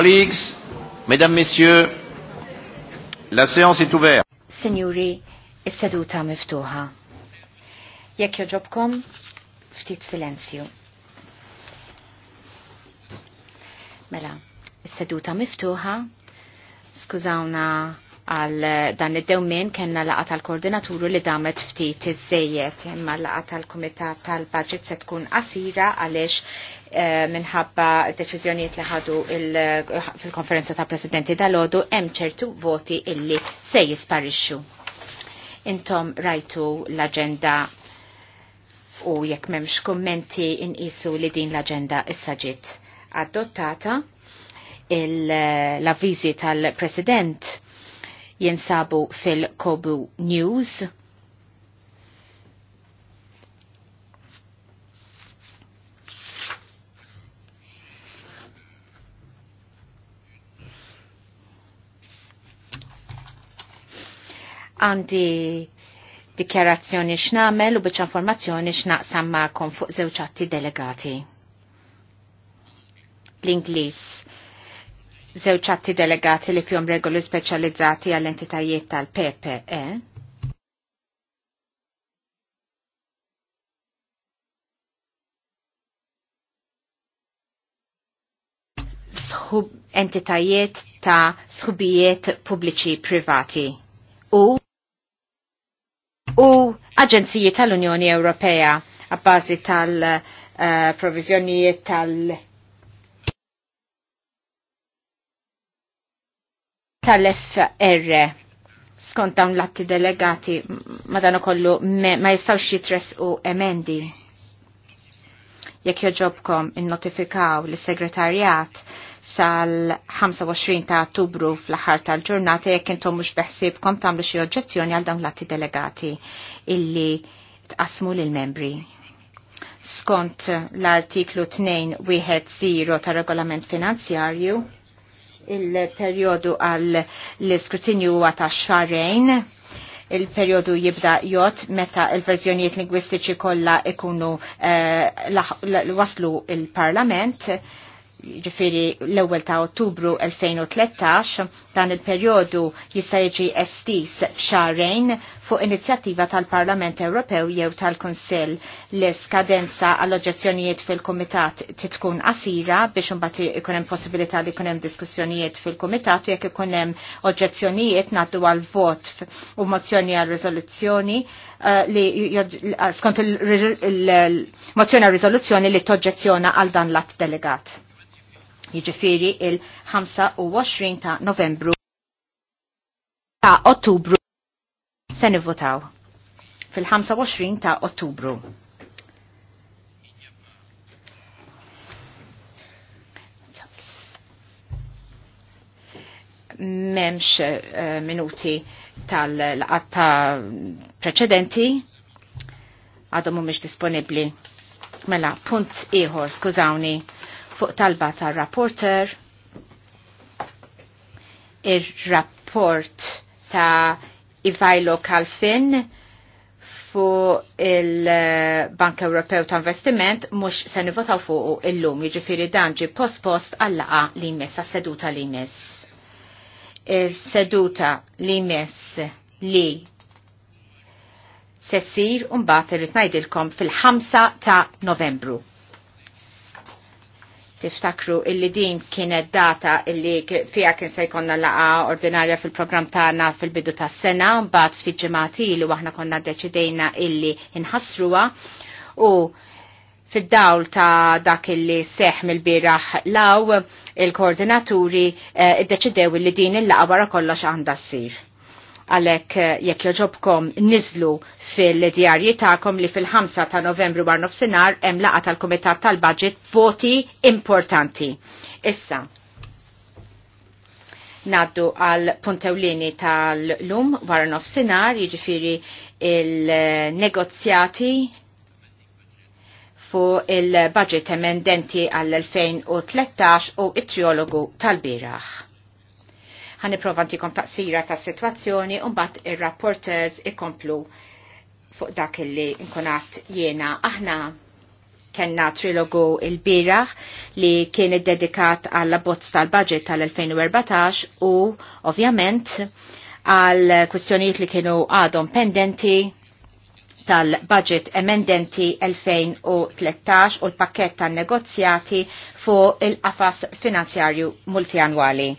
Colleagues, Mesdames, Messieurs, la séance est ouverte. Signori, is-seduta miftuħa. Jekk joġobkom, ftit silenzju. Mela, is-seduta miftuħa, skużawna għal eh, dan id-dewmin kena laqa tal-koordinaturu li damet ftit iż-żejjed imma laqa tal-Kumitat tal-Budget se tkun qasira għaliex eh, minħabba deċiżjonijiet li ħadu eh, fil-konferenza ta' presidenti dal-ħodu hemm ċertu voti illi se jisparixxu. Intom rajtu l-aġenda u jekk memx kommenti inqisu li din l-aġenda issa ġiet adottata l-avviżi tal-President jinsabu fil-Kobu News. għandi dikjarazzjoni x'namel u biex informazzjoni x'naqsam magħkom fuq żewġ atti delegati. l inglis żewġ atti delegati li fjom regoli speċjalizzati għall-entitajiet tal-PPE. Sħub entitajiet ta' sħubijiet pubbliċi privati u u aġenzijiet tal-Unjoni Ewropea għabbażi tal-provizjonijiet tal-, -Unjoni eh, tal tal-FR skont dawn l-atti delegati dan kollu ma jistgħux jitresqu u emendi. Jekk joġobkom innotifikaw notifikaw l-segretarjat sal-25 ta' ottubru fl-aħħar tal-ġurnata jekk intom mhux beħsiebkom tagħmlu xi oġġezzjoni għal dawn l-atti delegati illi tqasmu lil membri. Skont l-artiklu 2.1.0 wieħed ta' regolament finanzjarju, il-periodu għal l-iskrutinju għata xarrejn il-periodu jibda jot meta il-verżjonijiet lingwistiċi kollha ikunu eh, waslu il-parlament. il parlament ġifiri l-ewel ta' ottubru 2013 dan il periodu jista' jiġi estis xarrejn fuq inizjattiva tal-Parlament Ewropew jew tal-Kunsill li skadenza għall oġġezzjonijiet fil-Kumitat titkun qasira biex imbagħad ikun hemm possibilità li jkun hemm diskussjonijiet fil-Kumitat u jekk ikun hemm oġġezzjonijiet ngħaddu għal vot u mozzjoni għal riżoluzzjoni eh, li skont il-mozzjoni għal riżoluzzjoni li toġġezzjona għal dan l-att delegat jiġifieri il-25 ta' Novembru ta' Ottubru se nivvotaw fil-25 ta' Ottubru. memx eh, minuti tal-qatta preċedenti għadhom mhumiex disponibbli. Mela, punt ieħor, skużawni, fuq talba tar rapporter ir-rapport ta' Ivajlo Kalfin fuq il-Bank Ewropew ta' Investiment mhux se nivotaw fuq illum jiġifieri dan ġi post-post għallaqa li jmiss seduta li jmiss. Seduta li jmiss li sessir un-bat il najdilkom fil-5 ta' novembru. Tiftakru illi din kienet data illi fija kien se jkonna laqa ordinarja fil-program tagħna fil-bidu tas-sena, mbagħad ftit ġimgħati li aħna konna deċidejna illi inħassruha u fid-dawl ta' dak illi seħ mill-biraħ law il-koordinaturi eh, iddeċidew illi din il-laqa wara kollox għandha ssir għalek eh, jekk joġobkom nizlu fil-djarji ta'kom li fil-5 ta' novembru għar nofsinar hemm laqa tal-Kumitat tal-Budget voti importanti. Issa, naddu għal puntewlini tal-lum war nofsinar, jiġifiri il-negozjati fu il-budget emendenti għall-2013 u it-triologu tal-biraħ. Ħaniprofa ntikom taqsira ta' situazzjoni u mbagħad ir-rapporters ikomplu fuq dak illi nkunat jiena aħna kenna trilogu il-biraħ li kien dedikat għall bozz tal-budget tal-2014 u ovvjament għal kwistjonijiet li kienu għadhom pendenti tal-budget emendenti 2013 u l-pakket tan negozjati fuq il-qafas finanzjarju multianwali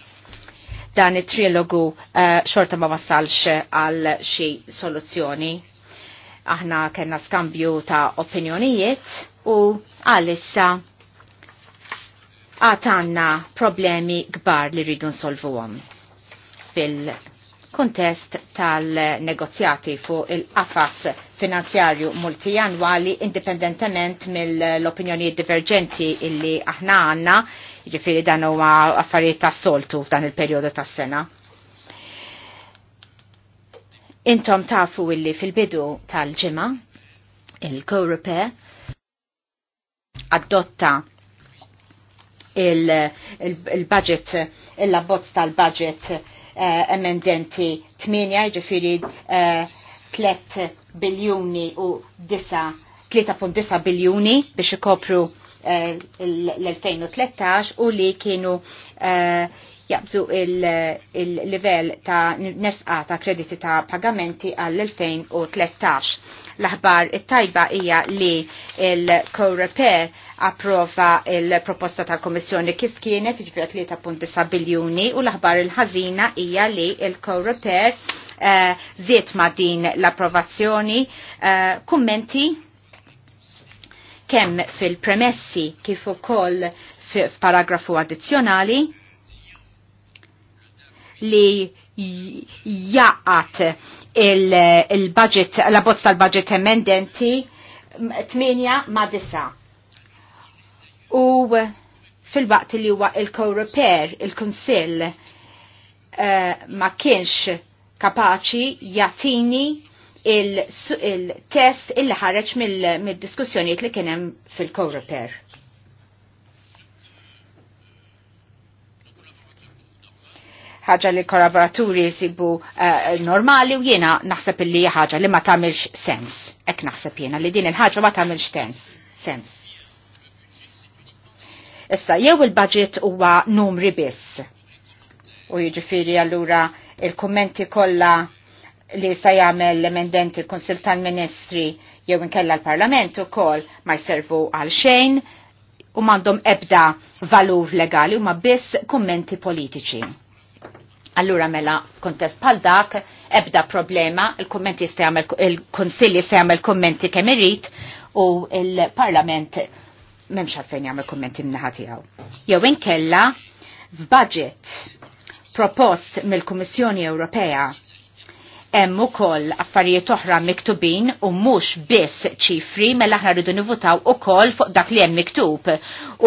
dan it-trilogu eh, xorta ma wassalx eh, għal xi soluzzjoni. Aħna kena skambju ta' opinjonijiet u għalissa għatanna problemi gbar li rridu nsolvu għom fil-kontest tal-negozjati fuq il-qafas finanzjarju multijanwali indipendentement mill-opinjoni divergenti illi aħna għanna Ġifiri dan huwa affarijiet ta' soltu f'dan il-perjodu tas sena. Intom tafu illi fil-bidu tal-ġimgħa il-Co-Repair adotta il-budget, il, il il-labbozz tal-budget uh, emendenti tminja, ġifiri uh, eh, 3 biljuni u 9 3.9 biljuni biex ikopru Eh, l-2013 u li kienu eh, jabżu il-level ta' nefqa ta' krediti ta' pagamenti għall-2013. L-aħbar it-tajba hija li il repair approva il-proposta tal-Komissjoni kif kienet ġifir 3.7 biljuni u l-aħbar il-ħazina hija li il-Coreper uh, ziet ma' din l-approvazzjoni. Uh, kummenti? kemm fil-premessi kif ukoll f'paragrafu addizzjonali li jaqat il-budget, il la bozz tal-budget emendenti 8 ma 9. U fil-waqt li huwa il-co-repair, il-konsil, uh, eh, ma kienx kapaċi jatini il-test il illi ħareġ mill-diskussjonijiet li kienem fil-Coreper. ħaġa li kollaboraturi jisibu uh, normali u jiena naħseb illi ħaġa li ma tamilx sens. Ek naħseb jiena li din il-ħaġa ma tamilx sens. sens. Issa, jew il-budget huwa numri biss. U jiġifieri allura il-kummenti kollha li sa jagħmel l-emendent il-Konsil tal-Ministri jew inkella l-Parlament ukoll ma jservu għal xejn u m'għandhom ebda valur legali u ma biss kummenti politiċi. Allura mela kontest bħal dak ebda problema, il-kummenti il-Konsil jista' jagħmel kummenti kemm irid u l parlament m'hemmx għalfejn jagħmel kummenti minnaħa tiegħu. Jew inkella f'budget propost mill-Kummissjoni Ewropea Hemm ukoll affarijiet oħra miktubin u mhux biss ċifri mela aħna rridu nivutaw ukoll fuq dak li hemm miktub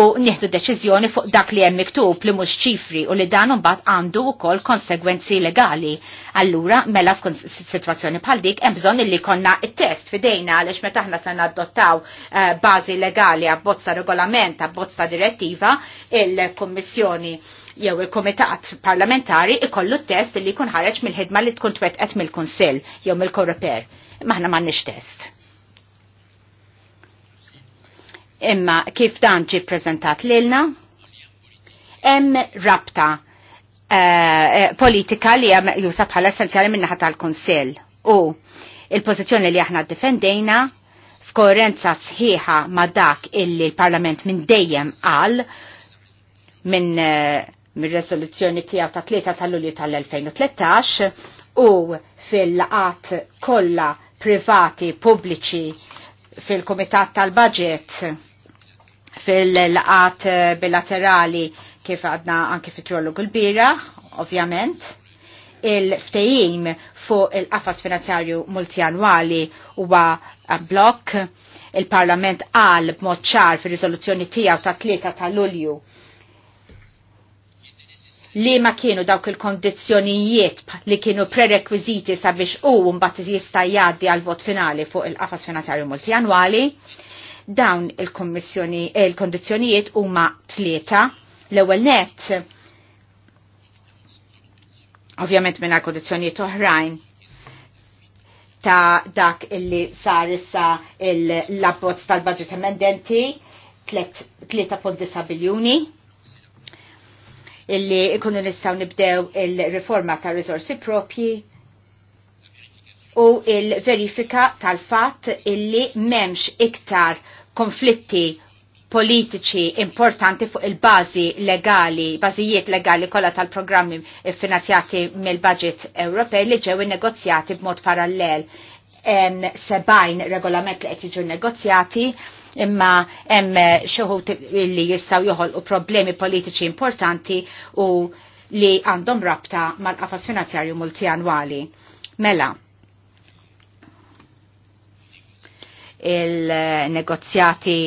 u nieħdu deċiżjoni fuq dak li hemm miktub li mhux ċifri u li dan imbagħad għandu wkoll konsegwenzi legali. Allura mela f'kun sitwazzjoni bħal dik hemm bżonn li konna it-test fidejna għaliex meta aħna se nadottaw eh, bażi legali abbozza regolament, abbozza direttiva il-Kummissjoni jew il-komitat parlamentari ikollu test li jkun ħareġ mill-ħidma li tkun twettqet mill-Kunsill jew mill-Koreper. Maħna m'għandniex test. Imma kif dan ġi prezentat lilna? Hemm rabta uh, politika li hemm jusa bħala essenzjali minnaħa tal-Kunsill u il-pożizzjoni li aħna defendejna f'koerenza sħiħa ma' dak illi l-Parlament minn dejjem qal minn eh, mir-resoluzzjoni tiegħu ta' 3 ta' Lulju tal-2013 u fil-laqat kollha privati pubbliċi fil-Kumitat tal-Budget fil-laqat bilaterali kif għadna anke fit-trollu kbira, ovvjament, il-ftejim fuq il-qafas finanzjarju multianwali huwa blok il-Parlament għal b'mod ċar fir-riżoluzzjoni tiegħu ta' 3 ta' Lulju li ma kienu dawk il-kondizjonijiet li kienu prerekwiziti sabiex u mbagħad jista' jgħaddi għal vot finali fuq il-qafas finanzjarju multianwali. Dawn il kondizjonijiet il-kondizzjonijiet huma tlieta. L-ewwel net ovvjament minna kondizjonijiet oħrajn ta' dak illi sar issa l-abbozz tal-budget emendenti 3.9 biljuni illi ikunu nistaw nibdew il-riforma ta' risorsi propji u il-verifika tal-fat illi memx iktar konflitti politiċi importanti fuq il-bazi legali, bażijiet legali kollha tal-programmi finanzjati mill-budget Ewropej li ġew negozjati b'mod parallel. sebajn regolament li qed jiġu negozjati imma hemm eh, xuħut li jistaw joħolqu problemi politiċi importanti u li għandhom rabta mal-qafas finanzjarju multianwali. Mela, il-negozjati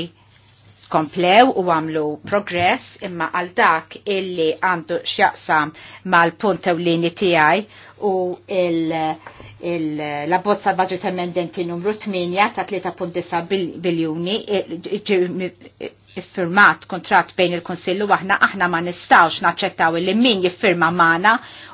komplew u għamlu progress imma għal dak illi għandu xjaqsam mal-punt ewlieni tiegħi u il- l-abbozza budget emendenti numru 8 ta' 3.9 biljuni iffirmat kontrat bejn il-Konsillu aħna aħna ma nistawx naċċettaw li min jiffirma magħna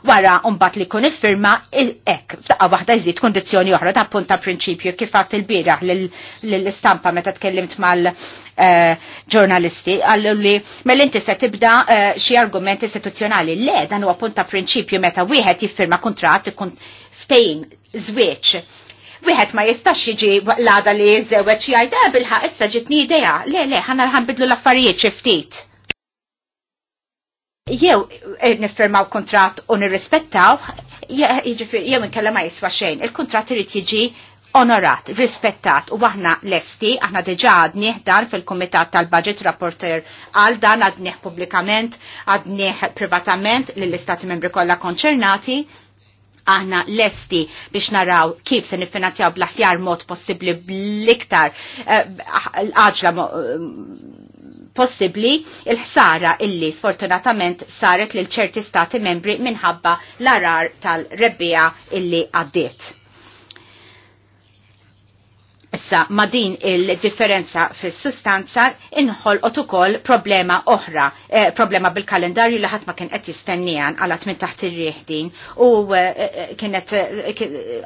wara mbagħad li jkun iffirma il il-ek. f'daqqa waħda jżid kundizzjoni oħra ta' punta prinċipju kif għat il bira lill-istampa meta tkellimt mal-ġurnalisti eh, għallu li mel inti se tibda eh, xi argument istituzzjonali. Le dan huwa punta prinċipju meta wieħed jiffirma kontrat ftejn żwieġ wieħed ma jistax jiġi l-għada li jiżewweġ jgħid eh, bilħa issa ġitni idea. Le, le, ħana ħanbidlu l-affarijiet xi ftit. Jew eh, nifirmaw kuntratt u nirrispettaw, jiġifieri, jew inkella ma jiswa xejn. il kuntratt irid jiġi onorat, rispettat u aħna lesti, aħna deġa għadnieh dan fil-Komitat tal-Budget Rapporter għal dan għadnieh publikament, għadnieh privatament lill-Istati membri kollha konċernati aħna lesti biex naraw kif se nifinanzjaw bl-aħjar mod possibli bl-iktar l-aġla eh, eh, possibli il-ħsara illi sfortunatament saret lil ċerti stati membri minħabba l-arar tal-rebbija illi għaddiet. Issa ma din il-differenza fis sustanza inħol ukoll problema oħra, eh, problema bil-kalendarju li ħadd ma kien qed jistennijan għalat minn taħt ir-rieħ din u eh, eh kienet eh,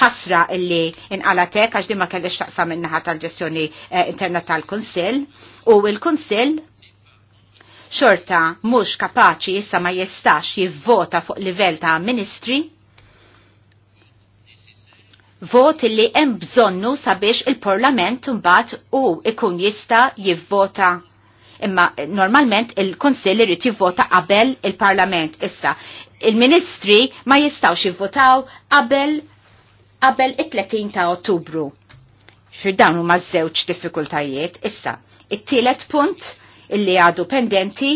ħasra eh, illi inqalatek għax din ma kellix taqsam minnaħa tal-ġestjoni eh, interna tal-Kunsill u l-Kunsill xorta mhux kapaċi issa ma jistax jivvota fuq livell ta' ministri vot li hemm bżonnu sabiex il-Parlament mbagħad u ikun jista' jivvota imma normalment il kunsill irid jivvota qabel il-Parlament issa. Il-Ministri ma jistgħux jivvotaw qabel qabel it-30 ta' Ottubru. Xir dawn huma żewġ diffikultajiet issa. It-tielet punt illi għadu pendenti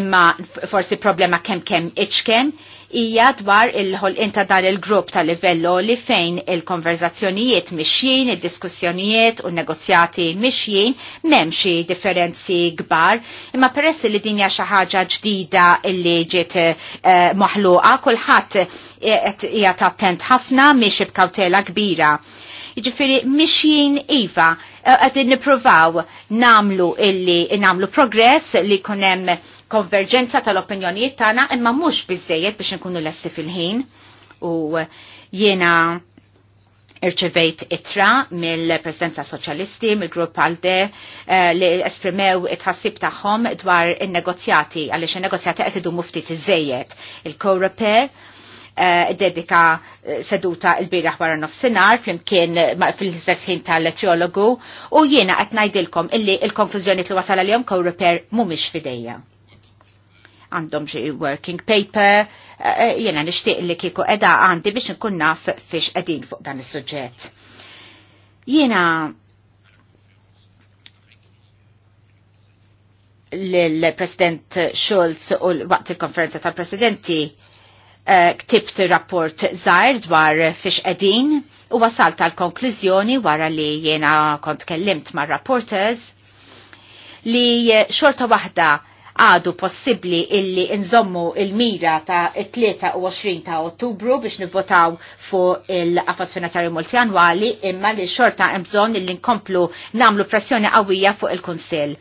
imma forsi problema kemm kemm iċken hija dwar il ħol ta' dan il-grupp tal livello li fejn il-konverzazzjonijiet mixjin, il-diskussjonijiet u negozjati mixjin memxi differenzi gbar, imma peress li din hija xi ħaġa ġdida li ġiet eh, maħluqa, kulħadd eh, hija attent ħafna miex b'kawtela kbira. Iġifiri, mixjien Iva, eh, għadin niprovaw namlu illi namlu progress li kunem konverġenza tal-opinjonijiet tagħna imma mhux biżejjed biex nkunu lesti fil-ħin u jiena irċevejt itra mill-Presidenza Soċjalisti, mill-Grupp Alde uh, li esprimew it-ħassib tagħhom dwar in-negozjati għaliex in-negozjati qed idu muftit iżejjed il-co-repair eh, dedika eh, seduta il-biraħ wara nofsinhar flimkien fil-istess ħin tal-triologu u jiena qed ngħidilkom illi il-konklużjoni li wasal għal-jom kow repair mhumiex fidejja għandhom xi working paper, eh, eh, jiena nixtieq li kieku edha għandi biex nkun naf fiex qegħdin fuq dan is-suġġett. Jiena l-President Schulz u waqt il-konferenza tal-Presidenti eh, ktibt rapport zaħir dwar fiex edin u wasalt tal-konklużjoni wara li jena kont kellimt ma' rapporters li xorta wahda għadu possibli illi nżommu il-mira ta' 23 ta' ottubru biex nivvotaw fuq il-qafas finanzjarju multianwali imma li xorta hemm bżonn illi nkomplu namlu pressjoni qawwija fuq il-Kunsill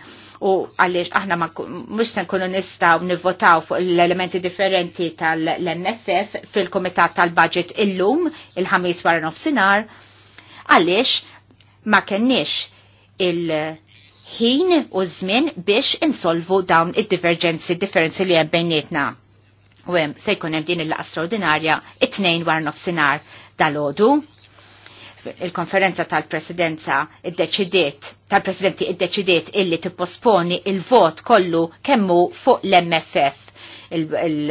u għaliex aħna mux se nkunu nistaw nivvotaw fuq l-elementi differenti tal-MFF fil-Komitat tal-Budget illum il-ħamis wara nofsinhar għaliex ma kenniex il- ħin u żmien biex insolvu dawn id-divergenzi, differenzi li hemm bejnietna. U hemm se jkun hemm din il-laqgħa straordinarja it-tnejn war nofsinhar dal-għodu. Il-konferenza tal-presidenza id-deċidiet, tal-presidenti id-deċidiet illi tipposponi il-vot kollu kemmu fuq l-MFF. Il, il,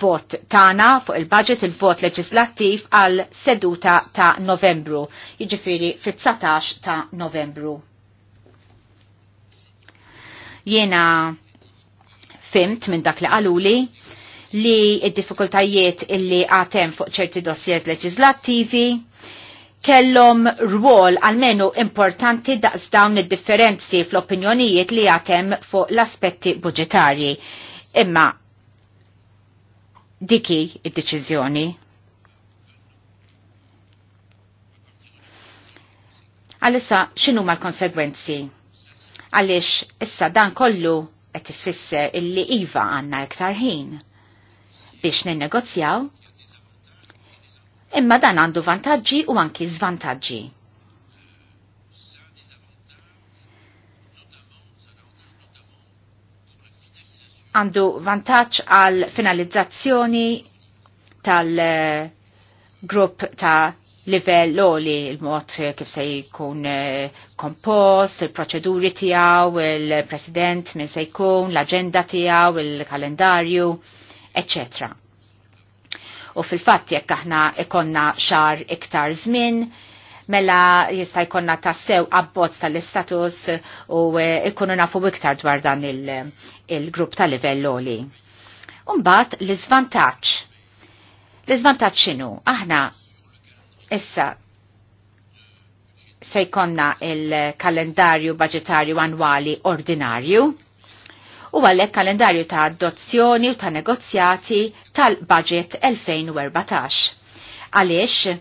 vot tana fuq il-budget il-vot leġislattiv għal seduta ta' novembru, jiġifiri fit-19 ta' novembru. Jena fimt minn dak li għaluli li id-diffikultajiet illi għatem fuq ċerti dossiers leġislattivi kellhom rwol għalmenu importanti daqs dawn id-differenzi fl-opinjonijiet li għatem fuq l-aspetti budġetarji. Imma diki id-deċiżjoni. Għalissa, xinu mal-konsegwenzi? Għalix issa dan kollu qed ifisser illi iva għandna iktar ħin biex ninnegozjaw. Imma dan għandu vantaġġi u anki żvantaġġi. Għandu vantaġġ għal finalizzazzjoni tal-grupp eh, ta' livell loli il-mod kif se jkun eh, kompost, il-proċeduri tiegħu, il-president min se jkun, l-aġenda tiegħu, il-kalendarju, etc. U fil-fatt jekk aħna ikonna xar iktar żmien, mela jista' jkollna tassew abbozz tal-istatus u jkunu eh, nafu iktar dwar dan il-grupp il grupp ta' tal livell loli. Umbat l-iżvantaġġ. L-iżvantaġġ x'inhu? Aħna Issa, se jkonna il-kalendarju budgetarju annwali ordinarju u għalek kalendarju ta' adozzjoni u ta' negozjati tal-budget 2014. Għaliex,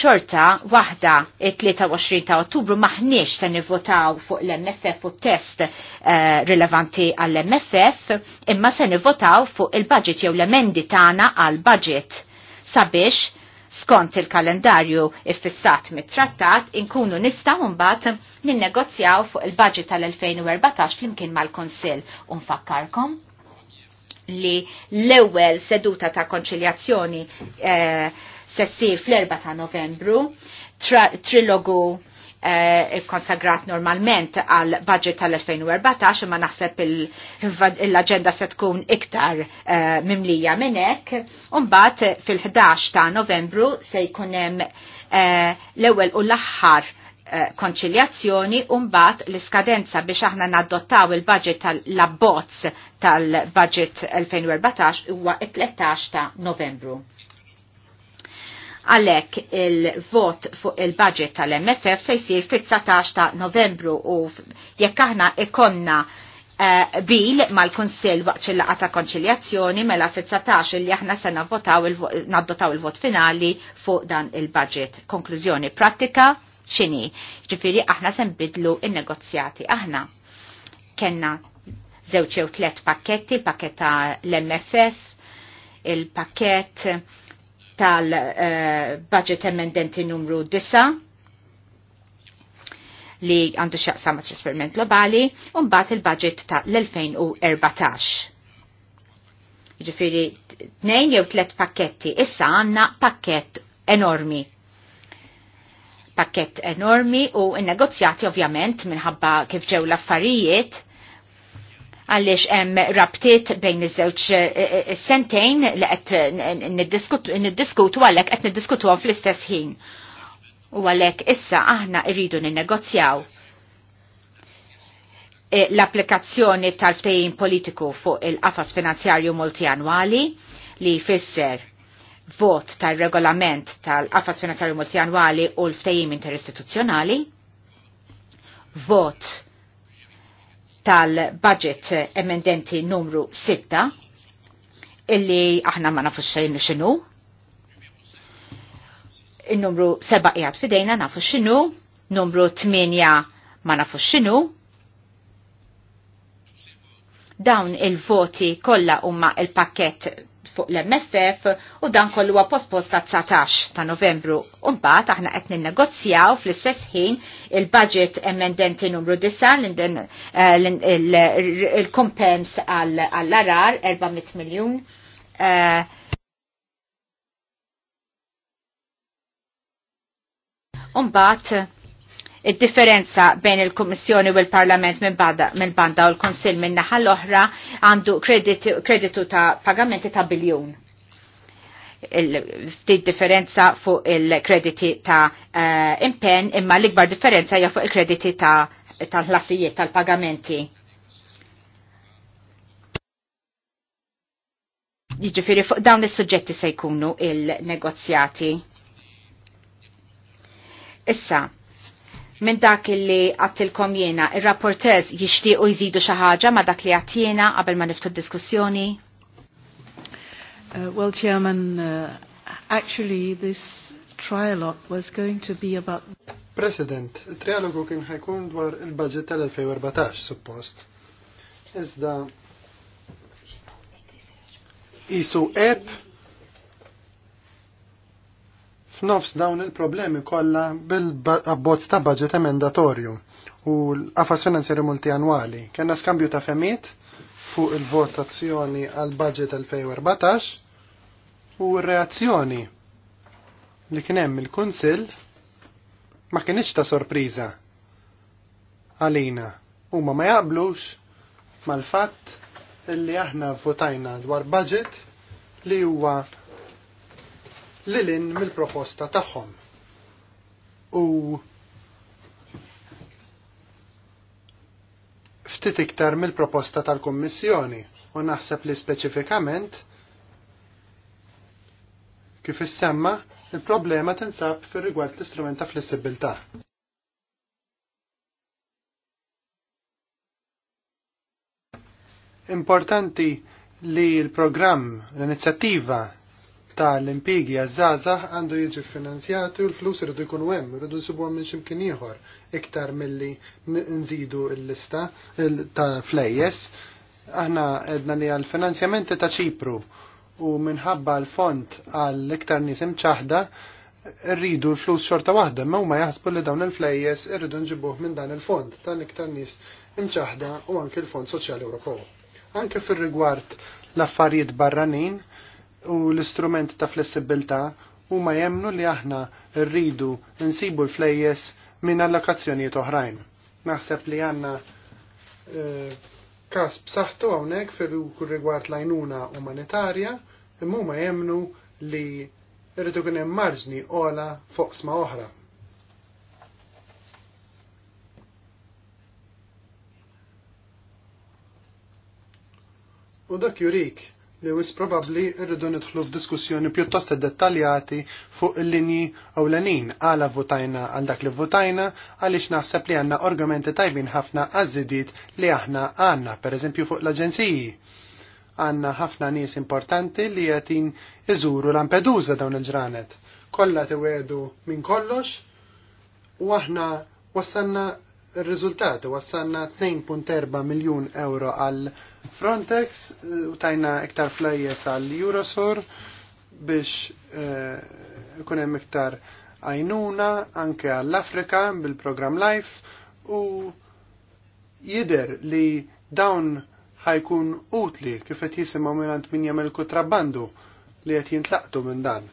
xorta waħda il-23 ta' ottubru maħniex se nivvotaw fuq l-MFF u test eh, rilevanti għall-MFF imma se nivvotaw fuq il-budget jew l-emendi tagħna għall-budget sabiex skont il-kalendarju iffissat mit-trattat inkunu nistaw mbagħad ninnegozjaw fuq il-budget tal-2014 flimkien mal-Kunsill u nfakkarkom li l-ewwel seduta ta' konċiljazzjoni eh, se ssir fl-4 ta' Novembru, trilogu Eh, konsagrat normalment għal budget tal-2014 imma naħseb l-agenda se tkun iktar eh, mimlija minnek. unbat fil-11 ta' novembru se jkunem eh, l-ewel u l-axħar konċiljazzjoni unbat l-iskadenza biex aħna naddottaw il-budget tal-abbozz tal-budget 2014 huwa 13 ta' novembru. Għalek il-vot fuq il-budget tal-MFF se jisir fit-19 ta' novembru u jekk aħna ikonna uh, bil mal-Konsil waqt il ta' konċiljazzjoni mela fit-19 li aħna se navvotaw naddotaw il-vot finali fuq dan il-budget. Konklużjoni pratika xini, ġifiri aħna se nbidlu il-negozjati. Aħna kenna zewċew tlet pakketti, pakketta l-MFF, il-pakket tal-budget emendenti numru 9 li għandu xaqsam ma' trasferment globali, un-bat il-budget ta' l-2014. Ġifiri, tnejn jew tlet pakketti, issa għanna pakket enormi. Pakket enormi u n-negozjati ovvjament minħabba kif ġew l-affarijiet, għaliex hemm rabtiet bejn iż-żewġ eh, eh, eh, sentejn li qed niddiskutu għalhekk qed niddiskutuhom fl-istess ħin. U għalhekk issa aħna rridu ninnegozjaw l-applikazzjoni tal-ftehim politiku fuq il-qafas finanzjarju multianwali li jfisser vot tal-regolament tal-qafas finanzjarju multianwali u l ftejim interistituzzjonali, vot tal-budget emendenti numru 6 illi aħna ma nafux xejn xinu. Il-numru 7 jgħad fidejna nafu xinu, numru 8 ma nafux xinu. Dawn il-voti kollha huma il-pakket fuq l-MFF u dan kollu huwa ta' 19 ta' Novembru. Umbagħad aħna qed ninnegozjaw fl-istess ħin il-budget emendenti numru 9 il-kompens għall-arar 400 miljun. Eh. Umbagħad Id-differenza bejn il-Kummissjoni u l-Parlament minn banda u l-Konsil minn naħa l-oħra għandu kreditu ta' pagamenti ta' biljun. Ftit differenza fuq il-krediti ta' uh, eh, impen imma l-ikbar differenza hija fuq il-krediti ta' tal-ħlasijiet tal-pagamenti. Jiġifieri fuq dawn is-suġġetti se jkunu il-negozjati. Issa, minn dak li għattilkom jena, il-rapportez u jizidu xaħġa ma dak li għattjena qabel ma niftu diskussjoni? Uh, well, Chairman, uh, actually this trialogue was going to be about... President, trialogu kien ħajkun dwar il-budget tal-2014, suppost. Iżda, isu eb f'nofs dawn il-problemi kollha bil-abbozz ta' budget emendatorju u l-qafas finanzjeri multianwali. Kenna skambju ta' femit fuq il-votazzjoni għal budget 2014 u r-reazzjoni li kien hemm il-Kunsill ma kienx ta' sorpriża għalina. Huma ma jaqblux mal-fatt illi aħna votajna dwar budget li huwa lilin mill-proposta tagħhom. U ftit iktar mill-proposta tal-Kommissjoni u naħseb li speċifikament kif issemma il-problema tinsab fir rigward l-istrument ta' flessibilità. Importanti li l-programm, l-inizjattiva l impigi għazzazax għandu jiġi finanzjat u l-flus rridu jkun hemm, rridu nsibu minn ximkien ieħor iktar milli nżidu l-lista ta' flejjes. Aħna edna li għal-finanzjamenti ta' ċipru u minħabba l-font għal-iktar nies imċaħda rridu l-flus xorta waħda, ma ma jaħsbu li dawn il-flejjes irridu nġibuħ minn dan il-font tal-iktar nies imċaħda u anke l-Fond Soċjali Ewropew. Anke fir-rigward l-affarijiet barranin, u l istrument ta' flessibilità huma jemnu li aħna rridu nsibu l-flejjes minn allokazzjonijiet oħrajn. Naħseb li għanna e, kas b'saħħtu hawnhekk fir-rigward lajnuna umanitarja imma huma jemnu li rridu kien hemm marġni ola fuq sma oħra. U dak jurik li wis probabli rridu nidħlu f'diskussjoni pjuttost dettaljati fuq il-linji ewlenin għala votajna għal dak li votajna għaliex naħseb li għandna argumenti tajbin ħafna għażidiet li aħna għandna, pereżempju fuq l-aġenziji. Għandna ħafna nies importanti li jin iżuru Lampedusa dawn il-ġranet. Kollha tiwedu minn kollox u aħna wassanna Il-rizultat wassanna 2.4 miljun euro għal Frontex u tajna iktar flejjes għal Eurosur biex eh, ikun hemm iktar għajnuna anke għall-Afrika bil-program Life u jider li dawn ħajkun utli kif qed jisimgħu mingħand min jagħmel kutrabbandu li qed jintlaqtu minn dan.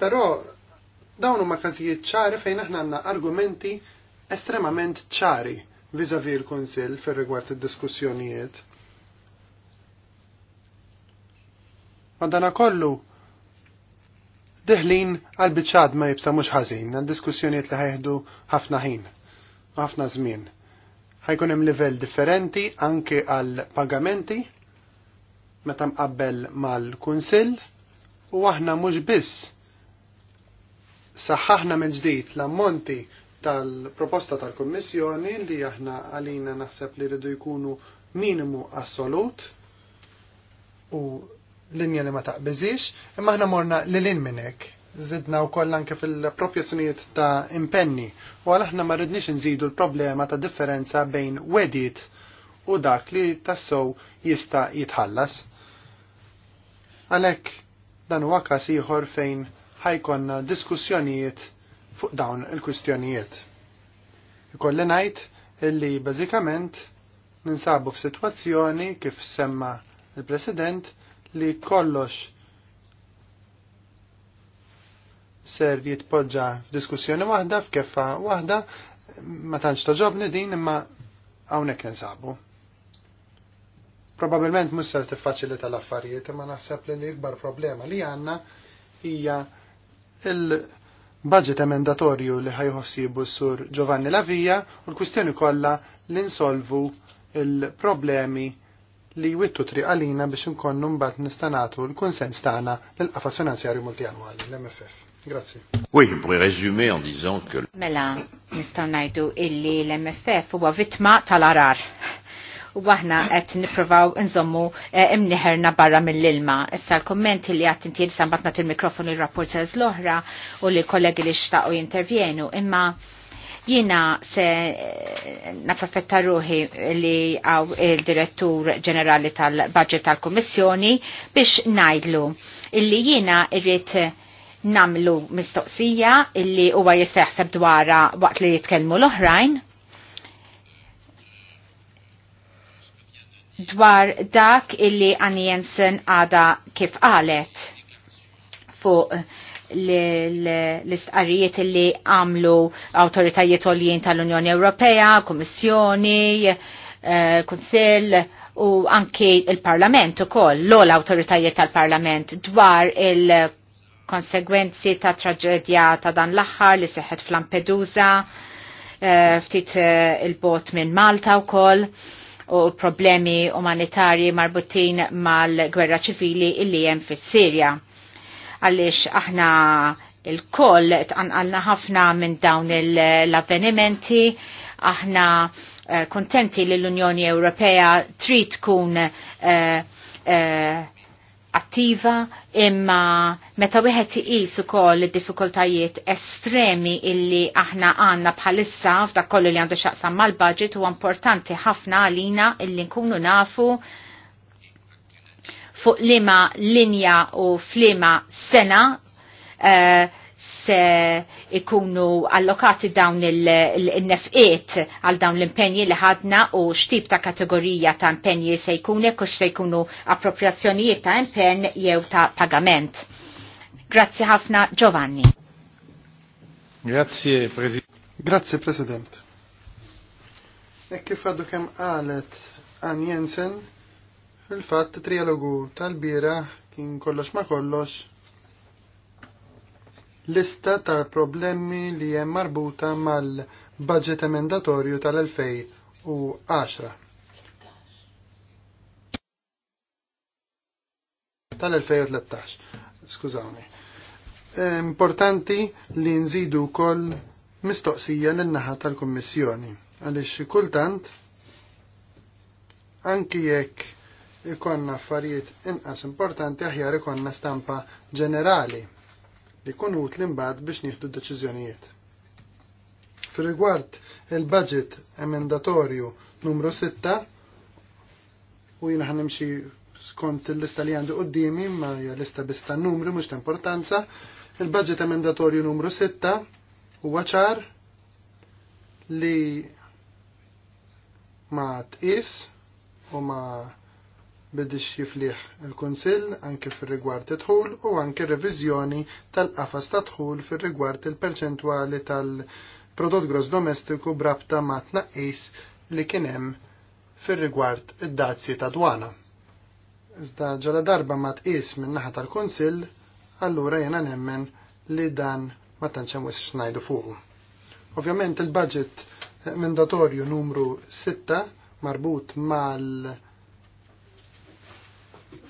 Però dawn huma każijiet ċari fejn aħna għandna argumenti estremament ċari vizavi il konsil fir rigward id-diskussjonijiet. Madana kollu deħlin għal bicċad ma jibsa mhux ħażin għal diskussjonijiet li ħajħdu ħafna ħin, ħafna żmien. Ħajkun hemm livell differenti anke għal pagamenti meta mqabbel mal-Kunsill u aħna mhux biss saħħaħna mill ġdid l-ammonti tal-proposta tal-Kommissjoni li aħna għalina naħseb li rridu jkunu minimu assolut u linja li ma taqbiżix, imma aħna morna li lin minnek. Zidna u koll anke fil propjezzjonijiet ta' impenni u għal aħna ma rridniex nżidu l-problema ta' differenza bejn wedit u dak li tassow jista' jitħallas. Għalhekk dan huwa każ ieħor fejn ħajkonna diskussjonijiet fuq dawn il-kwistjonijiet. Ikolli ngħid illi bażikament ninsabu f'sitwazzjoni kif semma il-President li kollox ser jitpoġġa f'diskussjoni waħda f'keffa waħda ma tantx toġobni din imma hawnhekk ninsabu. Probabilment mhux ser tiffaċilita l-affarijiet imma naħseb li l-ikbar problema li għandna hija il- budget emendatorju li ħajħossibu sur Giovanni Lavija u l-kwistjoni kollha li nsolvu il-problemi li jwittu tri għalina biex nkonnu mbagħad nistanatu l-konsens tagħna lill-qafas finanzjarju multjanwali l-MFF. Grazie. Oui, je pourrais résumer en disant que... Mela, nistaw najdu illi l-MFF huwa vitma tal-arar u aħna qed nippruvaw nżommu eh, imniħerna barra mill-ilma. Issa l-kommenti li għat inti sambat nagħti il-mikrofon il-rapporters l-oħra u li kollegi li xtaqo jintervjenu imma jina se eh, naprofetta ruħi li għaw il-direttur ġenerali tal-budget tal komissjoni biex najdlu illi jina irrit namlu mistoqsija illi huwa jisseħseb dwara waqt li jitkellmu l-oħrajn dwar dak illi Annie Jensen għada kif qalet fuq l istqarijiet illi għamlu autoritajiet oljien tal-Unjoni Ewropea, Kommissjoni, eh, Kunsill u anki il-Parlament u koll, l-ol autoritajiet tal-Parlament dwar il-konsegwenzi ta' traġedja ta' dan l-axħar li seħet fl eh, ftit eh, il-bot minn Malta u koll u problemi umanitarji marbutin mal-gwerra ċivili illi jem fis-Sirja. Għaliex aħna il-koll tqanqalna ħafna minn dawn l-avvenimenti, aħna eh, kontenti li l-Unjoni Ewropea trid tkun uh, uh, attiva imma meta wieħed iqis ukoll id-diffikultajiet estremi illi aħna għandna bħalissa f'dak kollu li għandu x'aqsam mal-budget huwa importanti ħafna għalina illi nkunu nafu fuq liema linja u flima sena uh, se ikunu allokati dawn il-nefqiet għal dawn l-impenji li ħadna u xtib ta' kategorija ta' impenji se jkunek u se jkunu appropriazzjonijiet ta' impen jew ta' pagament. Grazzi ħafna Giovanni. Grazie President. Grazie President. E kif għadu kem għalet għan Jensen, il-fat trialogu tal-bira kien kollox ma kollox lista ta' problemi li hemm marbuta mal-budget emendatorju tal-2010. tal-2013, skużawni. Importanti li nżidu kol mistoqsija l-naħa tal-Kommissjoni, għalix kultant anki jekk ikonna affarijiet inqas importanti aħjar ikonna stampa ġenerali li kun utli mbagħad biex nieħdu deċiżjonijiet. Fir-rigward il-budget emendatorju numru 6 u jiena ħanimxi skont il-lista li għandi qoddimi ma hija lista biss tan-numri mhux ta' importanza. Il-budget emendatorju numru 6 huwa ċar li ma tqis u ma bidix jifliħ il-Kunsill anke fir-rigward it-dħul u anke reviżjoni tal-qafas ta' dħul fir-rigward il-perċentwali tal-prodott gross domestiku brabta ma' tnaqqis li kien hemm fir-rigward id-dazzi ta' dwana. Iżda ġala darba ma tqis min-naħa tal-Kunsill, allura jena nemmen li dan ma tanċem hemm wisq ngħidu fuqu. Ovvjament il-budget mendatorju numru 6 marbut mal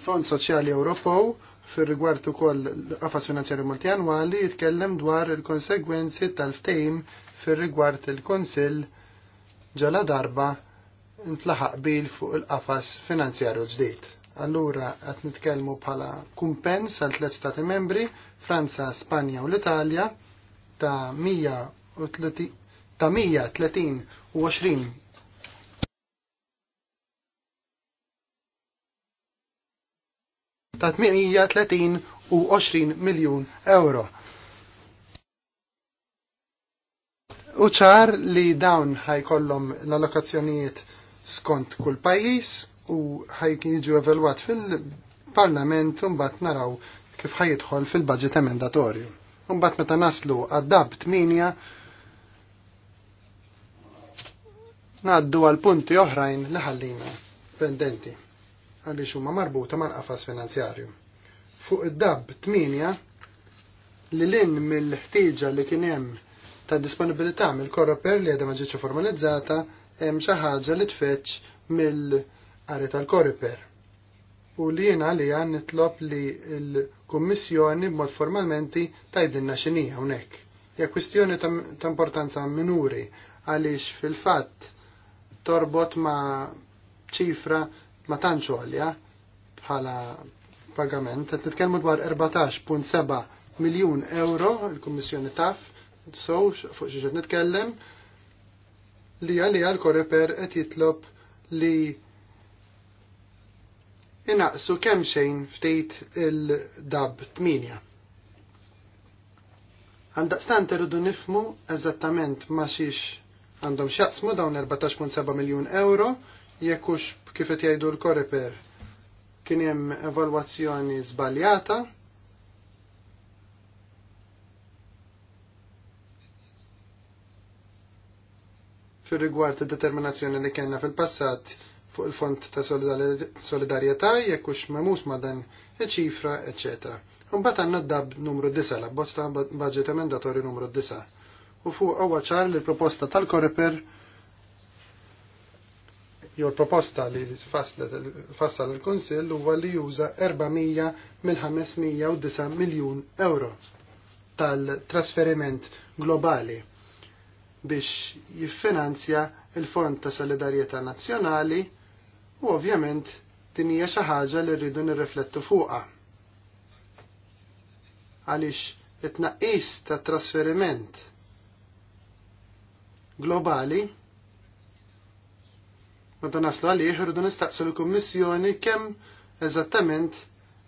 Fond Soċjali Ewropew fir rigward ukoll l qafas finanzjarju multianwali jitkellem dwar il-konsegwenzi tal-ftehim fir rigward il-Kunsill ġala darba intlaħaq bil fuq il-qafas finanzjarju ġdid. Allura qed nitkellmu bħala kumpens għal tliet stati membri, Franza, Spanja u l-Italja ta' 130 ta' 130 u 20 ta' 830 u 20 miljun euro. U ċar li dawn ħajkollhom l-allokazzjonijiet skont kull pajjiż u ħajkun jiġu evalwat fil-Parlament u mbagħad naraw kif ħajidħol fil-budget emendatorju. Mbagħad meta naslu għad-dab 8 ngħaddu għal punti oħrajn li ħallina pendenti għaliex huma marbuta mal-qafas finanzjarju. Fuq id-dab 8 li l-in mill-ħtieġa li kien hemm ta' disponibilità mill-korroper li għedha ma ġietx formalizzata hemm xi ħaġa li tfetx mill-qari tal-korroper. U li jiena għalija nitlob li l-Kummissjoni b'mod formalmenti tajdilna x'inija hawnhekk. Hija kwistjoni ta' importanza minuri għaliex fil-fatt torbot ma' ċifra ma tantx għolja bħala pagament. Qed nitkellmu dwar 14.7 miljun euro il-Kummissjoni taf so fuq xi qed nitkellem li għalija l-koreper qed jitlob li inaqsu kemm xejn ftit il-dab 8. Għandaqstant irridu nifmu eżattament ma xiex għandhom xaqsmu dawn 14.7 miljun euro jekkux kifet qed jgħidu l-Koreper kien hemm evalwazzjoni żbaljata fir-rigward id-determinazzjoni li kellna fil-passat fuq il-fond ta' solidarjetà jekk hux memux ma' dan iċ-ċifra, eċetera. Imbagħad għandna d-dab numru 9, l-abbozz ta' budget emendatori numru 9. U fuq huwa ċar li l-proposta tal-Koreper jew proposta li fassal il-Kunsill huwa li juża 400 mill-509 miljun euro tal-trasferiment globali biex jiffinanzja il-Fond ta' Solidarjetà Nazzjonali u ovvjament din hija xi ħaġa li rridu nirriflettu fuqha. Għaliex it-tnaqqis ta' trasferiment globali Meta naslu għalih irridu nistaqsu l-Kummissjoni kemm eżattament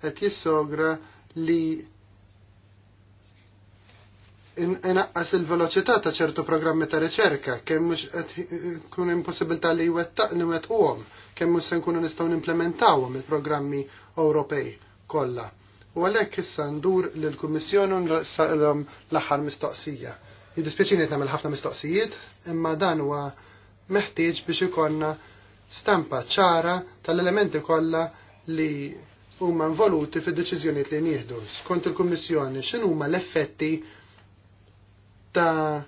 qed jissogra li inaqqas il-veloċità ta' ċertu programmi ta' riċerka, kemm mhux qed kun impossibilità li wettaq niwettquhom, kemm mhux se nkunu nistgħu nimplementawhom il-programmi Ewropej kollha. U għalhekk issa ndur l kummissjoni nraqsalhom l-aħħar mistoqsija. Jiddispjaċini nagħmel ħafna mistoqsijiet, imma dan huwa meħtieġ biex ikollna stampa ċara tal-elementi kollha li huma involuti fid-deċiżjonijiet li nieħdu. Skont il-Kummissjoni x'inhuma huma l-effetti ta'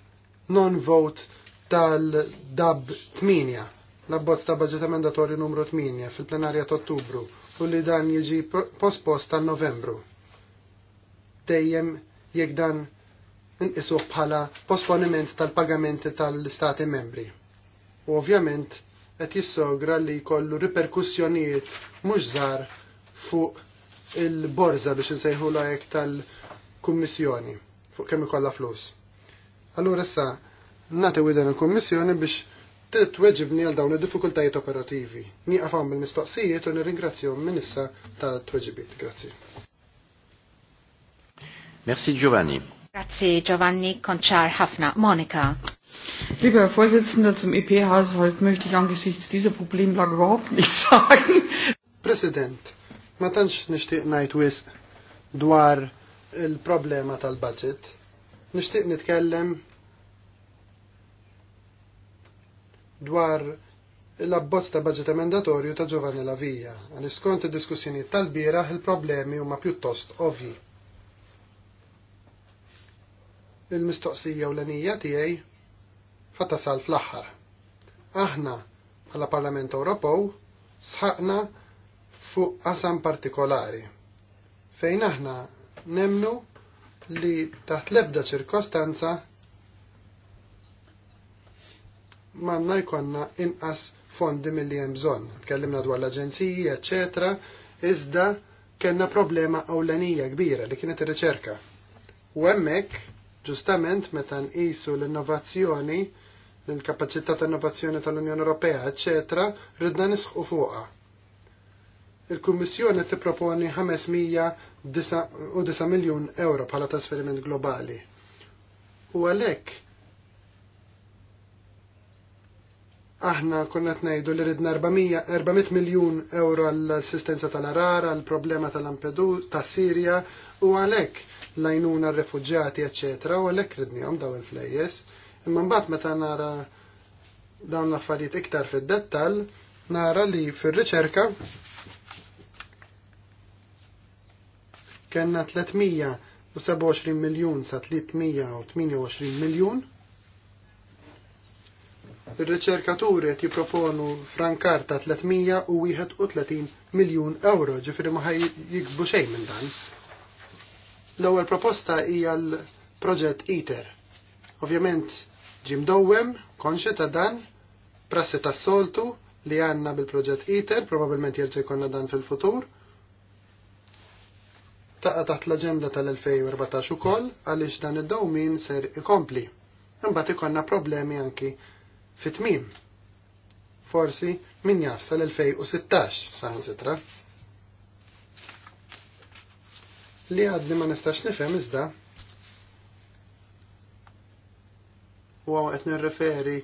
non-vote tal-DAB 8, l-abbozz ta' budget emendatorju numru 8 fil-plenarja ta' Ottubru u li dan jiġi pospost tal-Novembru. Dejjem jekk dan inqisuh bħala posponiment tal-pagamenti tal-Stati membri. U ovvjament qed jissogra li jkollu riperkussjonijiet mhux żgħar fuq il-borza biex insejħulha hekk tal-kummissjoni fuq kemm ikollha flus. Allura sa nagħti widen il-kummissjoni biex titweġibni għal dawn id-diffikultajiet operativi. Nieqafhom bil-mistoqsijiet u nirringrazzjahom Minissa ta' tweġibiet. Grazzi. Merci Giovanni. Grazzi Giovanni, konċar ħafna. Monika. Lieber Herr Vorsitzender, zum EP-Haushalt möchte ich angesichts dieser Problemlage überhaupt nichts sagen. President, ma tantx nixtieq ngħid wisq dwar il-problema tal-budget. Nixtieq nitkellem dwar l-abbozz ta' budget emendatorju ta' Giovanni Lavija. Għal iskont id-diskussjoni tal bira il-problemi huma pjuttost ovvi. Il-mistoqsija u l-anija tiegħi sal fl-aħħar. Aħna bħala Parlament Ewropew sħaqna fuq qasam partikolari fejn aħna nemnu li taħt lebda ċirkostanza manna jkonna inqas fondi mill-li hemm bżonn. Tkellimna dwar l-aġenziji, eċetera, iżda kellna problema ewlenija kbira li kienet ir-riċerka. U hemmhekk, ġustament meta nqisu l-innovazzjoni il-kapacità ta' innovazzjoni tal-Unjoni Ewropea, eċetera, ridna nisħu fuqha. Il-Kummissjoni tipproponi 509 miljun euro bħala trasferiment globali. U għalhekk aħna konna ngħidu li ridna 400 miljun euro għall-assistenza tal-arar, għall-problema tal ampedu tas-Sirja, u għalhekk lajnuna r-refugġati, eccetera, u għalhekk ridnihom daw il-flejjes. Imma mbagħad meta nara dawn l-affarijiet iktar fid-dettall, nara li fir-riċerka kellna 327 miljun sa 328 miljun. Ir-riċerkaturi qed jipproponu frankar ta' 331 miljun euro, ġifieri ma jiksbu xejn minn dan. L-ewwel proposta hija l-proġett ITER Ovvjament ġim dowem, konxe ta' dan, prassi ta' soltu li għanna bil-proġett ITER, probabilment jirġa' konna dan fil-futur. Ta' taħt l-aġenda tal-2014 ukoll għaliex dan id-dowmin ser ikompli. Imbagħad konna problemi anki fit-tmim. Forsi min jaf sal-2016 saħansitra. Li għadni ma nistax nifhem iżda u għaw qed nirreferi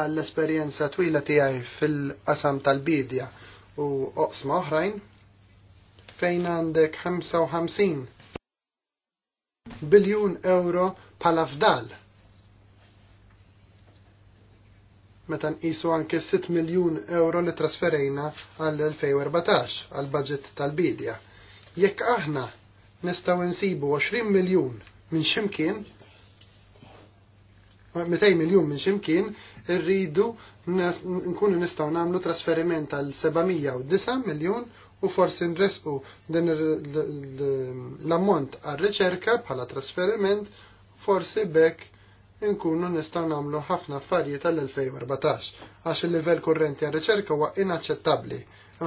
għall-esperjenza twila tiegħi fil-qasam tal-bidja u oqsma oħrajn fejn għandek 55 biljun euro bħala fdal. Meta nqisu anke 6 miljun euro li trasferejna għall-2014 għal budget tal-bidja. Jekk aħna nistgħu nsibu 20 miljun minn ximkien 200 miljon minn ximkien, rridu nkunu nistaw namlu trasferiment għal 709 miljon u forsi nresqu din l-ammont għal riċerka bħala trasferiment forsi bekk nkunu nistaw namlu ħafna affarijiet tal-2014 għax il-livell kurrenti għal riċerka huwa inaċċettabbli.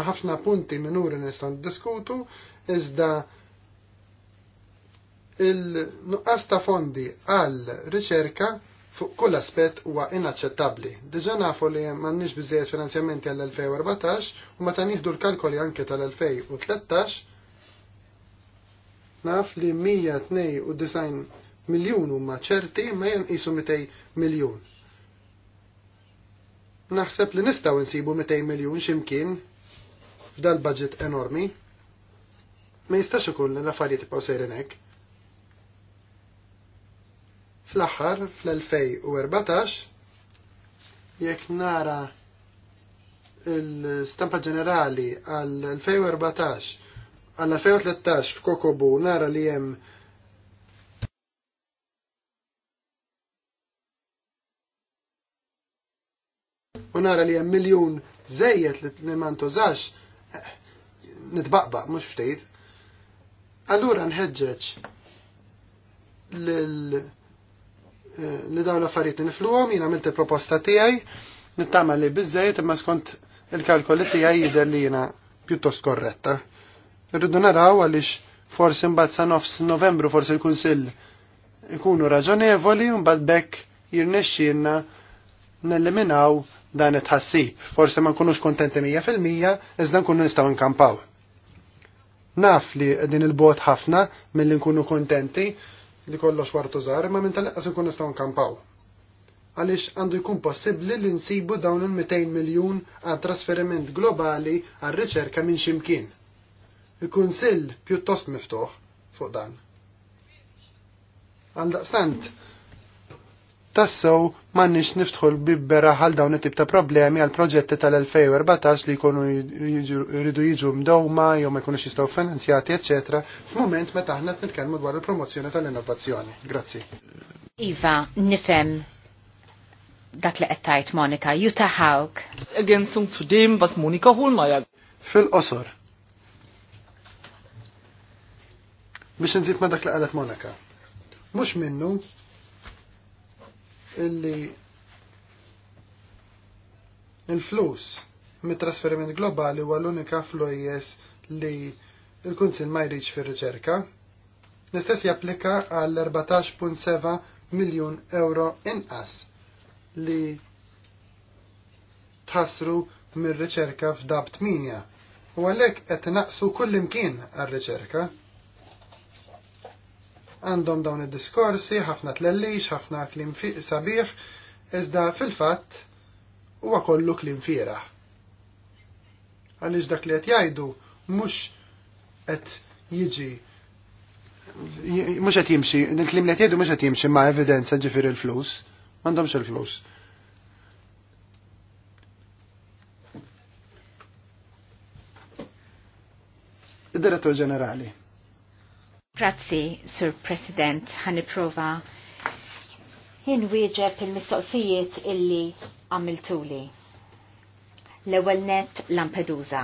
ħafna punti minuri nistgħu diskutu iżda il-nuqqas ta' fondi għal riċerka fuq kull aspett huwa inaċċettabbli. Diġà nafu li m'għandniex biżejjed finanzjamenti għall-2014 u meta nieħdu l-kalkoli anke tal-2013 naf li 192 miljun huma ċerti ma jenqisu 200 miljun. Naħseb li nistgħu nsibu 200 miljun x'imkien f'dal budget enormi. Ma jistax ikun l-affarijiet ibqgħu sejrin hekk. Fl-aħħar fl-2014 jekk nara l-stampa ġenerali għal-2014 għal-2013 f'Kokobu nara li hemm u nara li hemm miljun żejjed li ma ntużax eh, nitbaqbaq mhux ftit. Allura nħeġġeġ lil li dawn l-affarijiet nifluhom, jien għamilt il-proposta tiegħi, nittama li biżejjed imma skont il-kalkoli tiegħi jidher li jiena pjuttost korretta. Rridu naraw għaliex forsi mbagħad sa nofs Novembru forsi l-Kunsill ikunu raġonevoli mbagħad bekk jirnexxielna nelliminaw dan it-ħassib. Forse ma nkunux kontenti 100% iżda nkunu nistgħu nkampaw. Naf li din il-bot ħafna mill-li nkunu kontenti, li kollox wartu zar, ma minn tal-eqqas nkun nistgħu nkampaw. Għaliex għandu jkun possibbli li nsibu dawn il-200 miljun għal trasferiment globali għal riċerka minn ximkien. Il-Kunsill pjuttost miftuħ fuq dan. Għal daqstant, tassew m'għandniex niftħu l-bibbera għal dawn it-tip ta' problemi għal proġetti tal-2014 li jkunu jridu jiġu mdowma jew ma jkunux jistgħu finanzjati, eċċetera, f'mument meta aħna qed nitkellmu dwar il-promozzjoni tal-innovazzjoni. Grazzi. Iva, nifhem dak li qed tajt Monika, Jutta Hawk. Ergänzung zu dem, was Monika Hohlmeier. Fil-qosor. Biex nżid ma dak li qalet Monika. Mhux minnu illi il-flus mit-trasferiment globali huwa l-unika flujjes li il-Kunsil ma jriġ fir-riċerka. L-istess japplika għal 14.7 miljun euro inqas li tħassru mir-riċerka f'dab 8 u għalhekk qed naqsu kull imkien għar-riċerka għandhom dawn id-diskorsi, ħafna tlellix, ħafna klim sabiħ, iżda fil-fatt huwa kollu klim fieraħ. Għaliex dak li qed jgħidu mhux qed jiġi mhux qed jimxi, il-klim li qed jgħidu mhux qed jimxi ma' evidenza ġifier il-flus, m'għandhomx il-flus. Id-direttur ġenerali. Grazzi, Sir President, ħaniprofa wieġeb il-mistoqsijiet illi għamiltuli. L-ewel net Lampedusa.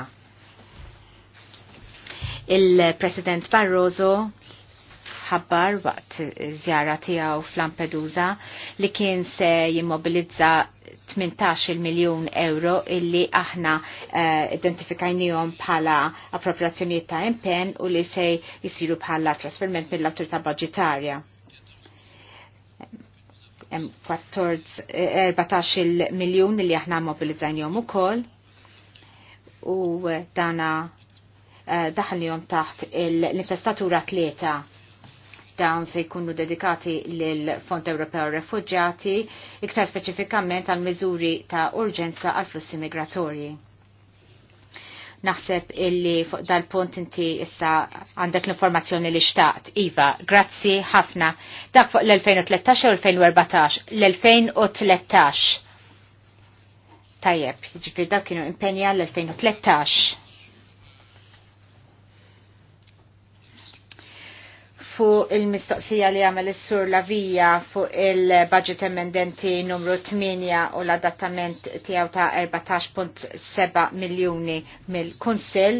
Il-President Barroso ħabbar waqt żjara tiegħu f'Lampedusa li kien se jimmobilizza 18 miljon euro illi aħna uh, identifikajnijom bħala appropriazzjonijiet ta' impen u li se jisiru bħala trasferment mill-autorità budgetarja. 14 eh, miljon li aħna mobilizzajnijom u koll u dana uh, taħt l-intestatura tlieta dawn se jkunu dedikati lill-Fond Ewropew Refuġġjati, iktar speċifikament għal miżuri ta' urġenza għal flussi migratorji. Naħseb illi fuq dal-punt inti issa għandek l-informazzjoni li xtaqt. Iva, grazzi ħafna. Dak fuq l-2013 u l-2014. L-2013. Tajjeb, ġifir dak kienu impenja l-2013. fuq il-mistoqsija li għamel is-sur Lavija fuq il-budget emendenti numru 8 u l-adattament tiegħu ta' 14.7 miljuni mill-Kunsill.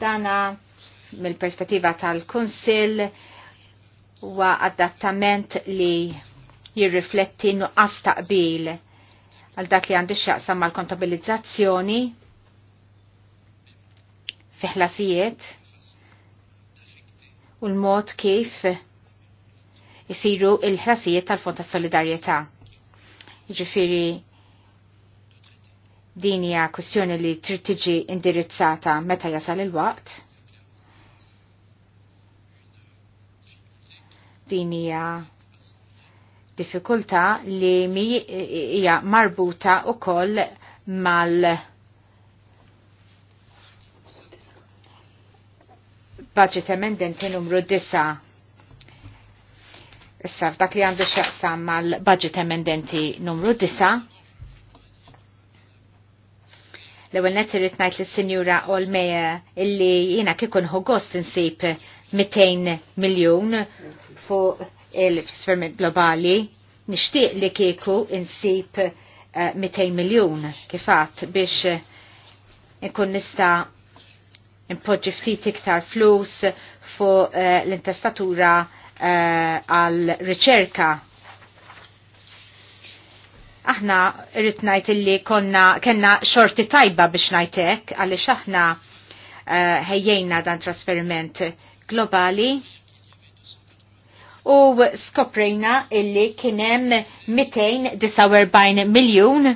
Dana mill-perspettiva tal-Kunsill huwa adattament li jirrifletti nuqqas taqbil għal dak li għandu x'jaqsam mal-kontabilizzazzjoni fi ħlasijiet u l-mod kif jisiru il-ħrasijiet tal-Fond ta' Solidarjetà. Ġifiri, din hija kwestjoni li trid tiġi indirizzata meta jasal il-waqt. Din hija diffikultà li hija marbuta wkoll mal- budget emendenti numru 9. Issa f'dak li għandu xaqsam mal-budget emendenti numru 9. L-ewwel nett najt ngħid lis-Sinjura Olmeja illi jiena kikun hugost gost insib 200 miljun fuq il-trasferment globali nishtiq li kieku nsib 200 eh, miljon kifat biex nkun nista impoġġi ftit iktar flus fuq uh, l-intestatura eh, għal riċerka Aħna irrit ngħid illi konna kellna xorti tajba biex ngħid għaliex aħna eh, ħejjejna dan trasferiment globali u skoprejna illi kien hemm 249 miljun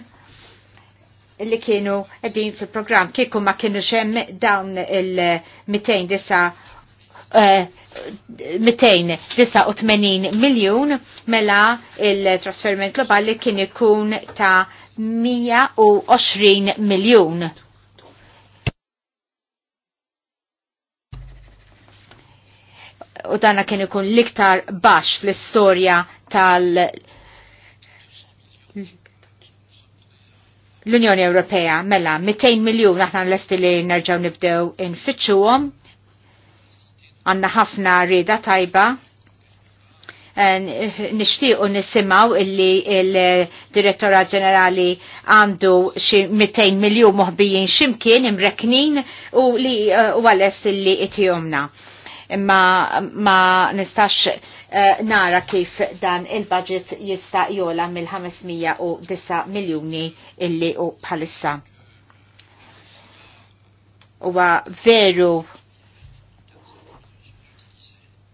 li kienu din fil-program kieku ma kienu xem dawn il-289 eh, miljon mela il-trasferment globali kien ikun ta' 120 miljon. U dana kien ikun liktar bax fl-istorja tal- l-Unjoni Ewropea mela 200 miljun aħna l-esti li nerġaw nibdew infittxuhom għanna ħafna rida tajba eh, u nisimaw illi il-direttora ġenerali għandu xi 200 miljon muħbijin ximkien imreknin u li eh, għalest illi itijomna imma ma nistax uh, nara kif dan il-budget jista' jola mill-509 miljuni illi u bħalissa. Huwa veru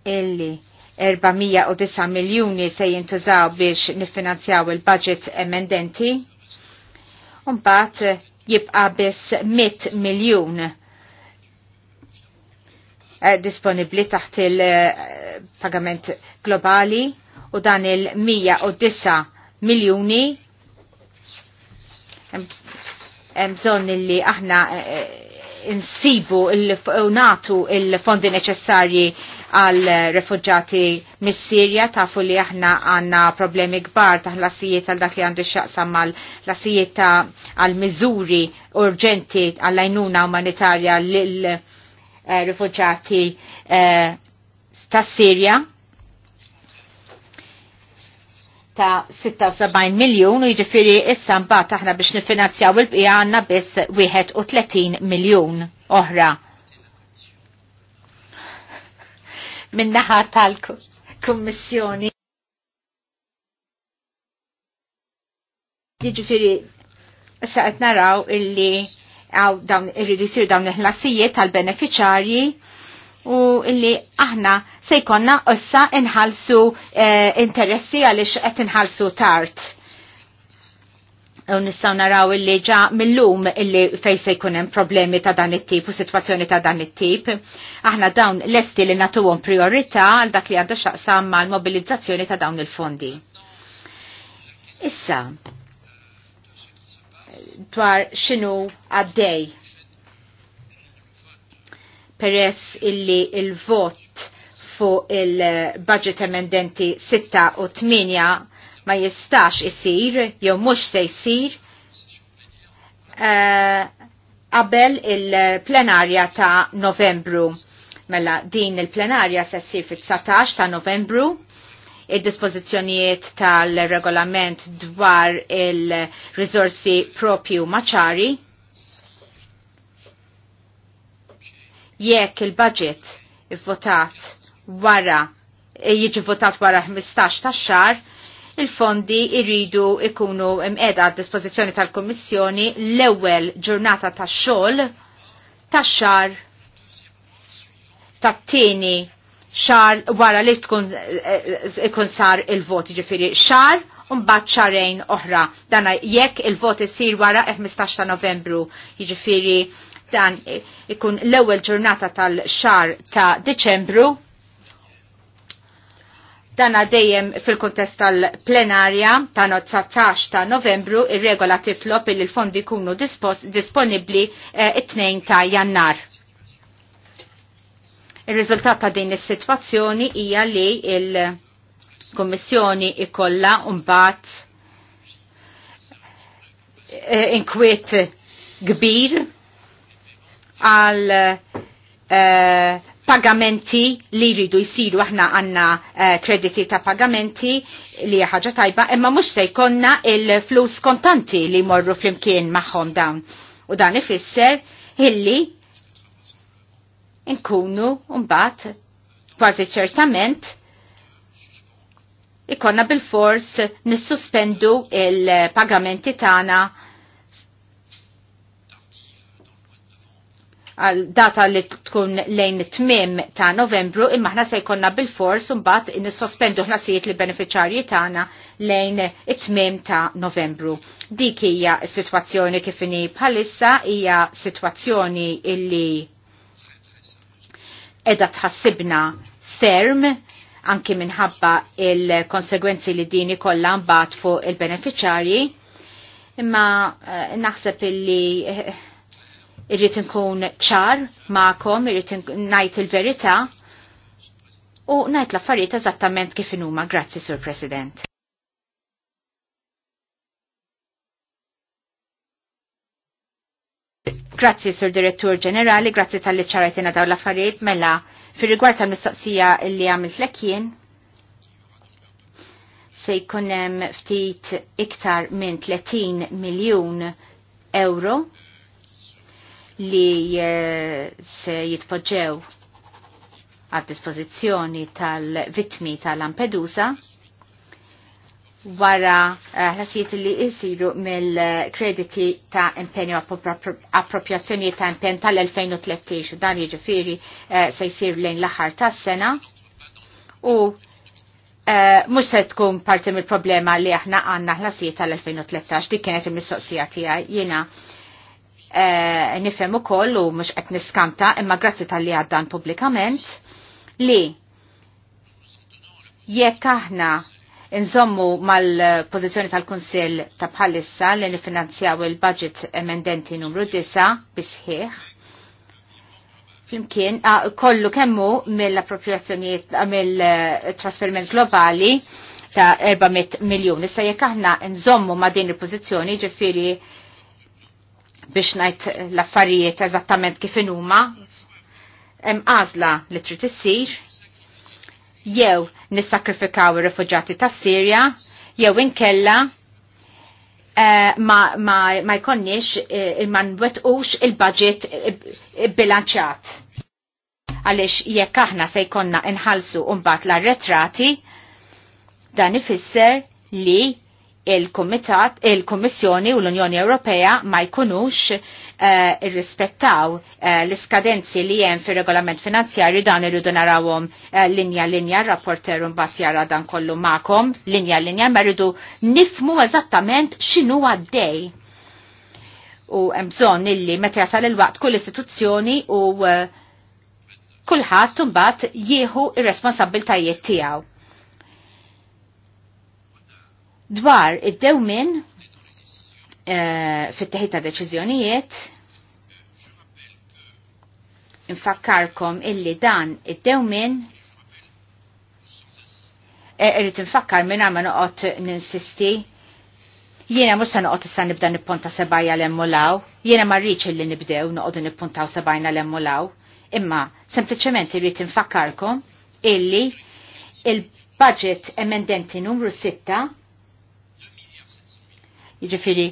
illi 409 miljuni se jintużaw biex nifinanzjaw il-budget emendenti, un bat jibqa biss 100 miljun Eh, disponibli taħt il-pagament globali u dan il-109 miljoni bżon li aħna eh, insibu il-natu il-fondi neċessarji għal refugġati mis sirja tafu li aħna għanna problemi kbar ta' l-assijiet għal dak li għandu xaqsam għal l-assijiet għal miżuri urġenti għall lajnuna umanitarja l eh, rifugġati eh, ta' Sirja ta' 76 miljon u jiġifieri issa mbagħad aħna biex nifinanzjaw il-bqija għandna biss 31 miljun oħra. Min-naħa tal-Kummissjoni. Jiġifieri issa qed naraw illi għaw dawn irridu jisir dawn il-ħlasijiet tal-beneficjarji u illi aħna se ossa inħalsu eh, interessi għalix qed inħalsu tard. U nistaw naraw illi ġa mill-lum illi fej se jkun hemm problemi ta' dan it-tip u sitwazzjoni ta' dan it-tip. Aħna dawn lesti li natuhom priorità għal dak li għandu xaqsam mal-mobilizzazzjoni ta' dawn il-fondi. Issa, dwar xinu għaddej. Peress illi il-vot fuq il-budget emendenti 6 u 8 ma jistax isir, jew mux se jisir, eh, qabel uh, il-plenarja ta' novembru. Mela din il-plenarja se sir fit-19 ta' novembru id-dispożizzjonijiet tal-regolament dwar il-rizorsi propju maċari. Jekk il-budget votat wara e jiġi votat wara 15 ta' xar, il-fondi irridu ikunu imqeda għad dispożizzjoni tal-Kommissjoni l-ewwel ġurnata ta' xogħol ta' xar tat-tieni xar wara li tkun eh, eh, ikun sar il-vot ġifiri xar bat xarrejn oħra, dana jekk il-vot isir wara 15 ta' novembru, ġifiri dan ikun l ewwel ġurnata tal-xar ta' Deċembru. Dana dejjem fil-kontest tal-plenarja ta' 19 ta' novembru ir-regola titlob il fondi kunu disponibli eh, it-2 ta' jannar. Il-riżultat ta' din is-sitwazzjoni hija li il-Kommissjoni ikolla mbagħad eh, inkwiet kbir għal eh, pagamenti li jridu jisiru aħna għanna eh, krediti ta' pagamenti li ħaġa tajba, imma mux se jkonna il-flus kontanti li morru flimkien maħħom dawn. U dan ifisser illi Inkunu mbagħad kważi ċertament ikonna bil-fors nissuspendu il-pagamenti tagħna għal data li tkun lejn tmim ta' novembru imma ħna se jkonna bil-fors mbagħad nissospendu ħlasijiet li beneficjarji tagħna lejn it-tmim ta' novembru. Dik hija s-sitwazzjoni kif inhi bħalissa hija sitwazzjoni illi edha tħassibna ferm anki minħabba il-konsegwenzi li dini kollha mbagħad fuq il-beneficjarji. Imma uh, naħseb illi uh, inkun nkun ċar ma'kom, irrid ngħid il-verità u ngħid l-affarijiet eżattament kif inhuma. Grazzi, Sur President. Grazzi, Sur Direttur Ġenerali, grazzi tal-li ċarajtina daw l-affarijiet mela fir rigward tal-mistoqsija li għamilt l-ekjien se jkunem ftit iktar minn 30 miljon euro li eh, se jitpoġġew għad dispożizzjoni tal-vitmi tal-Lampedusa wara eh, ħlasijiet li jisiru mill-krediti ta' impenju appropjazzjoni ta' impen tal-2013 u dan jiġifieri eh, se jsir lejn l-aħħar tas-sena u eh, mhux se tkun parti mill-problema li aħna għandna ħlasijiet tal-2013 dik kienet il-mistoqsija tiegħi jiena nifhem ukoll u mhux qed niskanta imma grazzi tal-li għaddan pubblikament li jekk aħna Inżommu mal-pozizjoni tal-Kunsill ta' bħalissa li nifinanzjaw il-budget emendenti numru 9 bisħiħ flimkien kollu kemmu mill-appropriazzjonijiet mill-trasferiment globali ta' 400 miljon. Issa jekk aħna nżommu ma' din il-pożizzjoni ġifiri biex ngħid l-affarijiet eżattament kif inhuma hemm għażla li trid issir jew nissakrifikaw ir-refuġati tas-Sirja jew inkella eh, ma, ma, ma jkonniex eh, ma nwettqux il-budget eh, bilanċat. Għalix jekk aħna se jkonna inħalsu mbagħad l-arretrati, dan ifisser li il-Komitat, il-Kommissjoni u l-Unjoni Ewropea ma jkunux Eh, irrispettaw eh, l-iskadenzi li hemm fir regolament finanzjari dan irridu narawhom eh, linja linja rapporter mbagħad jara dan kollu makom linja linja ma rridu nifmu eżattament x'inhu għaddej. U hemm bżonn illi meta jasal il-waqt kull istituzzjoni u kulħadd imbagħad jieħu ir responsabiltajiet tiegħu. Dwar id-dewmin Eh, fit teħita deċizjonijiet deċiżjonijiet. Infakkarkom illi dan id-dewmin eh, irrit infakkar minna ma nuqot ninsisti. Jiena musa nuqot issa nibda nipponta sebajja l-emmulaw. Jiena marriċ illi nibdew noqot nippuntaw sebajna l-emmulaw. Imma, sempliciment irrit infakkarkom illi il-budget emendenti numru 6 jġifiri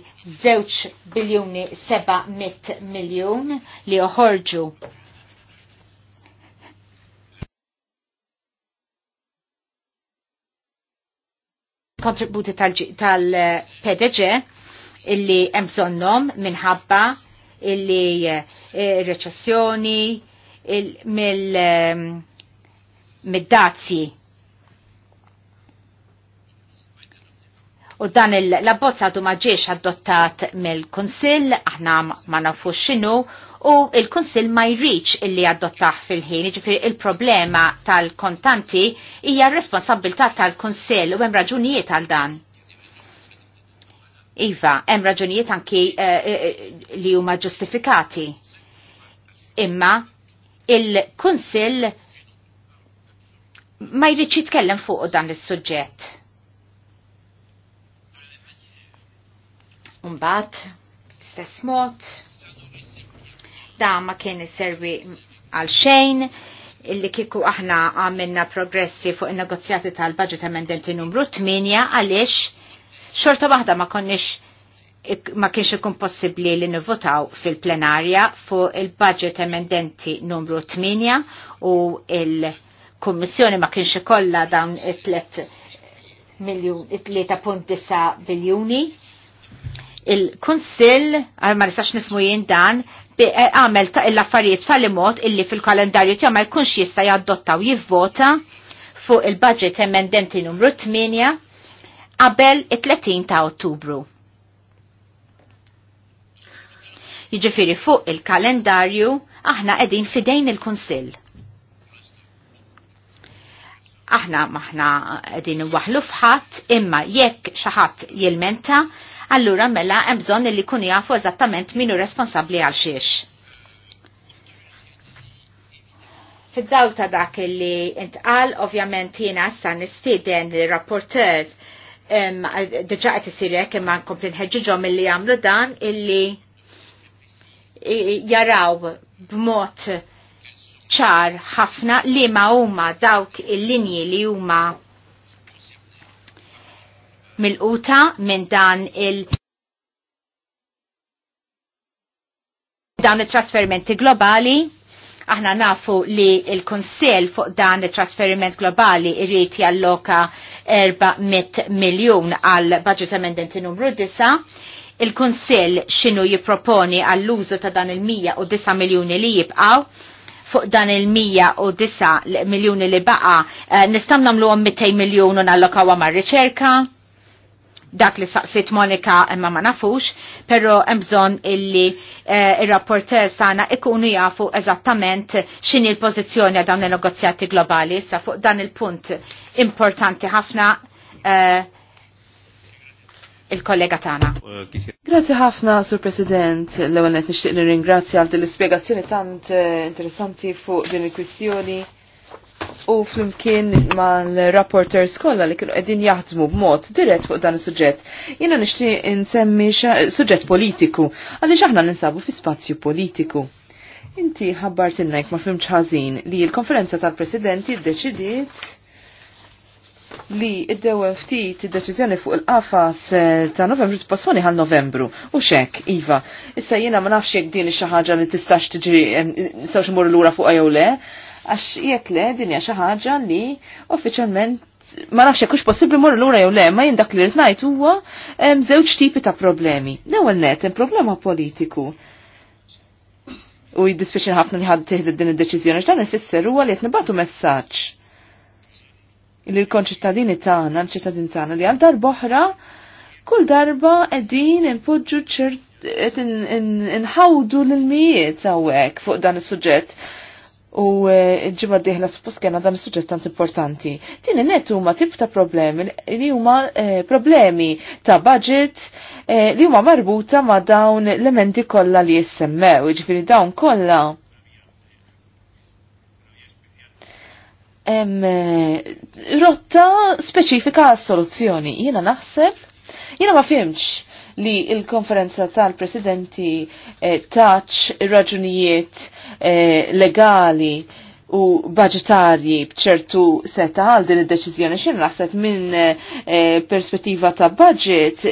zewċ biljoni 700 miljon li uħorġu kontributi tal-PDG illi emżonnom minħabba illi il eh, reċessjoni il mill-dazzi eh, U dan l-abbozz għadu maġiex adottat mill-Konsil, aħna ma nafux xinu, u il-Konsil ma jriċ illi adottaħ fil-ħin, ġifir il-problema tal-kontanti hija responsabilità tal-Konsil u hemm raġunijiet għal dan. Iva, hemm raġunijiet anki eh, eh, li huma ġustifikati. Imma il-Kunsill ma jriċ jitkellem fuq dan is-suġġett Umbat, stess mod, da ma kien servi għal xejn, illi kiku aħna għamilna progressi fuq il-negozjati tal-budget amendenti numru 8 għalix xorta waħda ma konnix ma kienx ikun possibbli li nivvotaw fil-plenarja fuq il-budget emendenti numru 8 u il-Kummissjoni ma kienx ikollha dawn it 3.9 biljuni Il-Kunsill, ma nistax nifmu jien dan, eh, għamel ta' l-affarijiet tal mod illi fil-kalendarju tiegħu ma jkunx jista' jaddotta u jivvota fuq il-budget emendenti numru 8 qabel it-30 ta' Ottubru. Jiġifieri fuq il-kalendarju aħna qegħdin fidejn il-Kunsill aħna maħna qegħdin waħlu fħat imma jekk xaħat jilmenta allura mela hemm bżonn li jkunu jafu eżattament min hu responsabbli għal xiex. Fid-daw ta' dak li intqal, ovvjament jiena issa nistieden li rapporteurs diġa qed isir hekk imma nkompli nħeġġiġhom milli jagħmlu dan illi jaraw b'mod ċar ħafna li ma huma dawk il-linji li huma mil quta minn dan il- dawn it-trasferimenti globali aħna nafu li il konsil fuq dan il-trasferiment globali irrit jalloka 400 miljon għal budget amendment numru 9. il konsil xinu jiproponi għall-użu ta' dan il-109 miljoni li jibqaw fuq dan il-109 miljoni li baqa eh, nistaw namlu 200 miljon un allokawa mar-riċerka dak li saqsit Monika imma ma nafux, pero bżonn illi eh, il-rapporter sana ikunu jafu eżattament x'inhi l-pożizzjoni għal dawn il-negozjati globali sa fuq dan il-punt importanti ħafna eh, il-kollega tagħna. Grazzi ħafna, Sur President, l ewwel qed nixtieq nirringrazzja għal l-ispjegazzjoni tant eh, interessanti fuq din il-kwistjoni u flimkien mal-rapporters kolla li kienu qegħdin jaħdmu b'mod dirett fuq dan is-suġġett. Jiena nixtieq insemmi suġġett politiku għaliex aħna ninsabu fi spazju politiku. Inti ħabbart innajk ma fimx ħażin li l-konferenza tal-presidenti ddeċidiet li id-dewa ftit id-deċizjoni fuq il-qafas eh, ta' novembru t-passwani għal novembru. U xek, Iva, issa jena ma nafx jek din xaħġa li tistax tiġri eh, sawx mur l-ura fuq jew le, għax jekk le din xi ħaġa li uffiċjalment ma nafx hekk hux possibbli morru lura jew le, ma jien dak li rid huwa żewġ tipi ta' problemi. L-ewwel net hemm problema politiku u jiddispeċin ħafna li ħad tiħdi din id-deċiżjoni x'dan ifisser huwa li qed nibatu messaġġ li l-konċittadini tagħna, l-ċittadini tagħna li għal darba oħra kull darba qegħdin impuġġu ċert inħawdu l-mijiet hawnhekk fuq dan is-suġġett u eh, ġimma diħla suppost kena dan suġġett tant importanti. Tini net huma tip ta' problemi li huma eh, problemi ta' budget eh, li huma marbuta ma' dawn l-elementi kollha li jissemmew, jiġifieri dawn kollha. rotta speċifika għas soluzzjoni. Jiena naħseb, jiena ma fimx li il-konferenza tal-presidenti taċ raġunijiet eh, legali u budgetarji bċertu seta għal din id-deċizjoni xin naħseb minn e, perspettiva ta' budget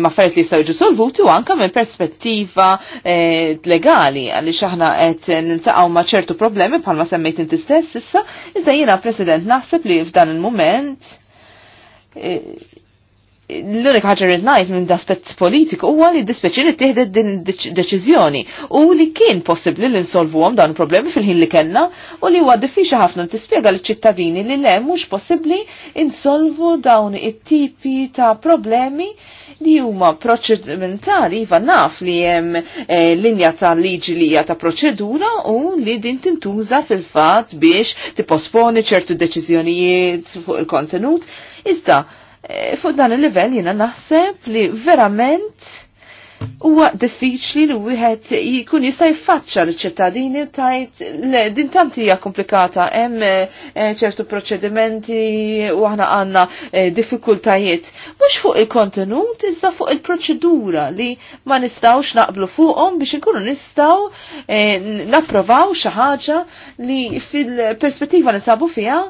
ma' affarijiet li jistgħu jiġu solvuti u anke minn perspettiva e, legali għaliex aħna qed nintaqgħu ma' ċertu problemi bħalma semmejt inti stess issa iżda jiena President naħseb li f'dan il-mument eh, l-unika ħaġa li ngħid minn aspett politiku huwa li dispeċi li tieħdet din deċiżjoni u li kien possibbli li nsolvuhom dawn il-problemi fil-ħin li kellna u li huwa diffiċli ħafna tispjega liċ-ċittadini li le mhux possibbli insolvu dawn it-tipi ta' problemi li huma proċedimentali iva naf li hemm eh, linja ta' liġi li hija ta' proċedura u li din tintuża fil-fatt biex tipposponi ċertu deċiżjonijiet fuq il-kontenut iżda fuq dan il-livell jina naħseb li verament huwa diffiċli li wieħed jkun jista' jfaċċa l-ċittadini tajt din tant hija komplikata hemm eh, ċertu proċedimenti u aħna għandna eh, diffikultajiet. Mhux fuq il-kontenut iżda fuq il-proċedura li ma nistgħux naqblu fuqhom biex inkunu nistgħu eh, napprovaw xi ħaġa li fil-perspettiva li sabu fiha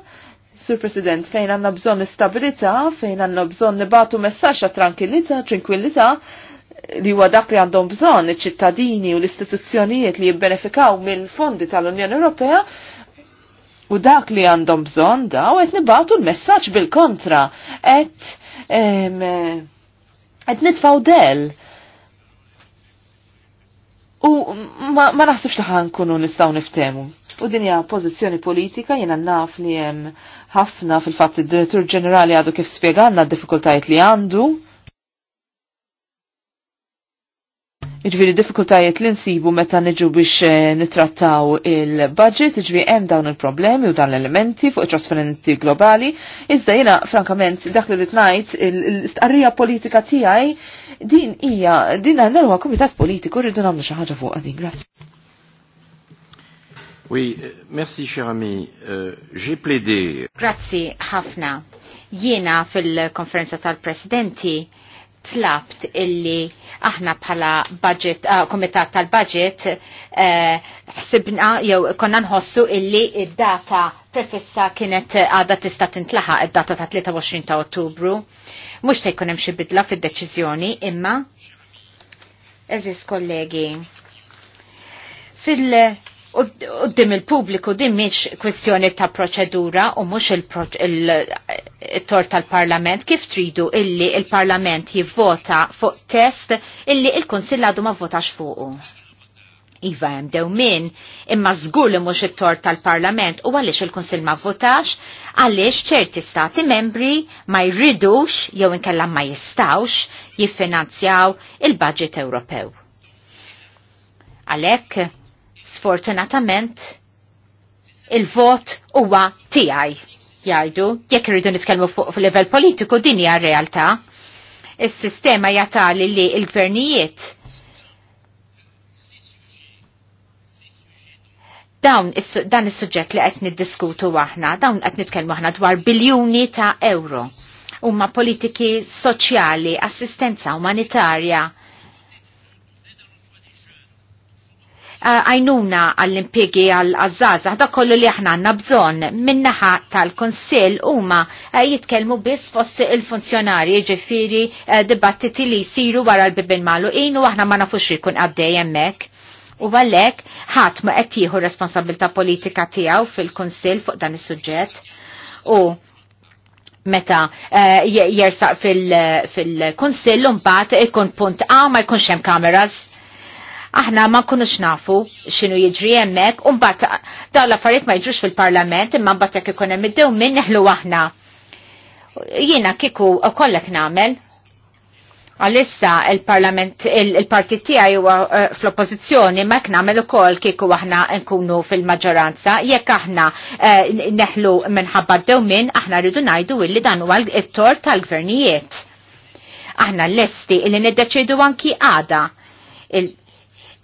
Sur President, fejn għanna bżon stabilita, fejn għanna bżon nibatu messaċ tranquillita, tranquillita, li huwa dak li għandhom bżon iċ-ċittadini u l-istituzzjonijiet li jibbenefikaw mill-fondi tal-Unjoni Ewropea, U dak li għandhom bżon daw qed nibatu l-messaġġ bil-kontra, qed qed nitfaw del. U ma, ma naħsibx li ħankunu nistgħu niftemu. U dinja pożizzjoni politika jena naf li hemm ħafna fil-fatt id-Direttur Ġenerali għadu kif spiegħanna d-diffikultajiet li għandu. Iġviri diffikultajiet li nsibu meta niġu biex eh, nitrattaw il-budget, iġviri hemm dawn il-problemi u dan l-elementi fuq il-trasferenti globali, iżda jena frankament dak li rritnajt l-istqarrija politika tiegħi din hija din għandna komitat politiku rridu nagħmlu xi ħaġa fuq din. Grazie. Oui, euh, merci cher ami. Euh, J'ai plaidé. Grazzi ħafna. Jiena fil-konferenza tal-presidenti tlabt illi aħna bħala budget, uh, komitat tal-budget, uh, ħsibna uh, jew konna nħossu illi id-data prefissa kienet għada tista tintlaħa id-data ta' 23 ta' ottubru. Mux se jkun hemm xi bidla fid-deċiżjoni imma eżis kollegi. Fil- Uddim il-pubbliku din miex kwestjoni ta' proċedura u mux il-tor tal-parlament kif tridu illi il-parlament jivvota fuq test illi il-konsill għadu ma votax fuqu. Iva hemm min, imma żgur li mhux it-tor tal-Parlament u għalix il-Kunsill ma votax, għaliex ċerti stati membri ma jridux jew inkella ma jistawx jiffinanzjaw il-budget Ewropew. Għalhekk Sfortunatament, il-vot huwa tiegħi jgħidu, jekk irridu nitkellmu fuq fil-livell politiku din hija realtà. Is-sistema jatali li l-gvernijiet dawn dan is-suġġett li qed niddiskutu aħna, dawn qed nitkellmu aħna dwar biljuni ta' euro. Huma politiki soċjali, assistenza umanitarja, Eh, għajnuna għall-impiegi għall-azzaza, da kollu li aħna għanna bżon minnaħa tal-konsil huma eh, jitkelmu biss fost il-funzjonari ġifiri eh, dibattiti li siru wara l-bibin malu inu aħna ma nafux jikun għaddej jemmek. U għallek ħat ma qed jieħu responsabilta politika tiegħu fil-konsil fuq dan is-suġġett. U meta jersaq fil-konsil mbagħad ikun punt A ma jkunx hemm kameras aħna ma nkunux nafu x'inhu jiġri hemmhekk u mbagħad dawn l-affarijiet ma jiġux fil-Parlament imma mbagħad jekk ikun hemm iddew min neħlu aħna. Jiena kieku kollek nagħmel għalissa il-parlament, il-partit tiegħi huwa eh, fl-oppożizzjoni ma nagħmel ukoll kieku aħna nkunu fil-maġġoranza, jekk aħna eh, neħlu minħabba d minn aħna rridu ngħidu illi dan huwa t-tor tal-gvernijiet. Aħna lesti illi niddeċidu anki għada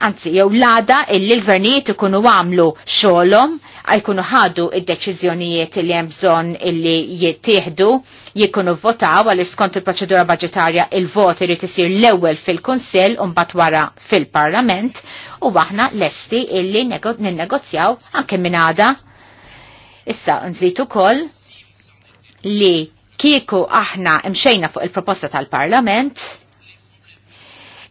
anzi jew lada illi l-gvernijiet ikunu għamlu xolom, għajkunu ħadu id-deċizjonijiet li hemm bżonn illi jittieħdu, jikunu votaw għal skont il-proċedura budgetarja il-vot irid isir l-ewwel fil-Kunsill u mbagħad wara fil-Parlament u aħna lesti illi ninnegozjaw anke minn għada. Issa nżid ukoll li kieku aħna imxejna fuq il-proposta tal-Parlament,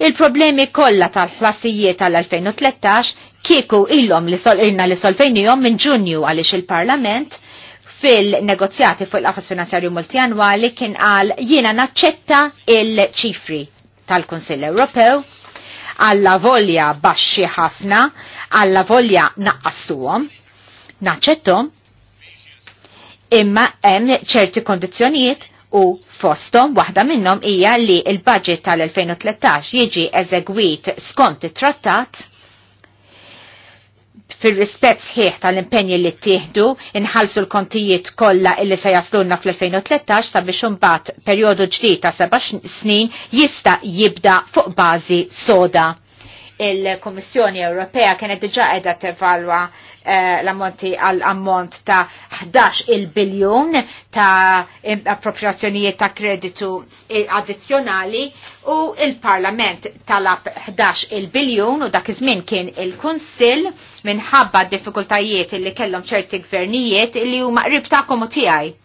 Il-problemi kollha tal-ħlasijiet tal-2013 kieku illom li solqilna li solvejnijom minn ġunju għaliex il-Parlament fil-negozjati fuq il-qafas finanzjarju multianwali kien għal jiena naċċetta il-ċifri tal-Kunsill Ewropew għalla volja baxxi ħafna, għalla volja naqqassuhom, naċċettom, imma hemm ċerti kondizzjonijiet u fostom waħda minnhom hija li il-budget tal-2013 jiġi eżegwit skont it-trattat fil-rispett sħiħ tal-impenji li ttieħdu inħalsu l-kontijiet kollha illi se jaslunna fl-2013 sabiex imbagħad perjodu ġdid ta' seba' snin jista' jibda fuq bażi soda. Il-Kummissjoni Ewropea kienet diġà qiegħda tevalwa Eh, l-ammonti għall-ammont ta' 11 il-biljun ta' appropriazzjonijiet ta' kreditu eh, addizzjonali u il-Parlament talab 11 il-biljun u dak iż-żmien kien il-Kunsill minħabba diffikultajiet li kellhom ċerti gvernijiet li huma qrib tagħkom u tiegħi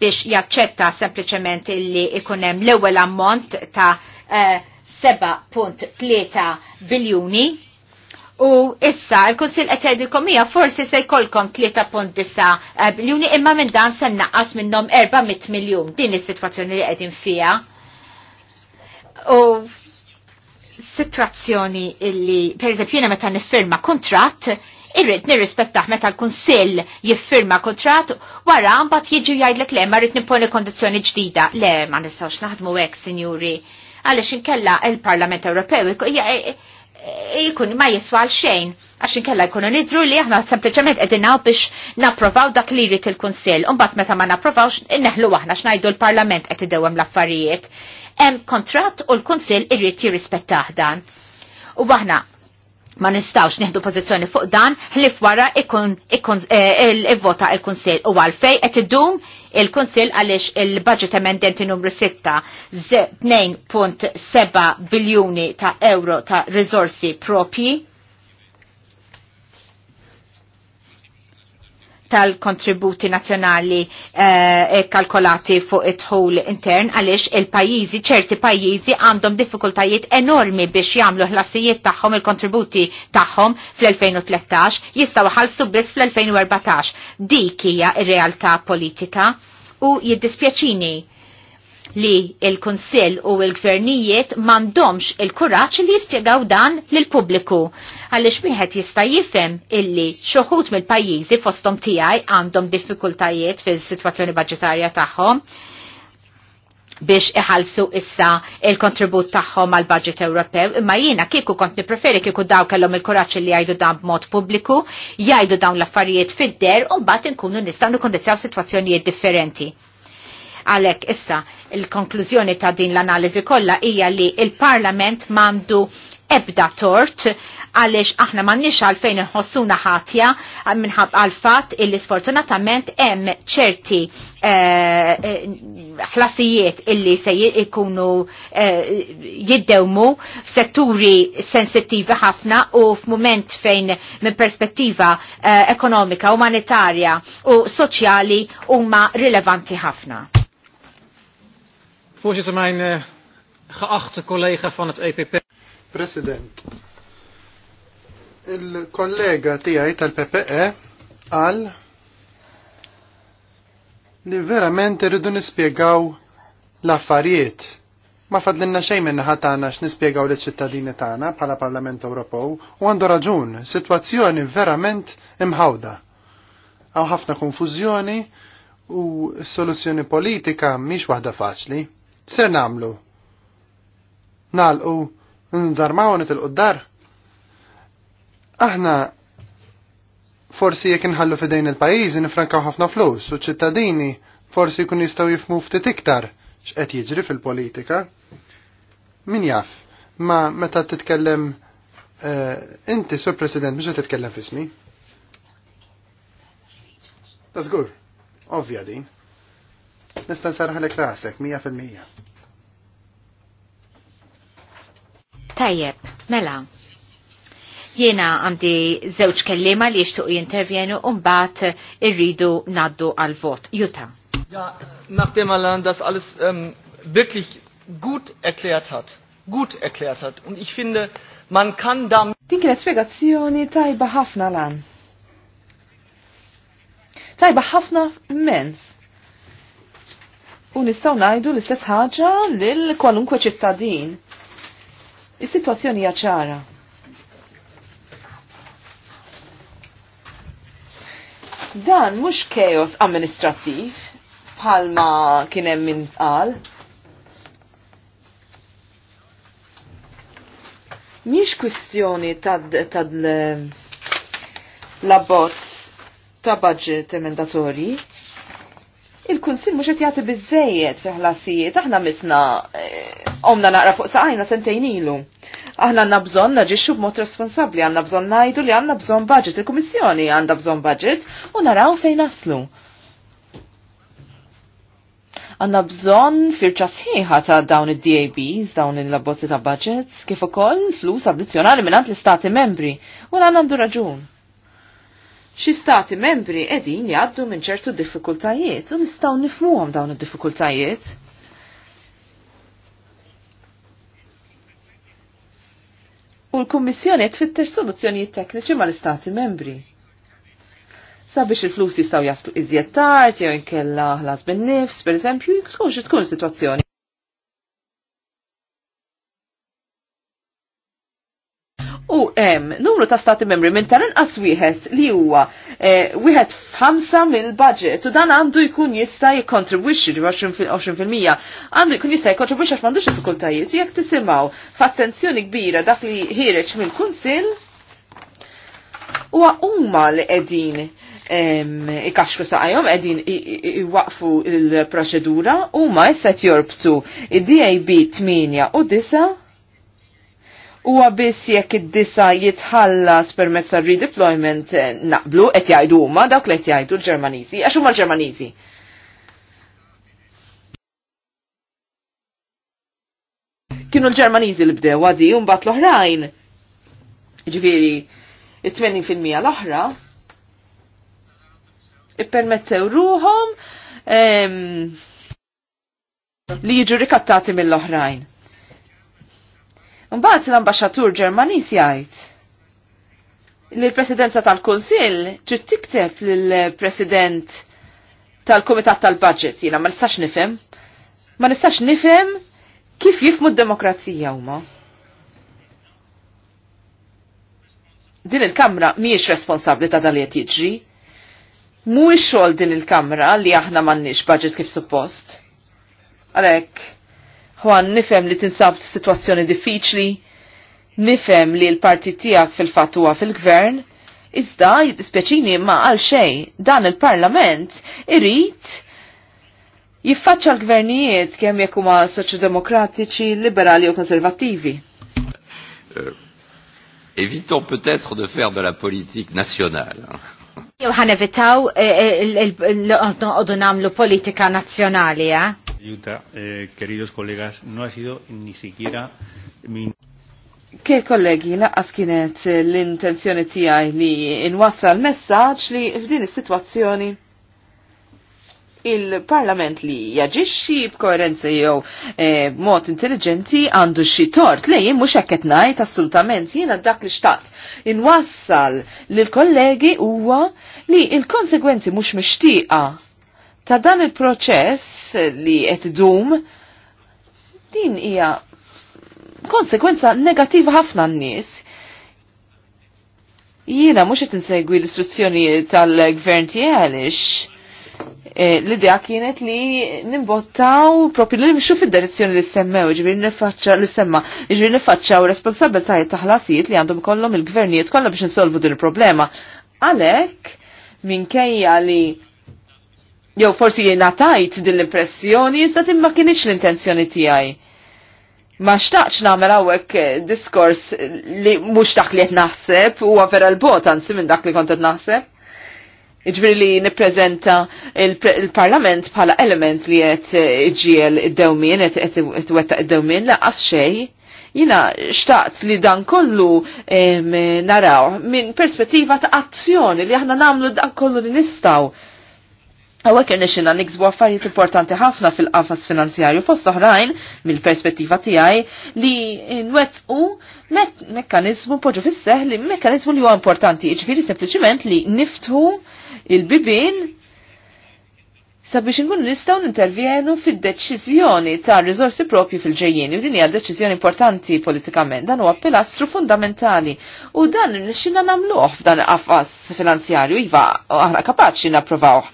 biex jaċċetta sempliċement illi ikunem l-ewwel ammont ta' 7.3 eh, biljuni U issa, il-Konsil qed jgħidilkom hija forsi se jkollkom 3.9 eh, biljuni imma minn dan se naqas minnhom 400 miljun din is-sitwazzjoni li qegħdin fiha. U sitwazzjoni illi, pereżempju jiena meta niffirma kuntratt, irrid nirrispettaħ meta l-Kunsill jiffirma kuntratt wara mbagħad jiġu jgħidlek le ma rrid nipponi kondizzjoni ġdida. Le ma nistgħux naħdmu hekk, sinjuri. Għaliex inkella il-Parlament Ewropew Eh, jikun ma għal xejn għax inkella jkunu nidru li aħna sempliċement edinaw biex napprovaw dak li jrid il-Kunsill. unbat meta ma napprovawx inneħlu aħna x'ngħidu l-Parlament qed dewem l-affarijiet. Em kontratt u l-Kunsill irrit jirrispettah dan. U aħna ma nistawx nieħdu pożizzjoni fuq dan ħlif wara ikun eh, il-vota il-Kunsill u għalfej qed iddum il-Kunsill għaliex il-budget emendenti numru 6 2.7 biljuni ta' euro ta' risorsi propji tal-kontributi nazjonali eh, e kalkolati fuq it ħol intern għaliex il-pajizi, ċerti pajizi għandhom diffikultajiet enormi biex jagħmlu ħlasijiet tagħhom il-kontributi tagħhom fl-2013 jistgħu għal biss fl-2014. Dik hija ir-realtà politika u jiddispjaċini li il-Konsil u il-Gvernijiet mandomx il-kuraċ li jispiegaw dan l pubbliku Għalix wieħed jista' jifhem illi xoħut mill-pajjiżi fostom tiegħi għandhom diffikultajiet fil-sitwazzjoni budgetarja tagħhom biex iħalsu issa il-kontribut tagħhom għal budget Ewropew, imma jiena kieku kont nippreferi kieku daw kellhom il-kuraġġ li jgħidu dan b'mod pubbliku, jgħidu dawn l-affarijiet fid-der u mbagħad inkunu nistgħu nikkondizzjaw sitwazzjonijiet differenti. Għalek issa il-konklużjoni ta' din l-analiżi kollha hija li il-Parlament mandu ebda tort għalix aħna nix għalfejn nħossuna ħatja minħab għalfat illi sfortunatament hemm ċerti eh, eh, ħlasijiet eh, illi se jikunu eh, jiddewmu f'setturi sensittivi ħafna u f'mument fejn minn perspettiva eh, ekonomika, umanitarja u soċjali huma rilevanti ħafna. Voorzitter, mijn uh, geachte collega van het EPP. President, il-kollega tiegħi tal-PPE għal li verament irridu nispiegaw l-affarijiet. Ma fadlinna xej minna x x'nispjegaw li ċittadini tagħna bħala Parlament Ewropew u għandu raġun, sitwazzjoni verament imħawda. Hawn ħafna konfużjoni u s-soluzzjoni politika mhix waħda faċli. Ser namlu? Nalqu, nżarmaw nitilqu il-qoddar? Aħna forsi jekk inħallu fidejn il-pajjiżi nifrankaw ħafna flus u ċittadini forsi jkun jistgħu jifmu ftit iktar x'qed jiġri fil-politika. Min jaf, ma meta titkellem eh, inti, sur President, biex titkellem fismi. Ta' żgur, ovvja din nista' nsarħalek rasek 100%. Tajjeb, mela. Jena għandi zewċ kellima li jixtuq jintervjenu un mbagħad irridu naddu għal vot. Juta. Ja, nachdem Alan das alles ähm, wirklich gut erklärt hat, gut erklärt hat und ich finde, man kann da Din kienet spiegazzjoni tajba ħafna lan. Tajba ħafna mens u nistaw najdu l-istess ħaġa lil kwalunkwe ċittadin. Is-sitwazzjoni hija ċara. Dan mhux keos amministrattiv bħalma kien hemm min qal. Mhix kwistjoni tad l-abbozz ta' budget emendatorji, il-Kunsil mhux qed jagħti biżejjed fi ħlasijiet, aħna misna eh, omna naqra fuq saqajna sentejn ilu. Aħna għandna bżonn naġixxu b'mod responsabbli, għandna bżonn ngħidu li għandna bżonn budget, il-Kummissjoni għandha bżonn budget u naraw fejn naslu għanna bżon firċa sħiħa ta' dawn id-DABs, dawn il-labbozzi ta' budgets, kif ukoll flus addizzjonali minn l-istati membri, u għanna għandu raġun xi stati membri qegħdin jgħaddu minn ċertu diffikultajiet u nistgħu nifmuhom dawn id-diffikultajiet. U l-Kummissjoni qed tfittex soluzzjonijiet tekniċi mal-Istati membri. Sabiex il-flus jistgħu jaslu iżjed tard jew inkella ħlas bin-nifs, pereżempju, tkun xi tkun sitwazzjoni. u em, numru ta' stati membri minn tal-inqas wieħed li huwa eh, wieħed f'ħamsa mill-budget u dan għandu jkun jista' jikkontribwixxi 20% għandu jkun jista' jikkontribwixxi għax m'għandux diffikultajiet jekk tisimgħu f'attenzjoni kbira dak li ħireġ mill-kunsill huwa huma li qegħdin ikaxku saqajom edin iwaqfu il-proċedura u ma jessa jorbtu id-DAB 8 u 9 huwa biss jekk id-disa jitħallas permezz redeployment eh, naqblu qed jgħidu huma dawk li qed jgħidu l-Ġermaniżi għax huma l-Ġermaniżi. Kienu l-Ġermaniżi li bdew għadzi, un mbagħad l-oħrajn. Ġifieri, it-80% l-oħra ippermettew ruhom ehm, li jiġu rikattati mill-oħrajn. Mbaħt l-ambaxxatur Ġermaniż jgħid li l-presidenza tal-Kunsill trid tikteb lill-President tal-Kumitat tal-Budget jiena ma nistax nifhem. Ma nistax nifhem kif jifmu d-demokrazija huma. Din il-Kamra mhijiex responsabbli ta' dalli qed jiġri. Mhuwiex xogħol din il-Kamra li aħna m'għandniex budget kif suppost. Għalhekk Juan, nifem li tinsab situazzjoni diffiċli, nifem li l parti tijak fil fatua huwa fil-gvern, iżda jiddispjaċini ma għal xej dan il-parlament irrit jiffaċċa l-gvernijiet kemm jekk huma soċjodemokratiċi, liberali u konservattivi. Evitons peut-être de faire de la politique nationale. Jew ħanevitaw il-qogħdu nagħmlu politika nazzjonali, eh? Yuta, eh, queridos colegas, no ha sido ni siquiera min. Ke kollegi, laqqas kienet l-intenzjoni tiegħi li inwassal messaġġ li f'din is-sitwazzjoni il-parlament li jaġixxi b'koerenza jew eh, mod intelligenti għandu xi tort lejn mhux hekk qed ngħid assolutament jiena dak li xtaqt inwassal lil kollegi huwa li l-konsegwenzi mhux mixtieqa ta' dan il-proċess li qed dum din hija konsekwenza negattiva ħafna n-nies. Jiena mhux qed insegwi l istruzzjoni tal-gvern tiegħek e, l-idea kienet li nimbottaw propju li nimxu fil-direzzjoni li semmew, ġibir nifacċa li semma, ġibir nifacċa u responsabiltajiet taħlasijiet li għandhom kollom il-gvernijiet kollha biex insolvu din il-problema. Għalek, minkejja li jew forsi jiena tajt din l-impressjoni iżda timma kinitx l-intenzjoni tiegħi. Ma xtaqx nagħmel hawnhekk eh, diskors li mhux dak li qed naħseb huwa vera l-bot anzi minn dak li kont qed naħseb. Iġbiri li nippreżenta il-Parlament bħala element li qed eh, iġiel id-dewmien qed wettaq id-dewmien laqas xejn jina xtaqt li dan kollu naraw minn perspettiva ta' azzjoni li aħna namlu dan kollu li nistaw. Għawek irnexina niksbu affarijiet importanti ħafna fil-qafas finanzjarju fost oħrajn mill-perspettiva tiegħi li nwettqu mekkanizmu poġu fis-seħ li mekkanizmu li huwa importanti, jiġifieri sempliċiment li niftu il-bibin sabiex nkunu nistgħu nintervjenu fid-deċiżjoni ta' riżorsi propju fil-ġejjeni u din hija deċiżjoni importanti politikament dan huwa pilastru fundamentali u dan nixina nagħmluh f'dan qafas finanzjarju iva aħna kapaċi napprovawh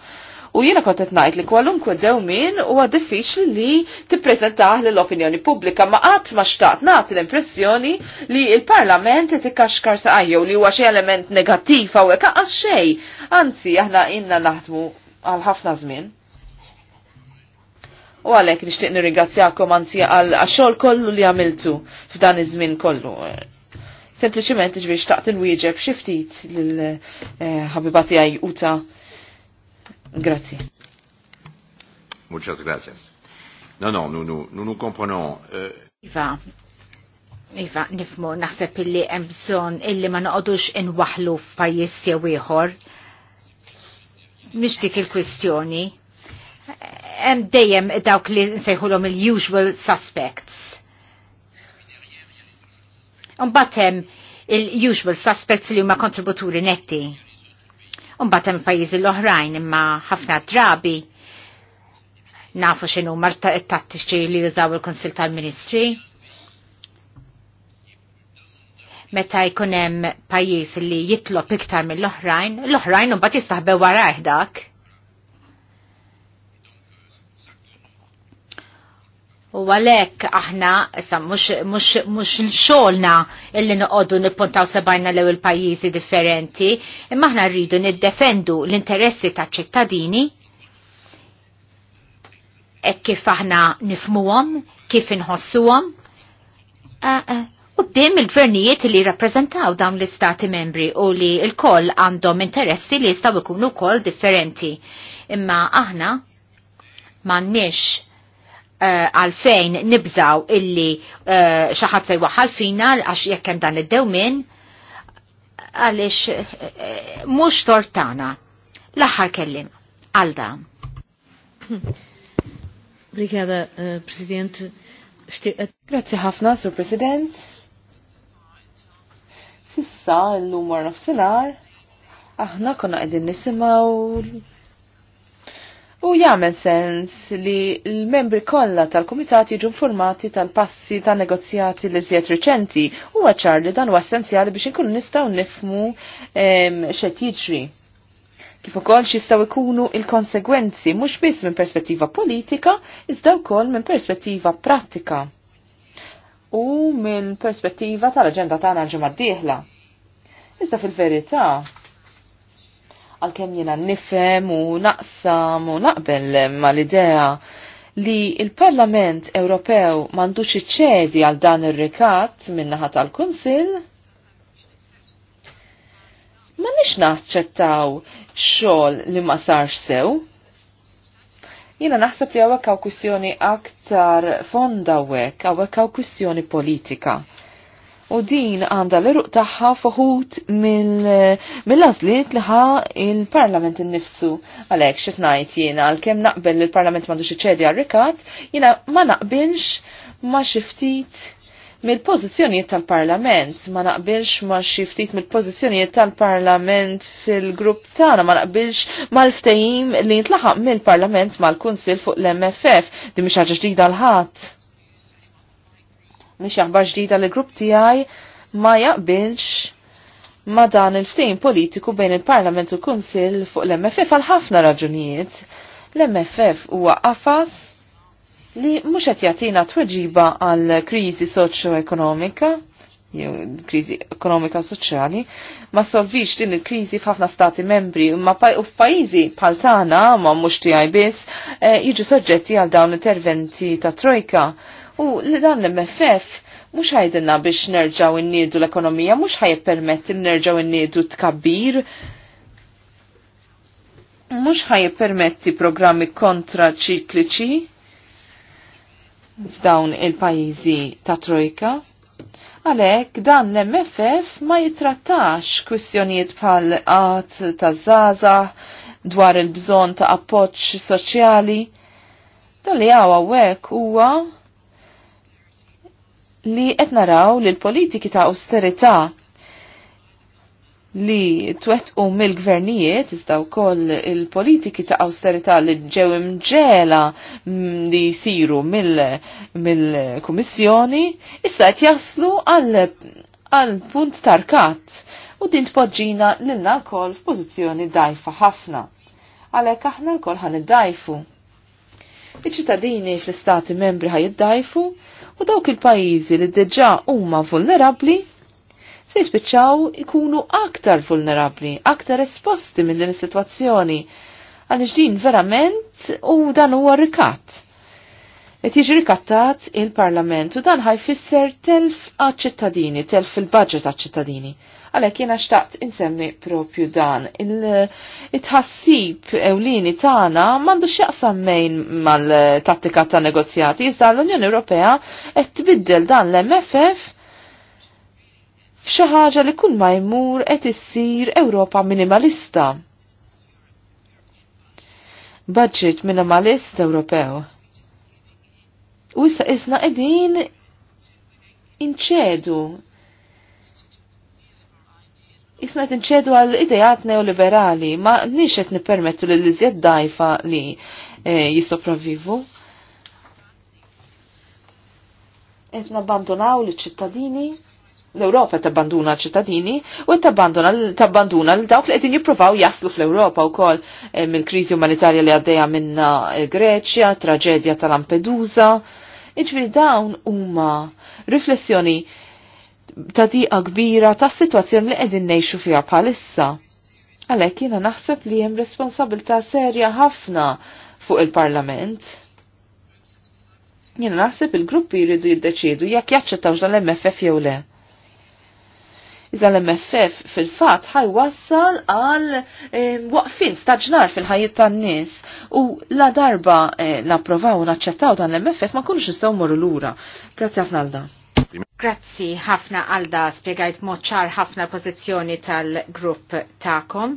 U jiena kont qed ngħid li kwalunkwe dewmin huwa diffiċli li tippreżentah lill opinjoni pubblika ma qatt ma xtaqt nagħti l-impressjoni li l-Parlament qed ikkaxkar saqajjew li huwa xi element negattiv hawnhekk aqas xejn. Anzi aħna inna naħdmu għal ħafna żmien. U għalhekk nixtieq nirringrazzjakom anzi għal xogħol kollu li għamiltu f'dan iż-żmien kollu. Sempliċiment ġbiex taqt inwieġeb xi ftit lil eh, ħabibati għaj uta Grazie. Muchas gracias. No, no, nu, nu, nu, nu komponon. Uh... Eh. Iva, Iva, nifmu naħseb illi hemm bżonn illi ma noqogħdux inwaħlu f'pajjiż jew ieħor. Mhix dik il-kwistjoni. Hemm dejjem dawk li nsejħulhom il-usual suspects. Imbagħad hemm il-usual suspects li huma kontributuri netti. Umbat hemm pajjiżi l-oħrajn imma ħafna drabi nafu x'inhu mal-tattiċi li jużaw il-Kunsil tal-Ministri. Meta jkun hemm pajjiż li jitlob iktar mill-oħrajn, l-oħrajn imbagħad jistaħbew wara dak U għalek aħna, issa, mux xolna illi noqodu nippuntaw sebajna l ewwel pajjiżi differenti, imma aħna rridu niddefendu l-interessi ta' ċittadini, e kif aħna nifmuhom, kif inħossuhom, e, e, u d-dim il-gvernijiet li rappresentaw dawn l-istati membri u li l-koll għandhom interessi li jistaw ikunu koll differenti. Imma aħna mannix Eh, għalfejn uh, nibżaw illi eh, xaħat se jwaħħal fina għax jekkem dan id-dewmin għalix uh, eh, mux tortana. L-axar kellim, għalda. Brigada, President. Grazie ħafna, Sur President. Sissa, l-lumar nofsenar, aħna konna għedin nisimaw U jagħmel sens li l-membri kollha tal-kumitat jiġu informati tal-passi tan negozjati li żjed riċenti u ċar li dan huwa essenzjali biex inkunu nistgħu nifmu x'qed jiġri. Kif ukoll jistgħu jkunu il-konsegwenzi mhux biss minn perspettiva politika, iżda wkoll minn perspettiva prattika u minn perspettiva tal-aġenda tagħna l-ġimgħa d-dieħla. Iżda fil-verità, għalkemm jiena nifem u naqsam u naqbel mal-idea li il-Parlament Ewropew m'għandux iċċedi għal dan ir-rikat min-naħa tal-Kunsill, ma nix naċċettaw xogħol li ma sarx sew. Jiena naħseb li għawek għaw kwistjoni aktar fonda hawnhekk, hawnhekk hawn kwistjoni politika u din għanda l-eruq taħħa fuħut mill-azliet li ħa il-parlament innifsu. Għalek, xitnajt jena għal-kem naqbel il parlament mandux iċedi għal-rikat, jena ma naqbilx ma xiftit mill-pozizjonijiet tal-parlament, ma naqbilx ma xiftit mill-pozizjonijiet tal-parlament fil-grupp tagħna, ma naqbilx mal-ftehim li jintlaħaq mill-parlament mal-kunsil fuq l-MFF, di mhix ħaġa ġdida l-ħadd mhix aħbar ġdida li grupp tiegħi ma jaqbilx ma dan il-ftehim politiku bejn il-Parlament u l-Kunsill fuq l-MFF għal ħafna raġunijiet. L-MFF huwa qafas li mhux qed jagħtina tweġiba għal kriżi soċjo-ekonomika, kriżi ekonomika soċjali, ma solvix din il-kriżi f'ħafna stati membri, ma u f'pajjiżi bħal tagħna ma mhux tiegħi biss eh, jiġu soġġetti għal dawn l interventi ta' trojka U li dan l-MFF mux ħajdinna biex nerġaw innidu l-ekonomija, mux ħajpermetti nerġaw innidu tkabbir, mux permetti programmi kontra ċikliċi f'dawn il-pajizi ta' trojka. Għalek, dan l-MFF ma jitrattax kwistjonijiet bħal għat ta' zaza dwar il-bżon ta' appoċ soċjali. Dan li għawa wek huwa li qed naraw li l-politiki ta' austerità li twettqu mill-gvernijiet iżda wkoll il-politiki ta' austerità li ġew imġela mm, li jsiru mill-Kummissjoni issa qed jaslu għal punt tarkat u din tpoġġina lilna wkoll f'pożizzjoni dajfa ħafna. Għalhekk aħna wkoll ħan dajfu. Iċ-ċittadini fl-istati membri ħaj dajfu u dawk il-pajjiżi li diġà huma vulnerabbli se jispiċċaw ikunu aktar vulnerabbli, aktar esposti minn din is-sitwazzjoni għaliex din verament u dan huwa rikat. Et jiġi rikattat il-Parlament u dan ħajfisser telf għal ċittadini, telf il-budget għal ċittadini għalhekk jiena xtaqt insemmi propju dan. Il-tħassib ewlieni tagħna mandu x'jaqsam mejn mal-tattika ta' negozjati, iżda l-Unjoni Ewropea qed tbiddel dan l-MFF fxaħġa ħaġa li kun ma jmur qed issir Ewropa minimalista. Budget minimalist Ewropew. U issa isna qegħdin inċedu jisna tinċedu għal idejat neoliberali, ma nix qed nippermettu li l-iżjed dajfa li e, jisopravvivu. Et nabbandonaw li ċittadini, l-Europa tabbanduna ċittadini, u tabbanduna l-dawk li qegħdin jippruvaw jaslu fl-Europa wkoll e, mill-kriżi umanitarja li għaddejja minna e, Greċja, traġedja tal-Lampedusa. Iġbir dawn huma riflessjoni tadiqa kbira ta' situazzjoni li qegħdin ngħixu fiha bħalissa. Għalhekk jiena naħseb li hemm responsabilità serja ħafna fuq il-Parlament. Jiena naħseb il-gruppi jridu jiddeċiedu jekk jaċċettawx dal-MFF jew le. Iżda l-MFF fil-fat ħajwassal għal eh, waqfin staġnar fil-ħajiet tan-nies u la darba eh, napprovaw naċċettaw dan l-MFF ma kunux nistgħu morru lura. Grazzi ħafna għal dan. Grazzi ħafna għalda spiegajt moċċar ħafna pozizjoni tal-grupp ta'kom.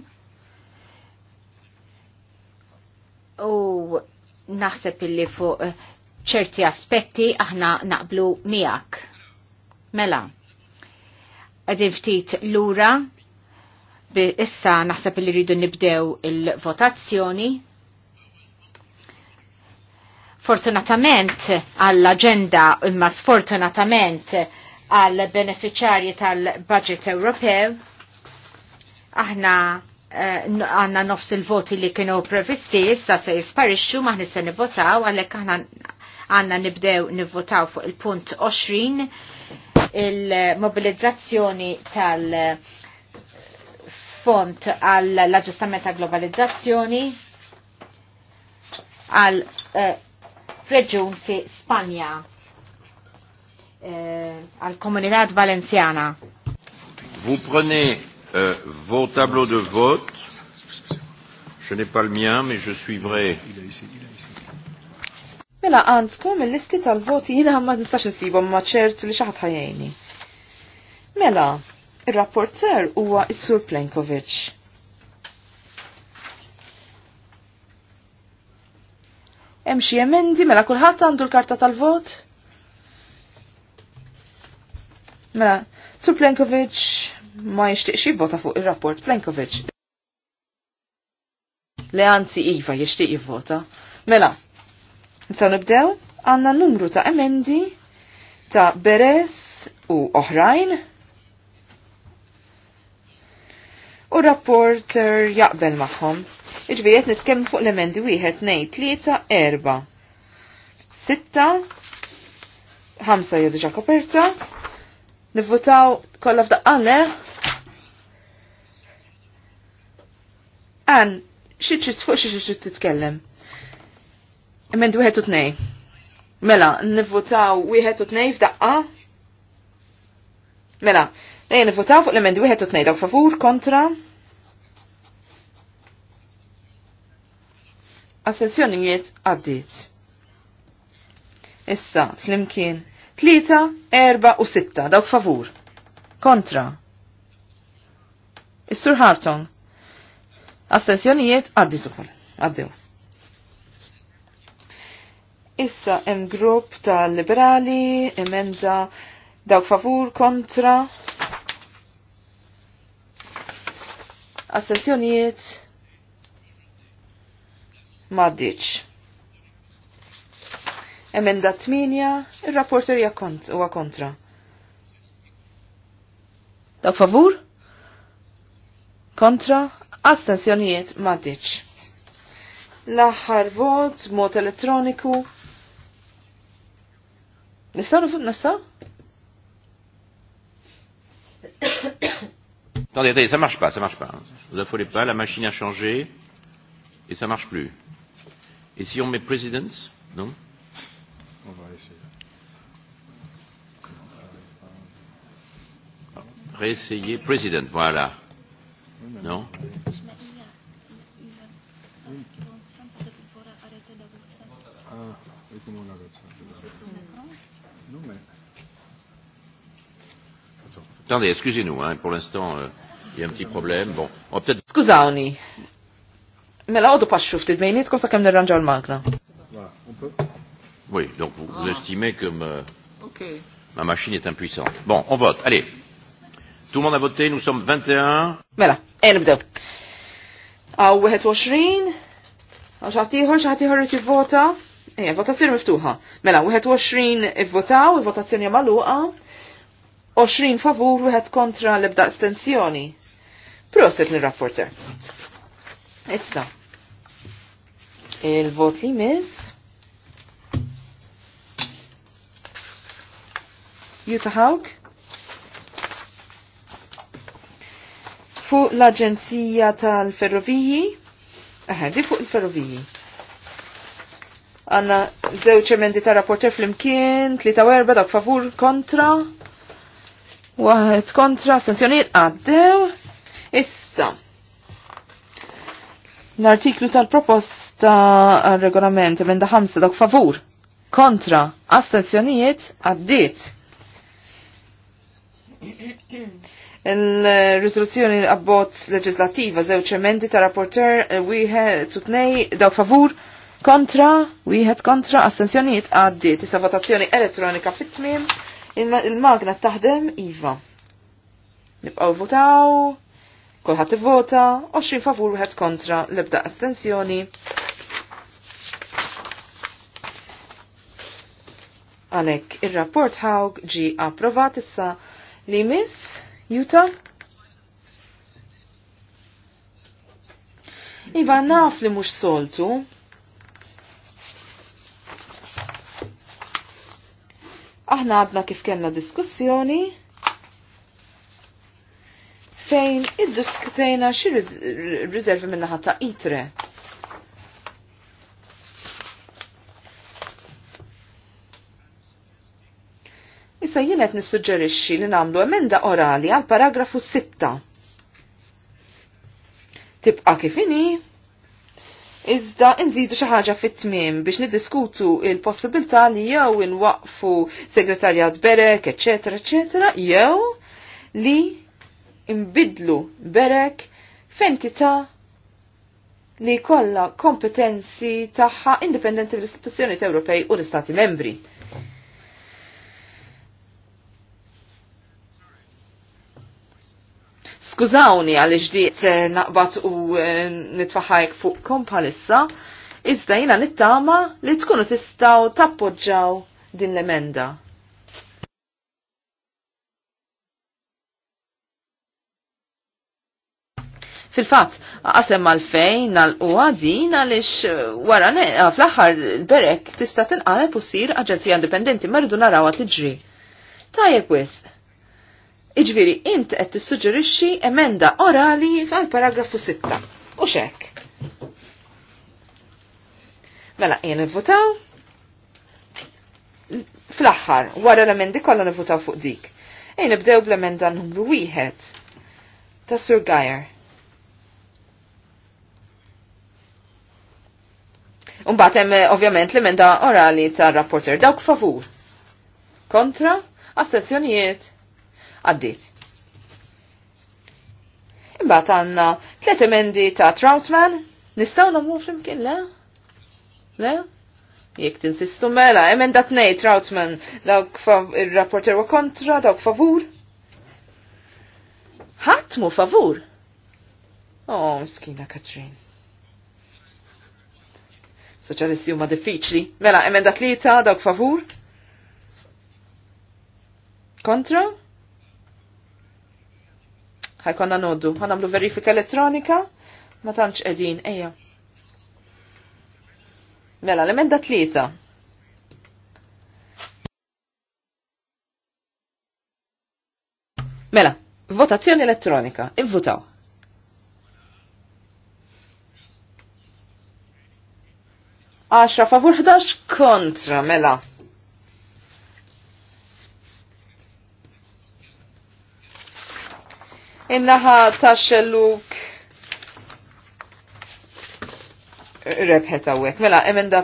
U naħseb illi fuq ċerti aspetti aħna naqblu miegħek. Mela, għedin ftit l-ura, issa naħseb illi rridu nibdew il-votazzjoni fortunatament għall-agenda imma sfortunatament għall beneficjarji tal-budget Ewropew, aħna eh, għanna uh, nofs il-voti li kienu previsti, issa se jisparixxu maħni se nivvotaw, għalek aħna għanna nibdew nivvotaw fuq il-punt 20, il-mobilizzazzjoni tal-font għall-aġġustament tal globalizzazzjoni, għal uh, reġun fi Spanja eh, għal komunidad valenzjana. Vous prenez euh, vos tableaux de vote. Je n'ai pas le mien, mais je suivrai. Mela għandkom il-listi tal-voti jina ma nistax nsibhom ma ċert li xaħat ħajjeni. Mela, il-rapporter huwa is-Sur Plenkovic. hemm xi emendi mela kulħadd għandu l-karta tal-vot. Mela, Sur Plenkovic ma jixtieqx jivvota fuq ir-rapport Plenkovic. Le anzi Iva jixtieq jivvota. Mela, nsa nibdew għandna numru ta' emendi ta' Beres u oħrajn. u rapporter jaqbel magħhom. Iġbijiet nitkellmu fuq l-emendi wieħed, nej, tlieta, erba. Sitta, ħamsa jew diġà koperta, nivvotaw kollha f'daqqale. Għan, xi trid fuq xi trid titkellem. Emendi wieħed u tnej. Mela, nivvotaw wieħed u tnej f'daqqa. Mela, får ta fuq l-emendi wieħed u tnej dawk favur kontra. Assessjonijiet għaddiet. Issa, flimkien, tlieta, erba u sitta, dawk favur. Kontra. Is-Sur Harton. Astenzjonijiet għaddiet ukoll. Għaddew. Issa hemm grupp tal-liberali, emenda dawk favur kontra astensjonijiet maddiċ. Emenda 8, il-rapporter ja u kontra. Dak favur? Kontra? Astensjonijiet maddiċ. L-aħħar vot, mod elettroniku. Nistaw nifut nistaw? Attendez, attendez, ça marche pas, ça marche pas. Vous affolez pas, la machine a changé et ça marche plus. Et si on met presidents Non On va essayer. Ah, réessayer president, voilà. Non ah, Attendez, excusez-nous, hein, pour l'instant. Euh... Il y a un petit problème. Bon, on peut-être. Skużawni. Mela għodu paċċu ftit bejnietkom sa' kem nirranġaw l-magna. Oui, donc vous, vous ah. estimez que me, okay. ma machine est impuissante. Bon, on vote. Allez. Tout le monde a voté, nous sommes 21. Mela, enbdew. washrin 21, għaw xaħtiħor, xaħtiħor rriti vota. Eja, votazzjoni miftuħa. Mela, 21 ivvotaw, votazzjoni maluqa. 20 favur, 1 kontra l-ebda astenzjoni. Proset nir-rapporter. Issa, il-vot li miss. Juta Hawk. Fuq l-Aġenzija tal-Ferroviji. Aha, di fuq il-Ferroviji. Għanna zewċ emendi ta' rapporter fl-imkien, 43 dak favur kontra. Waħed kontra, sanzjoniet għaddew. Issa, l-artiklu tal-proposta regolament minn da ħamsa dak favur kontra għastazzjonijiet għaddiet. Il-risoluzzjoni għabbot leġislativa żewġ emendi ta' rapporter wieħed u tnej daw favur kontra wieħed kontra astenzjonijiet għaddiet. Issa votazzjoni elettronika fit-tmiem il-magna taħdem iva. Nibqgħu votaw. Kolħat vota 20 favur wieħed kontra l-ebda astensjoni. Għalek, il-rapport Haug ġi approvat issa li miss Juta. Iva naf li mux soltu, aħna għadna kif kellna diskussjoni fejn id-diskutejna xi rizervi minna ħatta itre. Issa jien qed nissuġġerixxi li nagħmlu emenda orali għal paragrafu 6. Tibqa' kif inhi Iżda nżidu xi ħaġa fit-tmiem biex niddiskutu il-possibilità li jew inwaqfu segretarjat berek, eċetera, eċetera, jew li imbidlu berek f'entità li kollha kompetenzi tagħha indipendenti mill-istituzzjonijiet Ewropej u l-Istati membri. Skużawni għal ġdiet eh, naqbat u eh, nitfaħajk fuq kompalissa, iżda jina nittama li tkunu tistaw tappoġġaw din l-emenda. Fil-fatt, għasem għalfejn nal-u għadin għalix eh, wara eh, fl-axar berek tista' tinqaleb u sir aġenzija indipendenti marridu naraw għat ġri. Tajjeb wis. Iġviri, int qed tissuġġerixxi emenda orali għal-paragrafu 6. U xek. Mela, jien votaw fl axar wara l-emendi kollha nivutaw fuq dik. Ejn nibdew bl-emenda numru wieħed ta' Sur Gajer. Umbat hemm eh, ovvjament l-emenda orali tar-rapporter dawk favur. Kontra? Astazzjonijiet? Għaddit. Imbagħad għandna tliet emendi ta' Troutman. Nistgħu nagħmlu flimkien le? Le? Jek tinsistu mela, emenda t-nej Troutman, dawk il-rapporter wa kontra, dawk favur. Ħadd mu favur. Oh, skina Katrin soċjalisti huma diffiċli. Mela, emenda tlieta dawk favur? Kontra? Ħajkonna noddu. Ħanamlu verifika elettronika? Ma tantx qegħdin, ejja. Mela, l-emenda tlieta. Mela, votazzjoni elettronika. Invutaw. 10 favur 11 kontra, mela. Innaħa ta' xelluk rebħet għawek. Mela, emenda,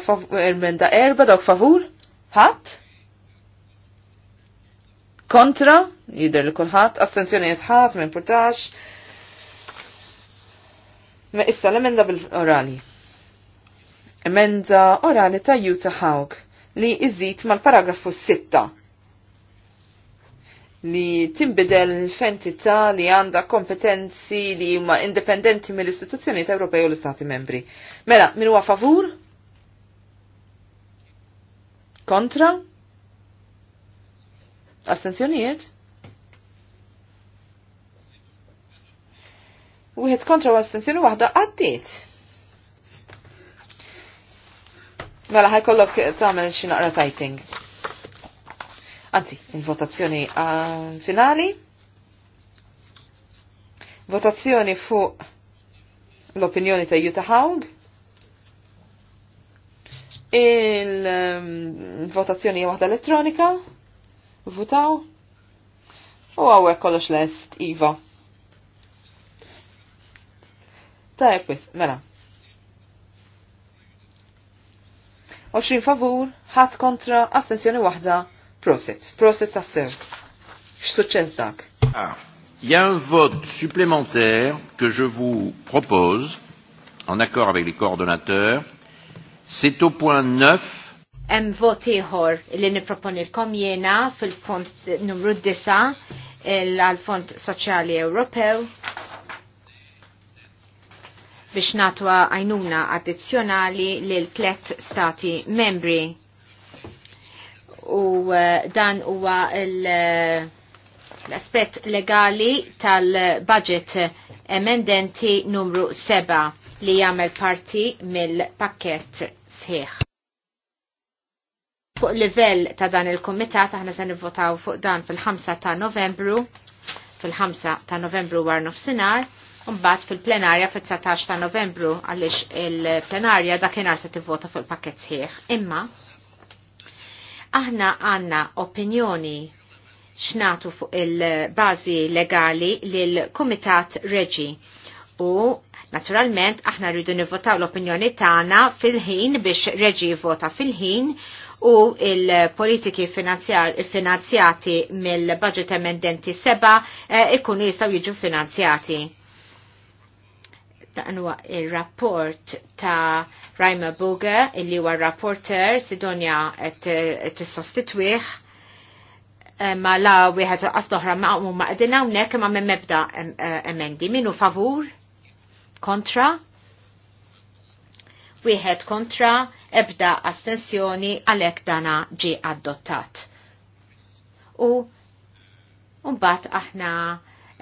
emenda erba dawk favur? Ħat? Kontra? Jider li ħat? Astenzjoniet ħat, minn purtax. Ma issa l-emenda bil-orali emenda orali ta' Juta Hawk li iżid mal-paragrafu 6 li timbidel f'entità li għandha kompetenzi li huma indipendenti mill-istituzzjoni ta' Ewropej u l-Istati membri. Mela, min huwa favur? Kontra? Astenzjonijiet? Wieħed kontra u astenzjoni waħda għaddiet. Mela ħajkollok tagħmel xi naqra typing. Anzi, il-votazzjoni ah, finali. Votazzjoni fuq l-opinjoni ta' Jutta Haug. Il-votazzjoni ehm, waħda elettronika. Votaw. U għawek kollox lest, Iva. Ta' mela. 20 favur, ħadd kontra, astensjoni waħda, proset, proset tassew. X'suċċess dak? Ah, il y a un vote supplémentaire que je vous propose, en accord avec les coordonnateurs. C'est au point 9 hemm vot ieħor li niproponilkom jiena fil-font numru 9 l-Fond Soċjali Ewropew biex natwa għajnuna addizzjonali lil tlet stati membri. U eh, dan huwa eh, l-aspett legali tal-budget emendenti numru 7 li jagħmel parti mill-pakket sħiħ. Fuq livell ta' dan il-komitat aħna se nivvotaw fuq dan fil-5 ta' Novembru fil-5 ta' Novembru war nofsinhar Mbagħad fil-plenarja fit-19 ta' Novembru għaliex il-plenarja dakinhar se tivvota fuq fil pakket sħiħ. Imma aħna għandna opinjoni xnatu fuq il-bażi legali l Kumitat Reġi u naturalment aħna rridu nivvotaw l-opinjoni tagħna fil-ħin biex Reġi vota fil-ħin u il-politiki finanzjati mill-budget emendenti seba eh, ikkun jistaw jiġu finanzjati daqnu il-rapport ta' Raima Buga, illi huwa rapporter, Sidonja t sostitwiħ eh, ma la wieħed asloħra ma' u ma' edina nek ma' minn mebda eh, emendi. Minu favur? Kontra? Wieħed kontra, ebda astensjoni għalek dana ġi adottat. U mbagħad aħna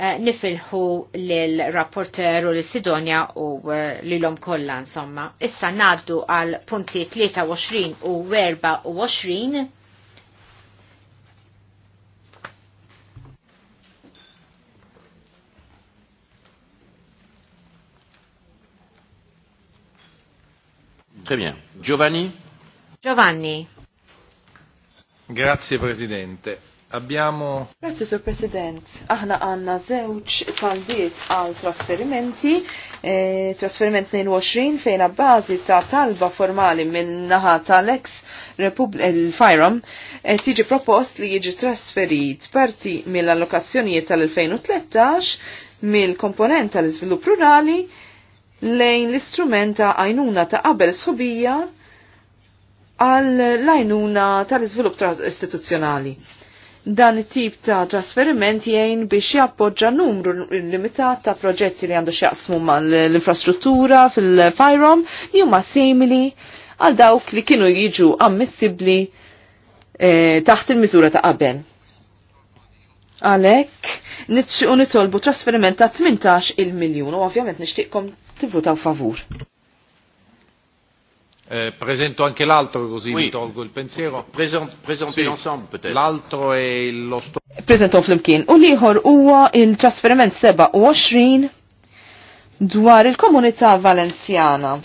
Eh, nifilħu l-rapporter u l-Sidonja eh, u l-lom kolla insomma. Issa naddu għal punti 23 u 24 Très bien. Giovanni? Giovanni. Grazie Presidente. Abbiamo... Grazie, Sur President. Aħna għanna zewċ talbiet għal trasferimenti. E, trasferiment 22 fejn bazi ta' talba formali minn naħa tal-ex il-Firom e, tiġi propost li jiġi trasferit parti mill-allokazzjonijiet tal-2013 mill-komponent tal-izvilupp rurali lejn l istrumenta għajnuna ta' qabel sħobija għal l-għajnuna tal-izvilupp istituzzjonali dan it-tip ta' trasferiment jgħin biex jappoġġa numru limitat ta' proġetti li għandu xjaqsmu mal-infrastruttura fil-fajrom li huma simili għal dawk li kienu jiġu ammissibli eh, taħt il-miżura ta' qabel. Għalek, nitxu nitolbu trasferiment ta' 18 il-miljon u ovvjament nixtieqkom tivvutaw favur. Eh, presento anche l'altro così oui. mi tolgo il pensiero. Present, presenti sì. l'ensemble peut-être. L'altro è lo sto... Presento flimkien. U liħor huwa il-trasferiment 27 dwar il-komunità valenzjana.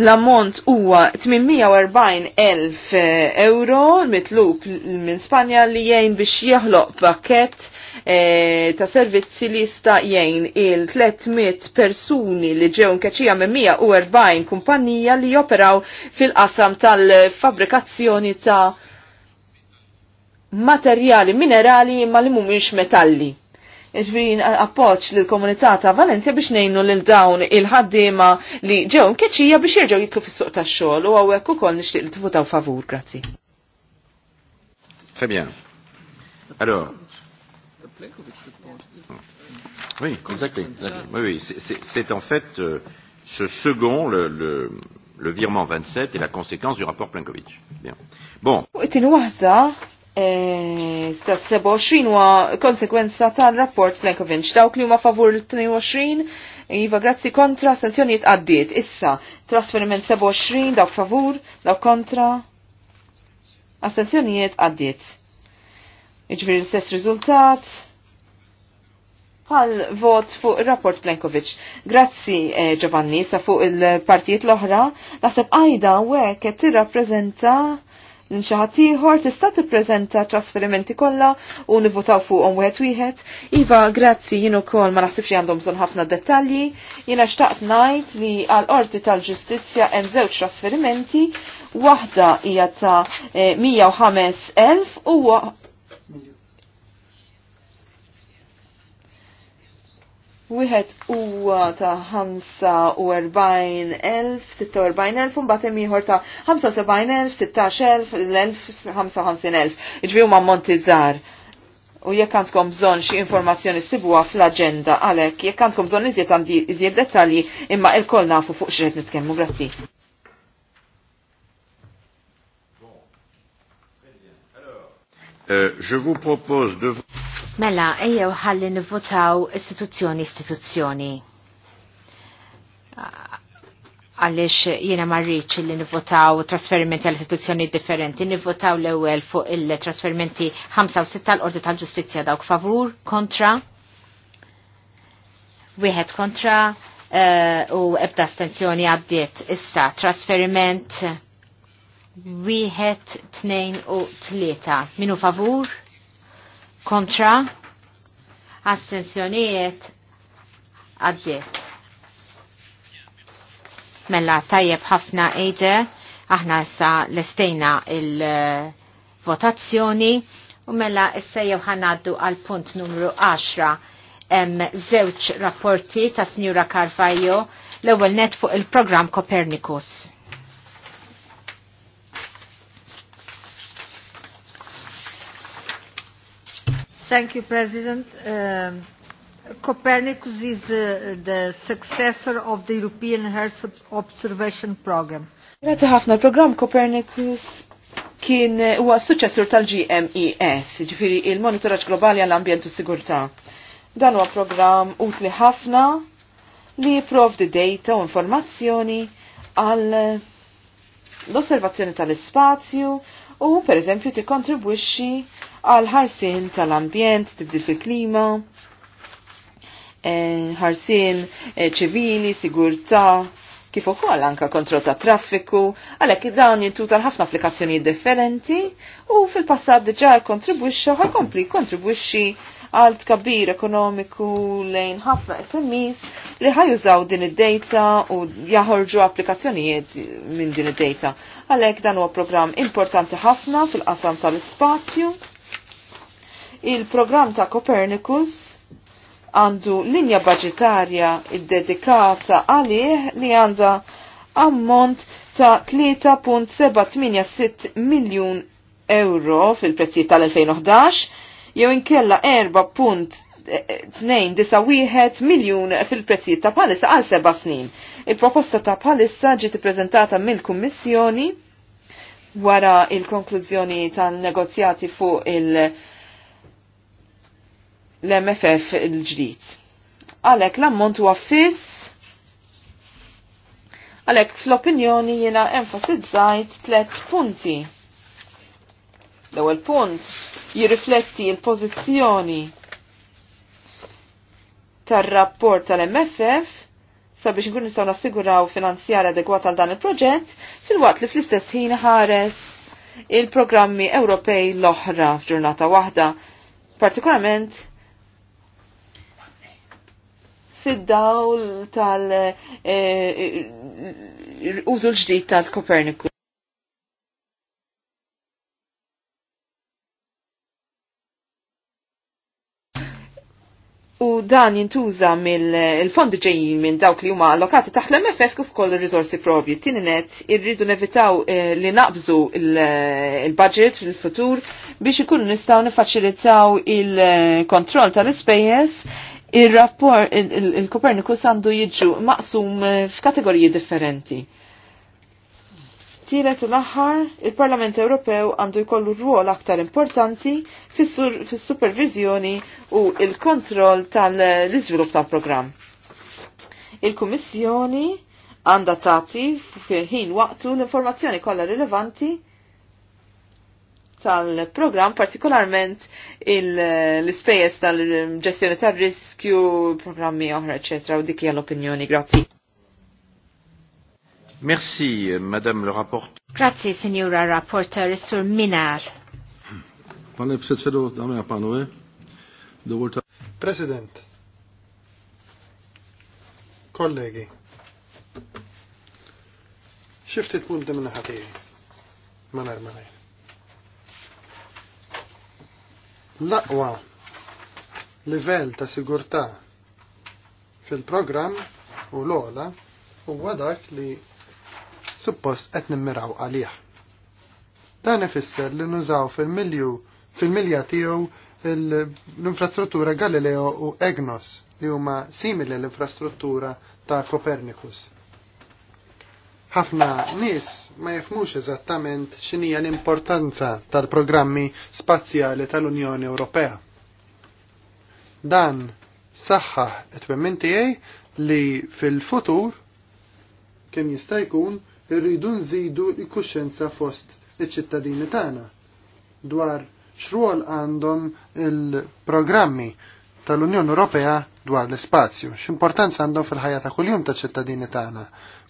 L-ammont huwa 840.000 eh, euro mitlub minn Spanja li jgħin biex jieħloq pakket Eh, ta' servizzi li jista' jgħin il-300 persuni li ġew nkeċija me 140 kumpanija li joperaw fil-qasam tal-fabrikazzjoni ta' materjali minerali ma li mhumiex metalli Iġvin appoċ l-komunità ta' Valencia biex nejnu l-dawn il-ħaddima li ġew keċija biex jirġaw jitlu fis-suq ta' xogħol u hawnhekk ukoll nixtieq li tifutaw favur, grazzi. Très bien. Alors, Oui, exactement. Oui, oui. C'est en fait euh, ce second, le, le, le virement 27 et la conséquence du rapport Plankovic. Bien. Bon. Eh, sta 27 huwa konsekwenza tal-rapport Plankovic. Dawk li huma favur l-22 Iva, grazzi kontra, sanzjoniet għaddiet. Issa, trasferiment 27, dawk favur, dawk kontra. Astenzjonijiet għaddiet. Iġviri l-istess riżultat pal vot fuq rapport Plenkovic. Grazzi eh, Giovanni sa fuq il-partijiet l-oħra, naħseb għajda u għek tirrapprezenta nxaħatiħor tista' tippreżenta trasferimenti kollha u nivvotaw fuqhom wieħed wieħed. Iva, grazzi jien ukoll ma nasibx għandhom bżonn ħafna dettalji. Jiena xtaqt ngħid li għal qorti tal-ġustizzja hemm żewġ trasferimenti, waħda hija ta' 105,000 eh, u Wieħed huwa ta' 45,000, 46,000, un batem ieħor ta' 75,000, 16,000, 55,000. Iġviju ma' Montizzar u jekk għandkom bżonn xi informazzjoni sibuha fl-aġenda għalhekk jekk għandkom bżonn iżjed iżjed dettalji imma il-koll nafu fuq xi qed nitkellmu. Grazzi. Euh, je vous propose de... Mela, ejjew ħalli nivvotaw istituzzjoni istituzzjoni. Għalix jiena marriċ li nivvotaw trasferimenti għal istituzzjoni differenti, nivvotaw l ewwel fuq il-trasferimenti 5 tal-Ordi tal-Ġustizja dawk favur, kontra, wieħed kontra, eh, u ebda stenzjoni għaddiet issa trasferiment wieħed tnejn u tlieta. Minu favur? Kontra? Astensjonijiet? Għaddiet. Mella tajjeb ħafna ejde, aħna issa lestejna il-votazzjoni u mella issa jew ħanaddu għal punt numru 10 hemm żewġ rapporti ta' Sinjura Carvajo l-ewwel net fuq il-programm Copernicus. Thank you, President. Um, Copernicus is uh, the successor of the European Earth Observation Program. Grazie ħafna, il-program Copernicus kien huwa successor tal-GMES, ġifiri il-monitoraġġ globali għall-ambjent u sigurtà. Dan huwa program utli ħafna li jipprovdi data u informazzjoni għal l-osservazzjoni tal-ispazju u per eżempju tikkontribwixxi għal ħarsin tal-ambjent, tibdil fil-klima, eh, ħarsien eh, ċivili, sigurtà, kif ukoll anka kontroll ta' traffiku, għalhekk dan jintuża ħafna applikazzjonijiet differenti u fil-passat diġà kontribwixxa u ħajkompli kontribwixxi għal tkabbir ekonomiku lejn ħafna SMEs li ħajużaw din id-data u jaħorġu applikazzjonijiet minn din id-data. Għalhekk dan huwa programm importanti ħafna fil-qasam tal-ispazju Il-programm ta' Copernicus għandu linja budgetarja id-dedikata għalih li għandha ammont ta' 3.786 miljon euro fil-prezzi tal-2011 jew inkella 4.291 miljun fil-prezzijiet ta' palissa għal seba snin. Il-proposta ta' palissa ġiet ippreżentata mill-Kummissjoni wara il-konklużjoni tan-negozjati fuq il-, -konklużjoni negozjati il l-MFF il-ġdid. Għalek l-ammont huwa fiss Għalek fl-opinjoni jena enfasizzajt tlet punti. L-ewwel punt jirrifletti l-pożizzjoni tar-rapport tal-MFF sabiex nkun nistgħu nassiguraw finanzjar adegwat għal dan il-proġett fil-waqt li fl-istess ħin ħares il-programmi Ewropej l-oħra f'ġurnata waħda, partikolarment fid-dawl tal-użu eh, eh, l-ġdid tal-Koperniku. U dan jintuża mill-fondi eh, ġejjin minn dawk li huma allokati taħt l-MFF kif ukoll ir-riżorsi propri. Tieni net irridu nevitaw li naqbżu il-budget fil-futur biex ikunu nistgħu nifaċilitaw il-kontroll tal-ispejjeż il-rapport, il-Kopernikus għandu jiġu maqsum eh, f'kategoriji differenti. Tielet u l-aħħar, il-Parlament Ewropew għandu jkollu rwol aktar importanti fis-supervizjoni u il-kontroll tal-iżvilupp tal-programm. Il-Kummissjoni għandha tagħti f'ħin ħin waqtu l-informazzjoni kollha rilevanti tal-program, partikolarment l spejes tal-ġestjoni tal-riskju, programmi oħra, eccetera, u dik l-opinjoni. Grazzi. Merci, Madame le rapporteur. Grazie, Signora Rapporteur, Sur Minar. Pane předsedo, dámy a pánové, dovolte... President, kollegi, xiftit punti minna ħatiri, manar manar. l-aqwa livell ta' sigurtà fil-programm u l-ola huwa dak li suppost qed nimmiraw għalih. Dan ifisser li nużaw fil-milju fil-milja tiegħu l-infrastruttura Galileo u Egnos li huma simili l-infrastruttura ta' Copernicus ħafna nies ma jifmux eżattament x'inhija l-importanza tal-programmi spazjali tal-Unjoni Ewropea. Dan saħħaħ it-twemmin tiegħi li fil-futur kemm jista' jkun irridu nżidu l kuxenza fost iċ-ċittadini tagħna dwar x'rwol għandhom il-programmi tal-Unjoni Ewropea dwar l-ispazju, x'importanza għandhom fil-ħajja ta' kuljum ta' ċittadini tagħna.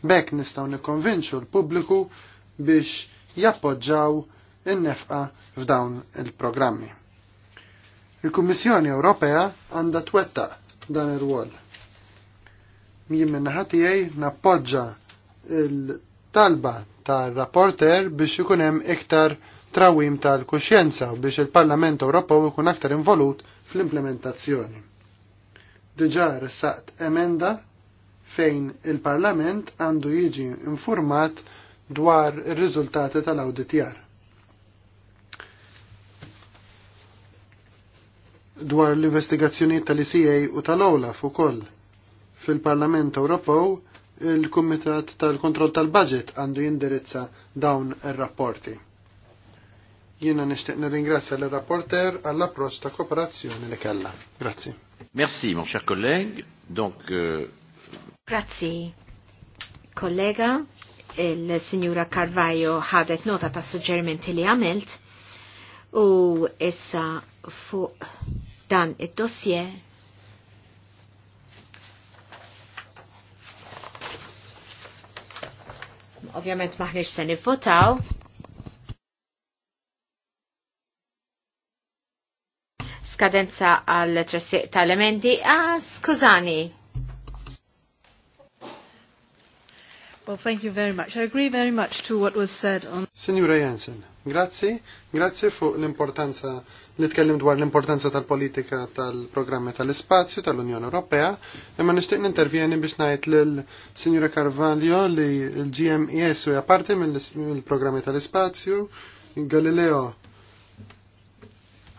Bekk nistgħu nikkonvinċu l-pubbliku biex jappoġġaw in-nefqa f'dawn il-programmi. Il-Kummissjoni Ewropea għandha twettaq dan ir-rwol. Jien minn naħa tiegħi nappoġġa il-talba tar-rapporter biex ikun hemm iktar trawim tal-kuxjenza biex il-Parlament Ewropew ikun aktar involut fl-implementazzjoni. Diġa ressaqt emenda fejn il-Parlament għandu jiġi infurmat dwar ir-riżultati tal-awditjar. Dwar l-investigazzjoni tal-ICA u tal-OLAF ukoll fil-Parlament Ewropew il-Kumitat tal-Kontroll tal-Budget għandu jindirizza dawn ir-rapporti. Jiena nixtieq nirringrazzja l-rapporter għall-approċċ ta' kooperazzjoni li kellha. Grazzi. Merci, mon cher collègue. Donc euh... Grazzi, kollega. Il-Sinjura Carvajo ħadet nota ta' suġġerimenti li għamilt u issa fuq dan id-dossier ovvjament maħniex se nivvotaw skadenza għal tresiq tal-emendi. Ah, skużani. Well, thank you very much. I agree very much to what was said on... Signora Jensen, grazie. Grazie fu l'importanza, li tkellim dwar l'importanza tal-politika tal-programmi tal spazio tal-Unjoni Ewropea, imma nixtieq nintervjeni biex najt l Signora Carvalho li l-GMES huja parti mill-programmi tal spazio Galileo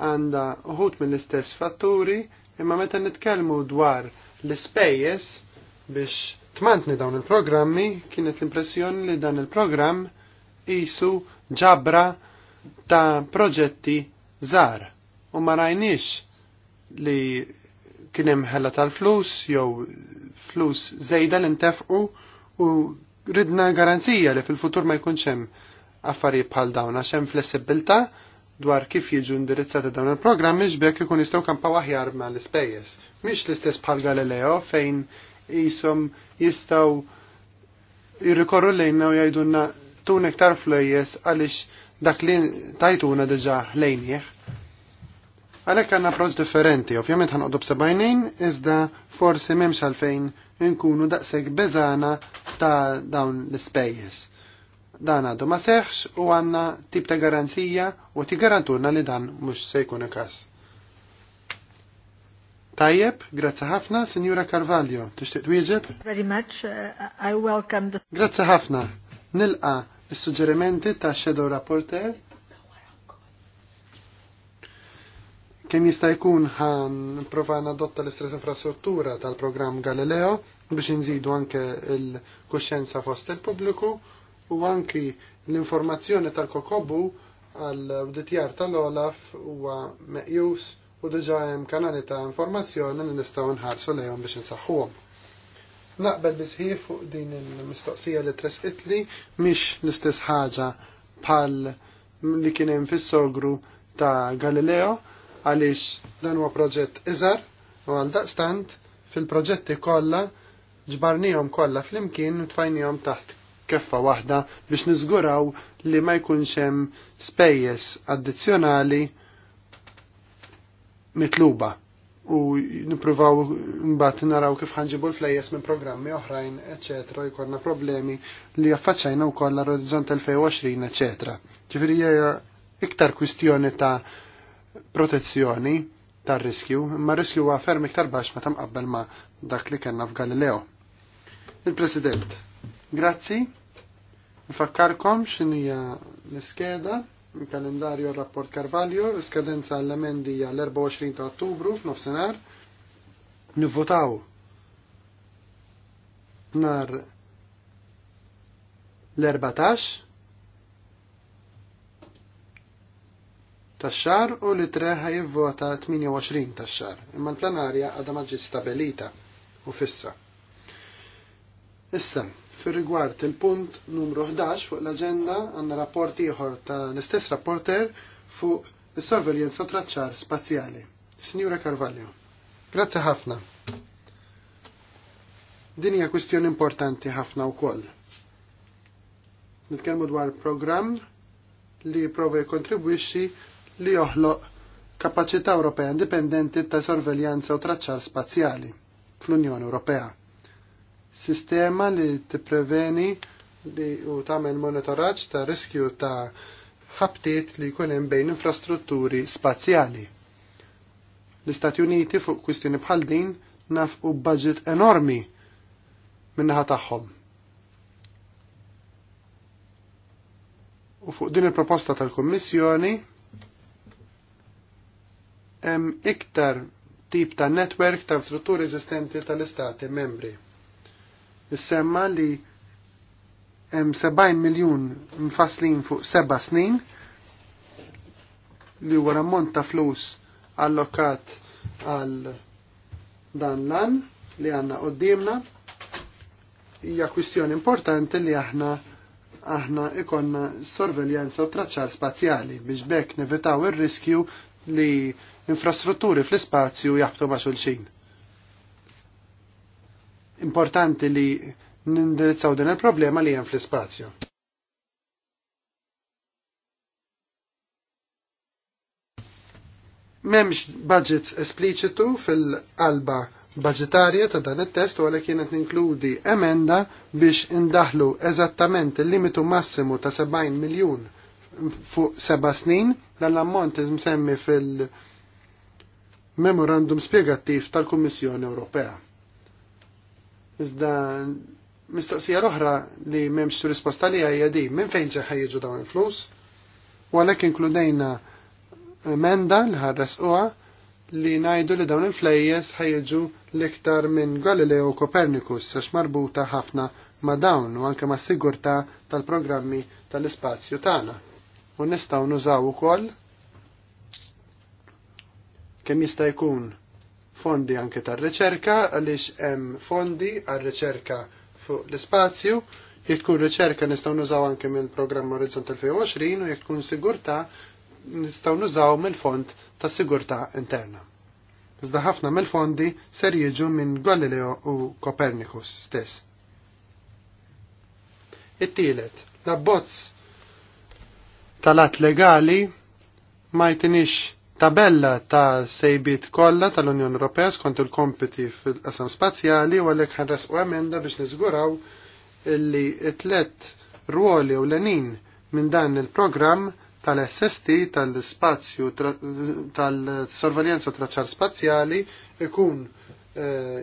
għandha uħut mill-istess fatturi, imma meta nitkellmu dwar l-ispejjeż biex tmantni dawn il-programmi, kienet l-impressjoni li dan il-programm jisu ġabra ta' proġetti żgħar u ma rajniex li kien hemm ħella tal-flus jew flus żejda l-intefqu u ridna garanzija li fil-futur ma jkunx hemm affarijiet bħal dawn għax hemm flessibilta dwar kif jiġu indirizzati dawn il-programmi xbek ikun jistgħu kampa aħjar ma l-ispejjeż. Mhix l-istess bħal Galileo fejn isom jistgħu jirrikorru lejna u jgħidulna tun iktar flejjes għaliex dak li tajtuna diġà ħlejnieh. Għalhekk għandna approċċ differenti, ovvjament ħanqodu b'sebajnejn iżda forsi m'hemmx għalfejn inkunu daqshekk beżana ta' dawn l-ispejjeż Dan għadu ma seħx u għanna tip ta' garanzija u ti garanturna li dan mux se jkun ikas. Tajjeb, grazzi ħafna, Signora Carvalho, tixtieq wieġeb? Very much, uh, I welcome the... Grazzi ħafna, nilqa s-suġġerimenti ta' Shadow Rapporter. Kemm jista' jkun ħan provana dotta l-istret infrastruttura tal-programm Galileo biex inżidu anke il kuxenza fost il-pubbliku u anki l-informazzjoni tal-kokobu għal-DTR tal-Olaf huwa meqjus u diġa hemm kanali ta' informazzjoni li nistgħu nħarsu lejhom biex insaħħuhom. Naqbel bisħif fuq din il-mistoqsija li tresqitli mhix l-istess ħaġa bħal li kien hemm fis-sogru ta' Galileo għaliex dan huwa proġett iżar u għal daqstant fil-proġetti kollha ġbarnihom kollha flimkien u tfajnihom taħt keffa waħda biex niżguraw li ma jkunx hemm spejjeż addizzjonali mitluba u nippruvaw mbagħad naraw kif ħanġibu l-flejjes minn programmi oħrajn, eċetera, jkollna problemi li affaċċajna wkoll l-Orizzont 2020, eċetera. Ġifieri iktar kwistjoni ta' protezzjoni tar riskju, imma riskju huwa ferm iktar baxx meta mqabbel ma' dak li kellna f'Galileo. Il-President, Grazzi. Nfakkarkom x'inhija l-iskeda, il-kalendarju rapport Carvalho, l-iskadenza għall-emendi l-24 ta' Ottubru f'nofsinhar. Nivvotaw nar l-14 tax-xar u li treħa jivvota 28 tax-xar, imma l-planarja għadha maġġi stabilita u fissa. Issa, fil rigward il-punt numru 11 fuq l-agenda għandna rapport ieħor ta' l-istess rapporter fuq is-sorveljenza u traċċar spazjali. Signora Carvalho. Grazzi ħafna. Din hija kwistjoni importanti ħafna wkoll. Nitkellmu dwar programm li jipprova jikkontribwixxi li joħloq kapaċità Ewropea indipendenti ta' sorveljanza u traċċar spazjali fl-Unjoni Ewropea sistema li tippreveni li u tagħmel monitoraġġ ta' riskju ta' ħabtiet li jkun hemm bejn infrastrutturi spazjali. L-Istati Uniti fuq kwistjoni bħal din nafqu budget enormi minnaħa tagħhom. U fuq din il-proposta tal-Kommissjoni hemm iktar tip ta' netwerk ta' strutturi eżistenti tal-istati membri jissemma li hemm 70 miljun mfaslin fuq seba' snin li huwa ammont ta' flus allokat għal dan l-an li għanna qoddimna hija kwistjoni importanti li aħna aħna ikonna sorveljanza u traċċar spazjali biex bekk nevitaw ir-riskju li infrastrutturi fl-ispazju jaħbtu ma' xulxin importanti li nindirizzaw din il-problema li hemm fl-ispazju. Memx budgets espliċitu fil-qalba budgetarja ta' dan it-test u kienet ninkludi emenda biex indaħlu eżattament il-limitu massimu ta' 70 miljun fuq seba' snin dan l-ammont msemmi fil- memorandum spiegattiv tal-Kummissjoni Ewropea. Iżda mistoqsija l-oħra li m'hemmx risposta li hija di minn fejn se ħejġu dawn il-flus? U għalhekk inkludejna emenda li ħarresquha li ngħidu li dawn il-flejjes ħajġu l-iktar minn Galileo Copernicus għax marbuta ħafna ma' dawn u anke ma' sigurtà tal-programmi tal-ispazju tagħna. U nistgħu nużaw ukoll kemm jista' jkun fondi anke tar-riċerka għaliex hemm fondi għar-riċerka fuq l-ispazju jekk tkun riċerka nistgħu nużaw anke mill-programm Orizzont 2020 u jekk tkun sigurtà nistgħu nużaw mill-fond ta' sigurtà interna. Iżda ħafna mill-fondi ser jiġu minn Galileo u Copernicus stess. It-tielet, l-abbozz tal-att legali ma jtinix tabella ta' sejbit kollha tal-Unjoni Ewropea skont il-kompiti fil-qasam spazjali u għalhekk u emenda biex niżguraw illi tlet ruoli u lenin minn dan il-programm tal-SST tal-spazju tal sorvaljenza Traċar spazjali ikun eh,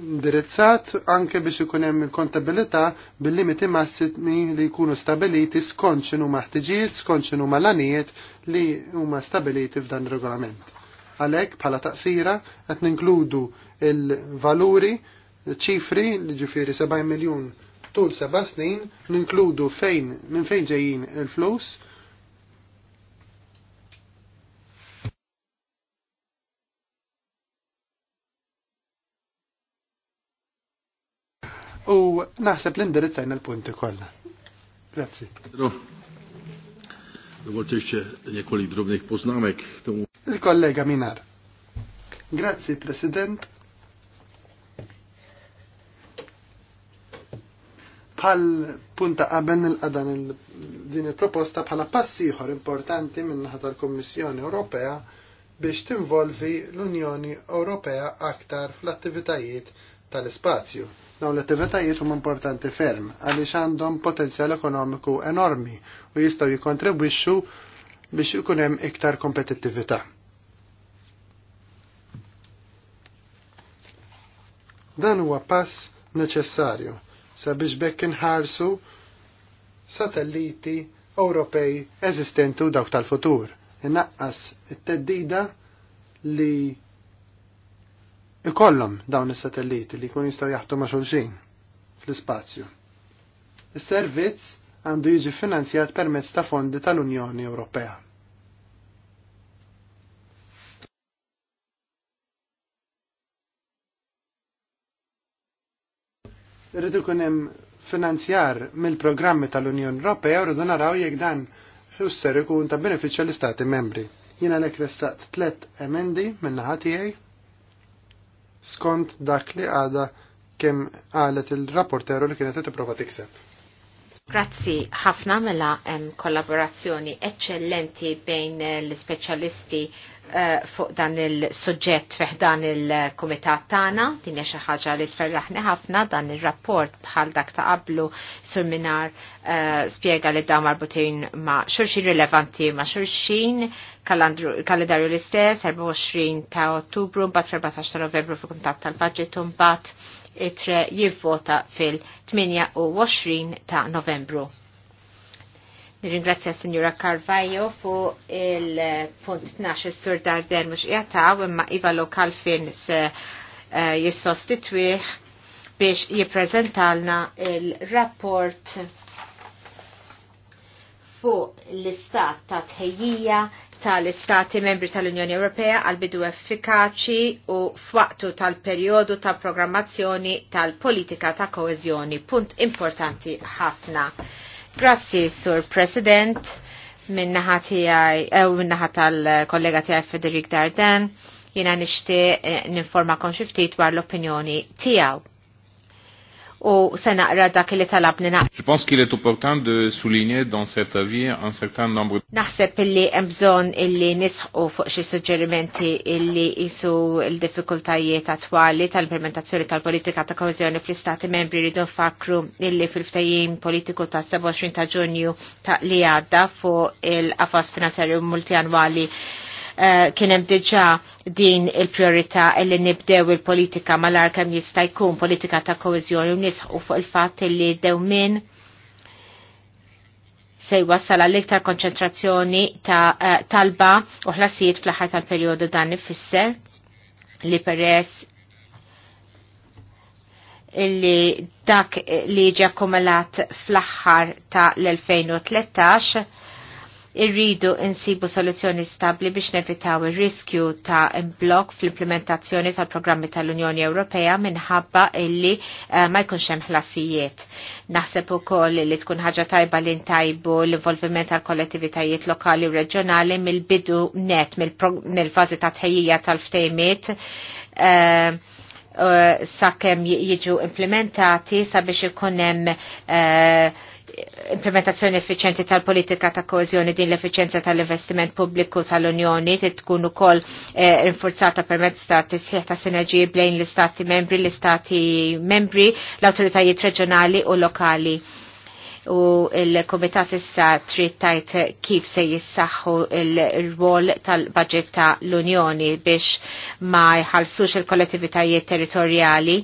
indirizzat anke biex ikun hemm il-kontabilità bil-limiti massimi li jkunu stabiliti skont x'inhu maħtiġijiet, skont x'inhu malanijiet li huma stabiliti f'dan ir-regolament. Għalhekk bħala taqsira qed ninkludu il-valuri ċifri li ġifieri 70 miljun tul seba' snin, ninkludu fejn minn fejn ġejjin il-flus, il flus naħseb l-indirizzajna l-punti kollha. Grazzi. Il-kollega Minar. Grazzi, President. Bħal punta qabel il qadan din il-proposta bħala passiħor importanti minnaħa tal-Kommissjoni Ewropea biex tinvolvi l-Unjoni Ewropea aktar fl-attivitajiet tal-ispazju. Dawn l-attivitajiet huma importanti ferm għaliex għandhom potenzjal ekonomiku enormi u jistgħu jikkontribwixxu biex ikun hemm iktar kompetittività. Dan huwa pass neċessarju sabiex bekk inħarsu satelliti Ewropej eżistenti u dawk tal-futur. Innaqqas it-teddida li ikollhom dawn is-satelliti li jkunu jistgħu jaħdu ma' xulxin fl-ispazju. Is-servizz għandu jiġi finanzjat permezz ta' fondi tal-Unjoni Ewropea. Irrid ikun hemm finanzjar mill-programmi tal-Unjoni Ewropea u rridu naraw jekk dan ħusser ikun ta' benefiċċja l-Istati membri. Jiena lek ressaqt tliet emendi minn naħa tiegħi skont dak li għada kemm għalet il-rapporteru li kienet tipprova tikseb. Grazzi ħafna mela hemm kollaborazzjoni eccellenti bejn l-speċjalisti uh, fuq dan il-suġġett fih dan il-kumitat tagħna, din hija xi ħaġa li tferraħni ħafna dan ir-rapport bħal dak ta' qablu seminar uh, eh, spjega li dawn marbutin ma' xulxin rilevanti ma' xulxin kalendarju l-istess 24 ta' Ottubru mbagħad 14 ta' Novembru fuq kuntat tal-Baġġit bat, itre jivvota fil-28 ta' novembru. Nirringrazzja Signora Carvajo fu il-punt 12 sur Darden mux u imma Iva Lokal fin se eh, eh, jissostitwih biex jiprezentalna il-rapport fuq l-istat ta' tħejjija tal-istati membri tal-Unjoni Ewropea għal bidu effikaċi u f'waqtu tal-perjodu ta' programmazzjoni tal-politika ta' koeżjoni. Punt importanti ħafna. Grazzi, Sur President, minnaħa tijaj, ew eh, minnaħa tal-kollega tijaj Federik Dardan, jina nishti eh, n-informa xiftit war l-opinjoni tijaw u se naqra dak li talabni naqra. Je pense qu'il est opportun de souligner dans cet avis un certain nombre. Naħseb illi hemm bżonn illi nisħu fuq xi suġġerimenti illi isu l-diffikultajiet attwali tal-implementazzjoni tal-politika ta' kohezjoni fl-Istati membri rridu nfakru illi fil-ftajim politiku ta' 27 ta' Ġunju ta' li għadda fuq il-qafas finanzjarju multianwali Eh, kienem diġa din il-priorità illi nibdew il-politika malar kemm jista' jkun politika ta' koeżjoni u nisħu fuq il-fatt li dewmin se jwassala l iktar konċentrazzjoni ta' eh, talba u ħlasijiet fl-aħħar tal-perjodu dan ifisser li peress illi dak li ġakumalat fl-aħħar ta' l-2013 irridu insibu soluzzjoni stabli biex nevitaw ir-riskju ta' imblok fl-implementazzjoni tal-programmi tal-Unjoni Ewropea minħabba illi eh, ma jkunx hemm ħlasijiet. Naħseb ukoll li tkun ħaġa tajba li ntajbu l-involviment tal-kollettivitajiet lokali u reġjonali mill-bidu net mill-fażi ta' tħejjija tal-ftejmiet uh, sakemm jiġu implementati sabiex ikun hemm implementazzjoni effiċenti tal-politika ta' koezjoni din l-effiċenza tal-investiment pubbliku tal-Unjoni tkun ukoll eh, rinforzata permezz ta' tisħiħ ta' sinerġiji bejn l-istati membri, l-istati membri, l-autoritajiet reġjonali u lokali. U il-Komitat issa trid tgħid kif se jissaħħu il-rwol tal-budget ta' l-Unjoni biex ma jħalsux il-kollettivitajiet territorjali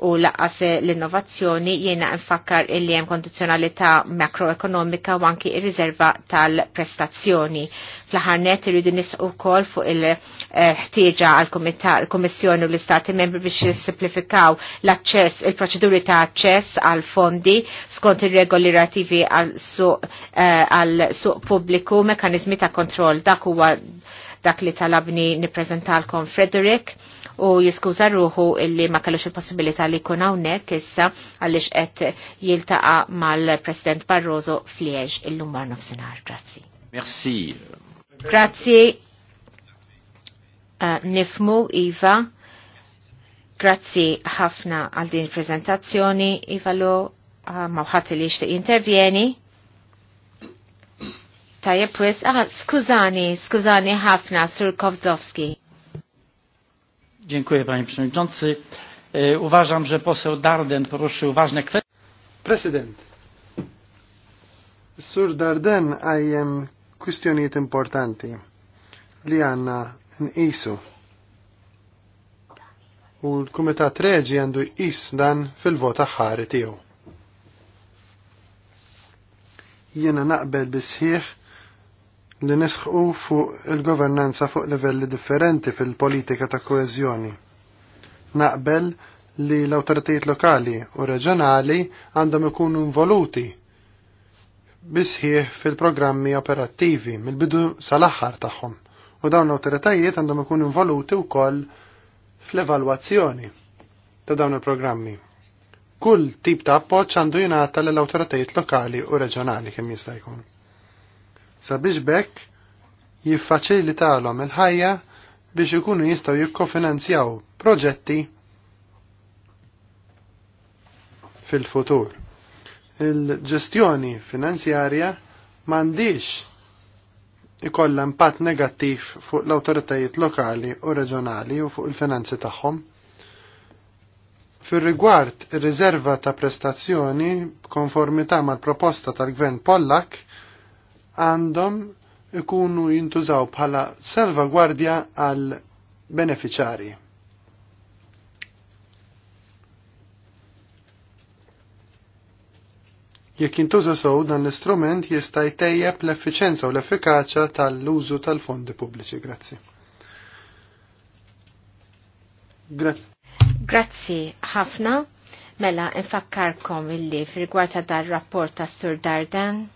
u laqas l-innovazzjoni jiena nfakkar illi hemm kondizzjonalità makroekonomika u anki ir-riserva tal-prestazzjoni. Fl-aħħar net irridu nisqu wkoll fuq il-ħtieġa għall-Kummissjoni u l-Istati membri biex jissimplifikaw l-aċċess il-proċeduri ta' aċċess għal fondi skont ir-regoli relativi għal suq eh, pubbliku mekanizmi ta' kontroll dak huwa dak li talabni niprezentalkom Frederick u jiskuża ruħu illi ma kellux il-possibilità li jkun hawnhekk issa għaliex qed jiltaqa' mal-President Barroso f'Liege illum mar nofsinhar. Grazzi. Merci. Grazzi. Uh, nifmu Iva. Grazzi ħafna għal din il-prezentazzjoni. Iva lo uh, eh, mawħat li jixtieq intervjeni. Tajjeb wis, ah, skużani, skużani ħafna, Sur Kovzdowski. Dziękuję panie przewodniczący. E, uważam, że poseł Darden poruszył ważne kwestie. Prezydent. Sur Darden ajem kwistjonijiet importanti li in isu. U l-Kumitat Reġi għandu jqis dan fil-vota ħari tiegħu. Jiena naqbel bisħieħ li nisħu fuq il-governanza fuq livelli differenti fil-politika ta' koezjoni. Naqbel li l-autoritajiet lokali u reġjonali għandhom ikunu involuti bisħieħ fil-programmi operattivi mill-bidu sal-aħħar tagħhom u dawn l-autoritajiet għandhom ikunu involuti wkoll fl-evalwazzjoni ta' dawn il-programmi. Kull tip ta' appoġġ għandu jingħata lill-awtoritajiet lokali u reġjonali kemm jista' jkun sabiex bekk jiffaċilitalhom il-ħajja biex ikunu jistgħu jikkofinanzjaw proġetti fil-futur. Il-ġestjoni finanzjarja m'għandix ikollha impatt negattiv fuq l awtoritajiet lokali u reġjonali u fuq il-finanzi tagħhom. Fir-rigward ir-riserva ta' prestazzjoni b'konformità mal-proposta tal-Gvern Pollak, għandhom ikunu jintużaw bħala salvagwardja għal beneficjari. Jekk jintuża sew dan l-istrument jista' jtejjeb l-effiċenza u l-effikaċja tal-użu tal-fondi pubbliċi. Grazzi. Grazzi ħafna. Mela infakkarkom illi fil-rigward ta' dar rapport ta' Sur Darden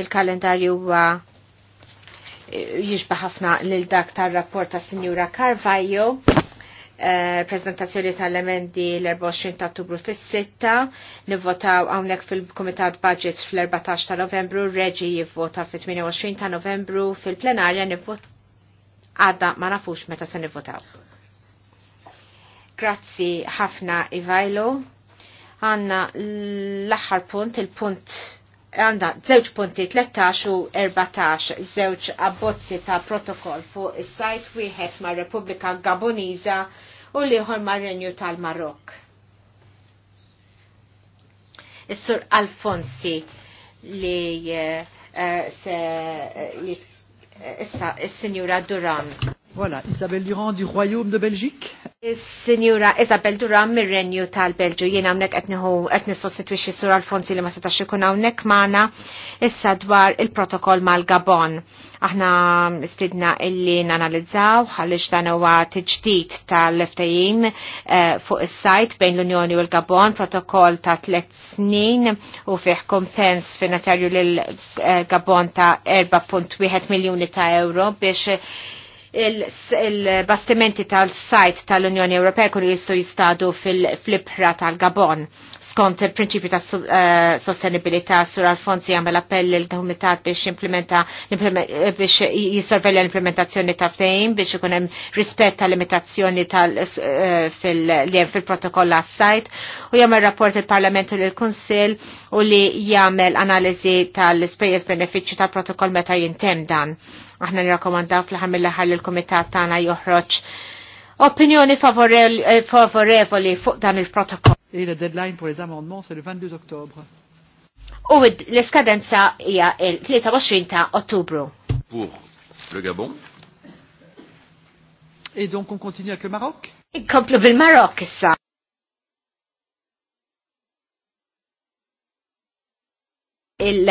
il-kalendarju huwa eh, jiġba ħafna lil dak tar-rapport ta' Sinjura Carvajo. Eh, prezentazzjoni tal-emendi l-24 ta' ottubru fis-6, nivvotaw hawnhekk fil-Kumitat Budgets fl-14 ta' Novembru, Reġi jivvota fit-28 ta' Novembru fil-plenarja nivvot għadda ma nafux meta se nivvotaw. Grazzi ħafna Ivajlo. Għanna l-aħħar punt, il-punt għanda zewċ punti 13 u 14 zewċ abbozzi ta' protokoll fuq is-sajt wieħed ma' Repubblika Gaboniza u liħor ma' Renju tal-Marok. Is-sur Alfonsi li uh, se eh, issa is-Sinjura Duran. Voilà, Isabel Durand du Royaume de Belgique. Signora Isabel Durand mir-Renju tal-Belġu, jiena hawnhekk qed nieħu qed nissostitwixxi sur Alfonsi li ma setax ikun hawnhekk magħna issa dwar il-protokoll mal-Gabon. Aħna istidna illi nanalizzaw għaliex dan huwa tiġdid tal-ftehim eh, fuq is-sajt bejn l-Unjoni u l-Gabon, protokoll ta' tliet snin u fih kompens finanzjarju lil eh, Gabon ta' 4.1 miljuni ta' euro biex il-bastimenti tal-sajt tal-Unjoni Ewropea kullu jistgħu jistadu fil flipra tal-Gabon skont il-prinċipju ta' eh, sostenibilità sur Alfonsi għamel appell il-Komitat biex implementa eh, biex jisorvelja l-implementazzjoni ta' ftejn biex ikun hemm rispett ta' limitazzjoni tal jem eh, fil protokoll għas sajt u jagħmel rapport il-Parlament u l-Kunsill u li jagħmel analiżi tal-ispejjeż benefiċċju tal-protokoll meta jintem dan. Aħna nirrakkomandaw fl-ħar mill-ħar l-Komitat tagħna joħroġ opinjoni favorevoli fuq dan il-protokoll et la deadline pour les amendements c'est le 22 octobre. U l-iskadenza hija il-23 ta' Ottubru. Pour le Gabon. Et donc on continue avec le Maroc? Inkomplu bil-Marok issa. il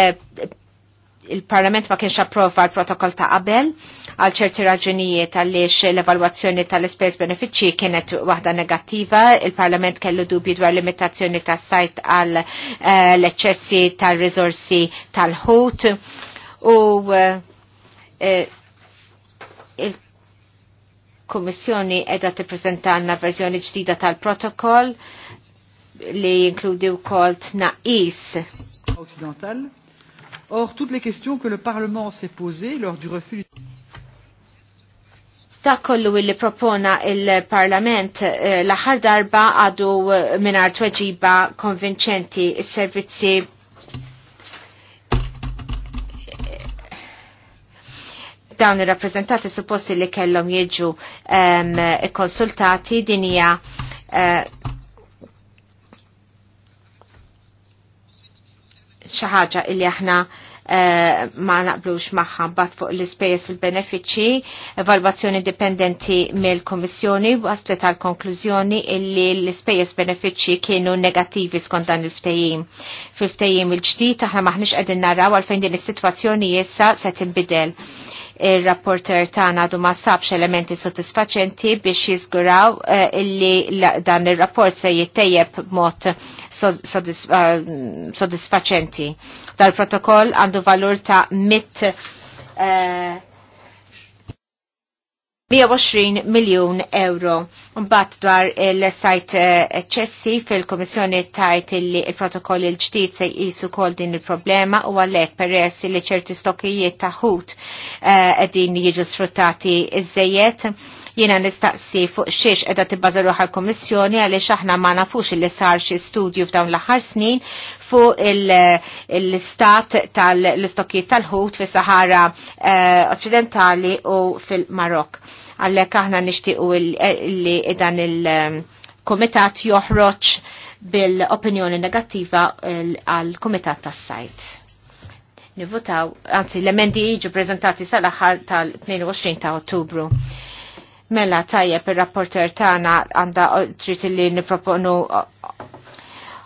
il-Parlament ma kienx approva l-protokoll ta' qabel għal ċerti raġunijiet għaliex l-evalwazzjoni tal-ispejs benefiċċji kienet waħda negattiva, il-Parlament kellu dubju dwar limitazzjoni tas sajt għal eh, l-eċċessi tal rizorsi tal-ħut u eh, eh, il-Kummissjoni edha għanna verżjoni ġdida tal-protokoll li jinkludi wkoll tnaqis. Occidental Or, toutes les questions que le Parlement s'est posées lors du refus du dak kollu illi propona il-Parlament eh, l-aħħar darba għadu eh, minar tweġiba konvinċenti il-servizzi eh, dawn ir-rappreżentati supposti li kellhom jiġu ehm, konsultati dinija eh, xaħġa illi aħna eh, ma naqblux maħħa bat fuq l-ispejjeż l benefiċċji evalwazzjoni dipendenti mill-Kommissjoni waslet għal konklużjoni illi l-ispejjeż benefiċċji kienu negattivi skont dan il-ftehim. Fil-ftehim il-ġdid aħna maħniex qegħdin naraw għalfejn din is-sitwazzjoni issa se tinbidel il-rapporter tana għadu ma sabx elementi soddisfaċenti biex jizguraw eh, illi dan il-rapport se jittejjeb mot soddisfaċenti. Eh, Dal-protokoll għandu valur ta' mit uh, 120 miljon euro. Mbatt dwar il-sajt eh, ċessi fil-Komissjoni tajt li il-protokoll il-ġdid se jisu kol din il-problema u għallek peress li ċerti stokijiet taħut eh, din jiġu sfruttati iż-żejiet. Jena nistaqsi fuq xiex edha tibbażaru l-Komissjoni għaliex aħna ma nafux li sar xi studju f'dawn l-aħħar snin fuq il-stat il tal-istokkiet tal-ħut fis sahara eh, Occidentali u fil-Marok. Għallek aħna nishtiqu li dan il-komitat eh, joħroċ bil-opinjoni negattiva għal-komitat tas-sajt. Nivutaw, anzi, l-emendi iġu prezentati sal-axar tal-22 ta' ottubru. Mela tajjeb ir rapporter tagħna għandha trid li nipproponu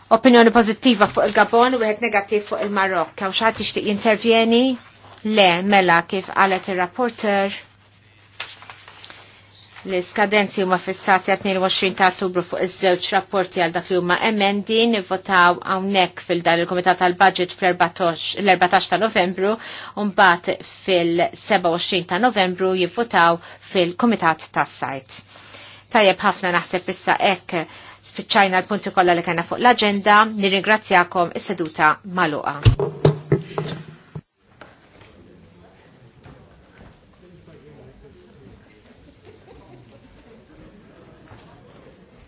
opinjoni pozittiva fuq il-Gabon u għed negativ fuq il-Marokka. U xaħti ixtiq intervjeni? Le, mela kif għalet il-rapporter l skadenzi huma fissati għat 22 ta' ottubru fuq iż-żewġ rapporti għal dak li huma emendi nivvotaw hawnhekk fil-dan il-Kumitat tal-Budget fl-14 ta' Novembru u mbagħad fil-27 ta' Novembru jivvotaw fil-Kumitat tas-Sajt. Tajjeb ħafna naħseb issa hekk Spiċċajna l-punti kollha li kena fuq l aġenda nirringrazzjakom is-seduta maluqa.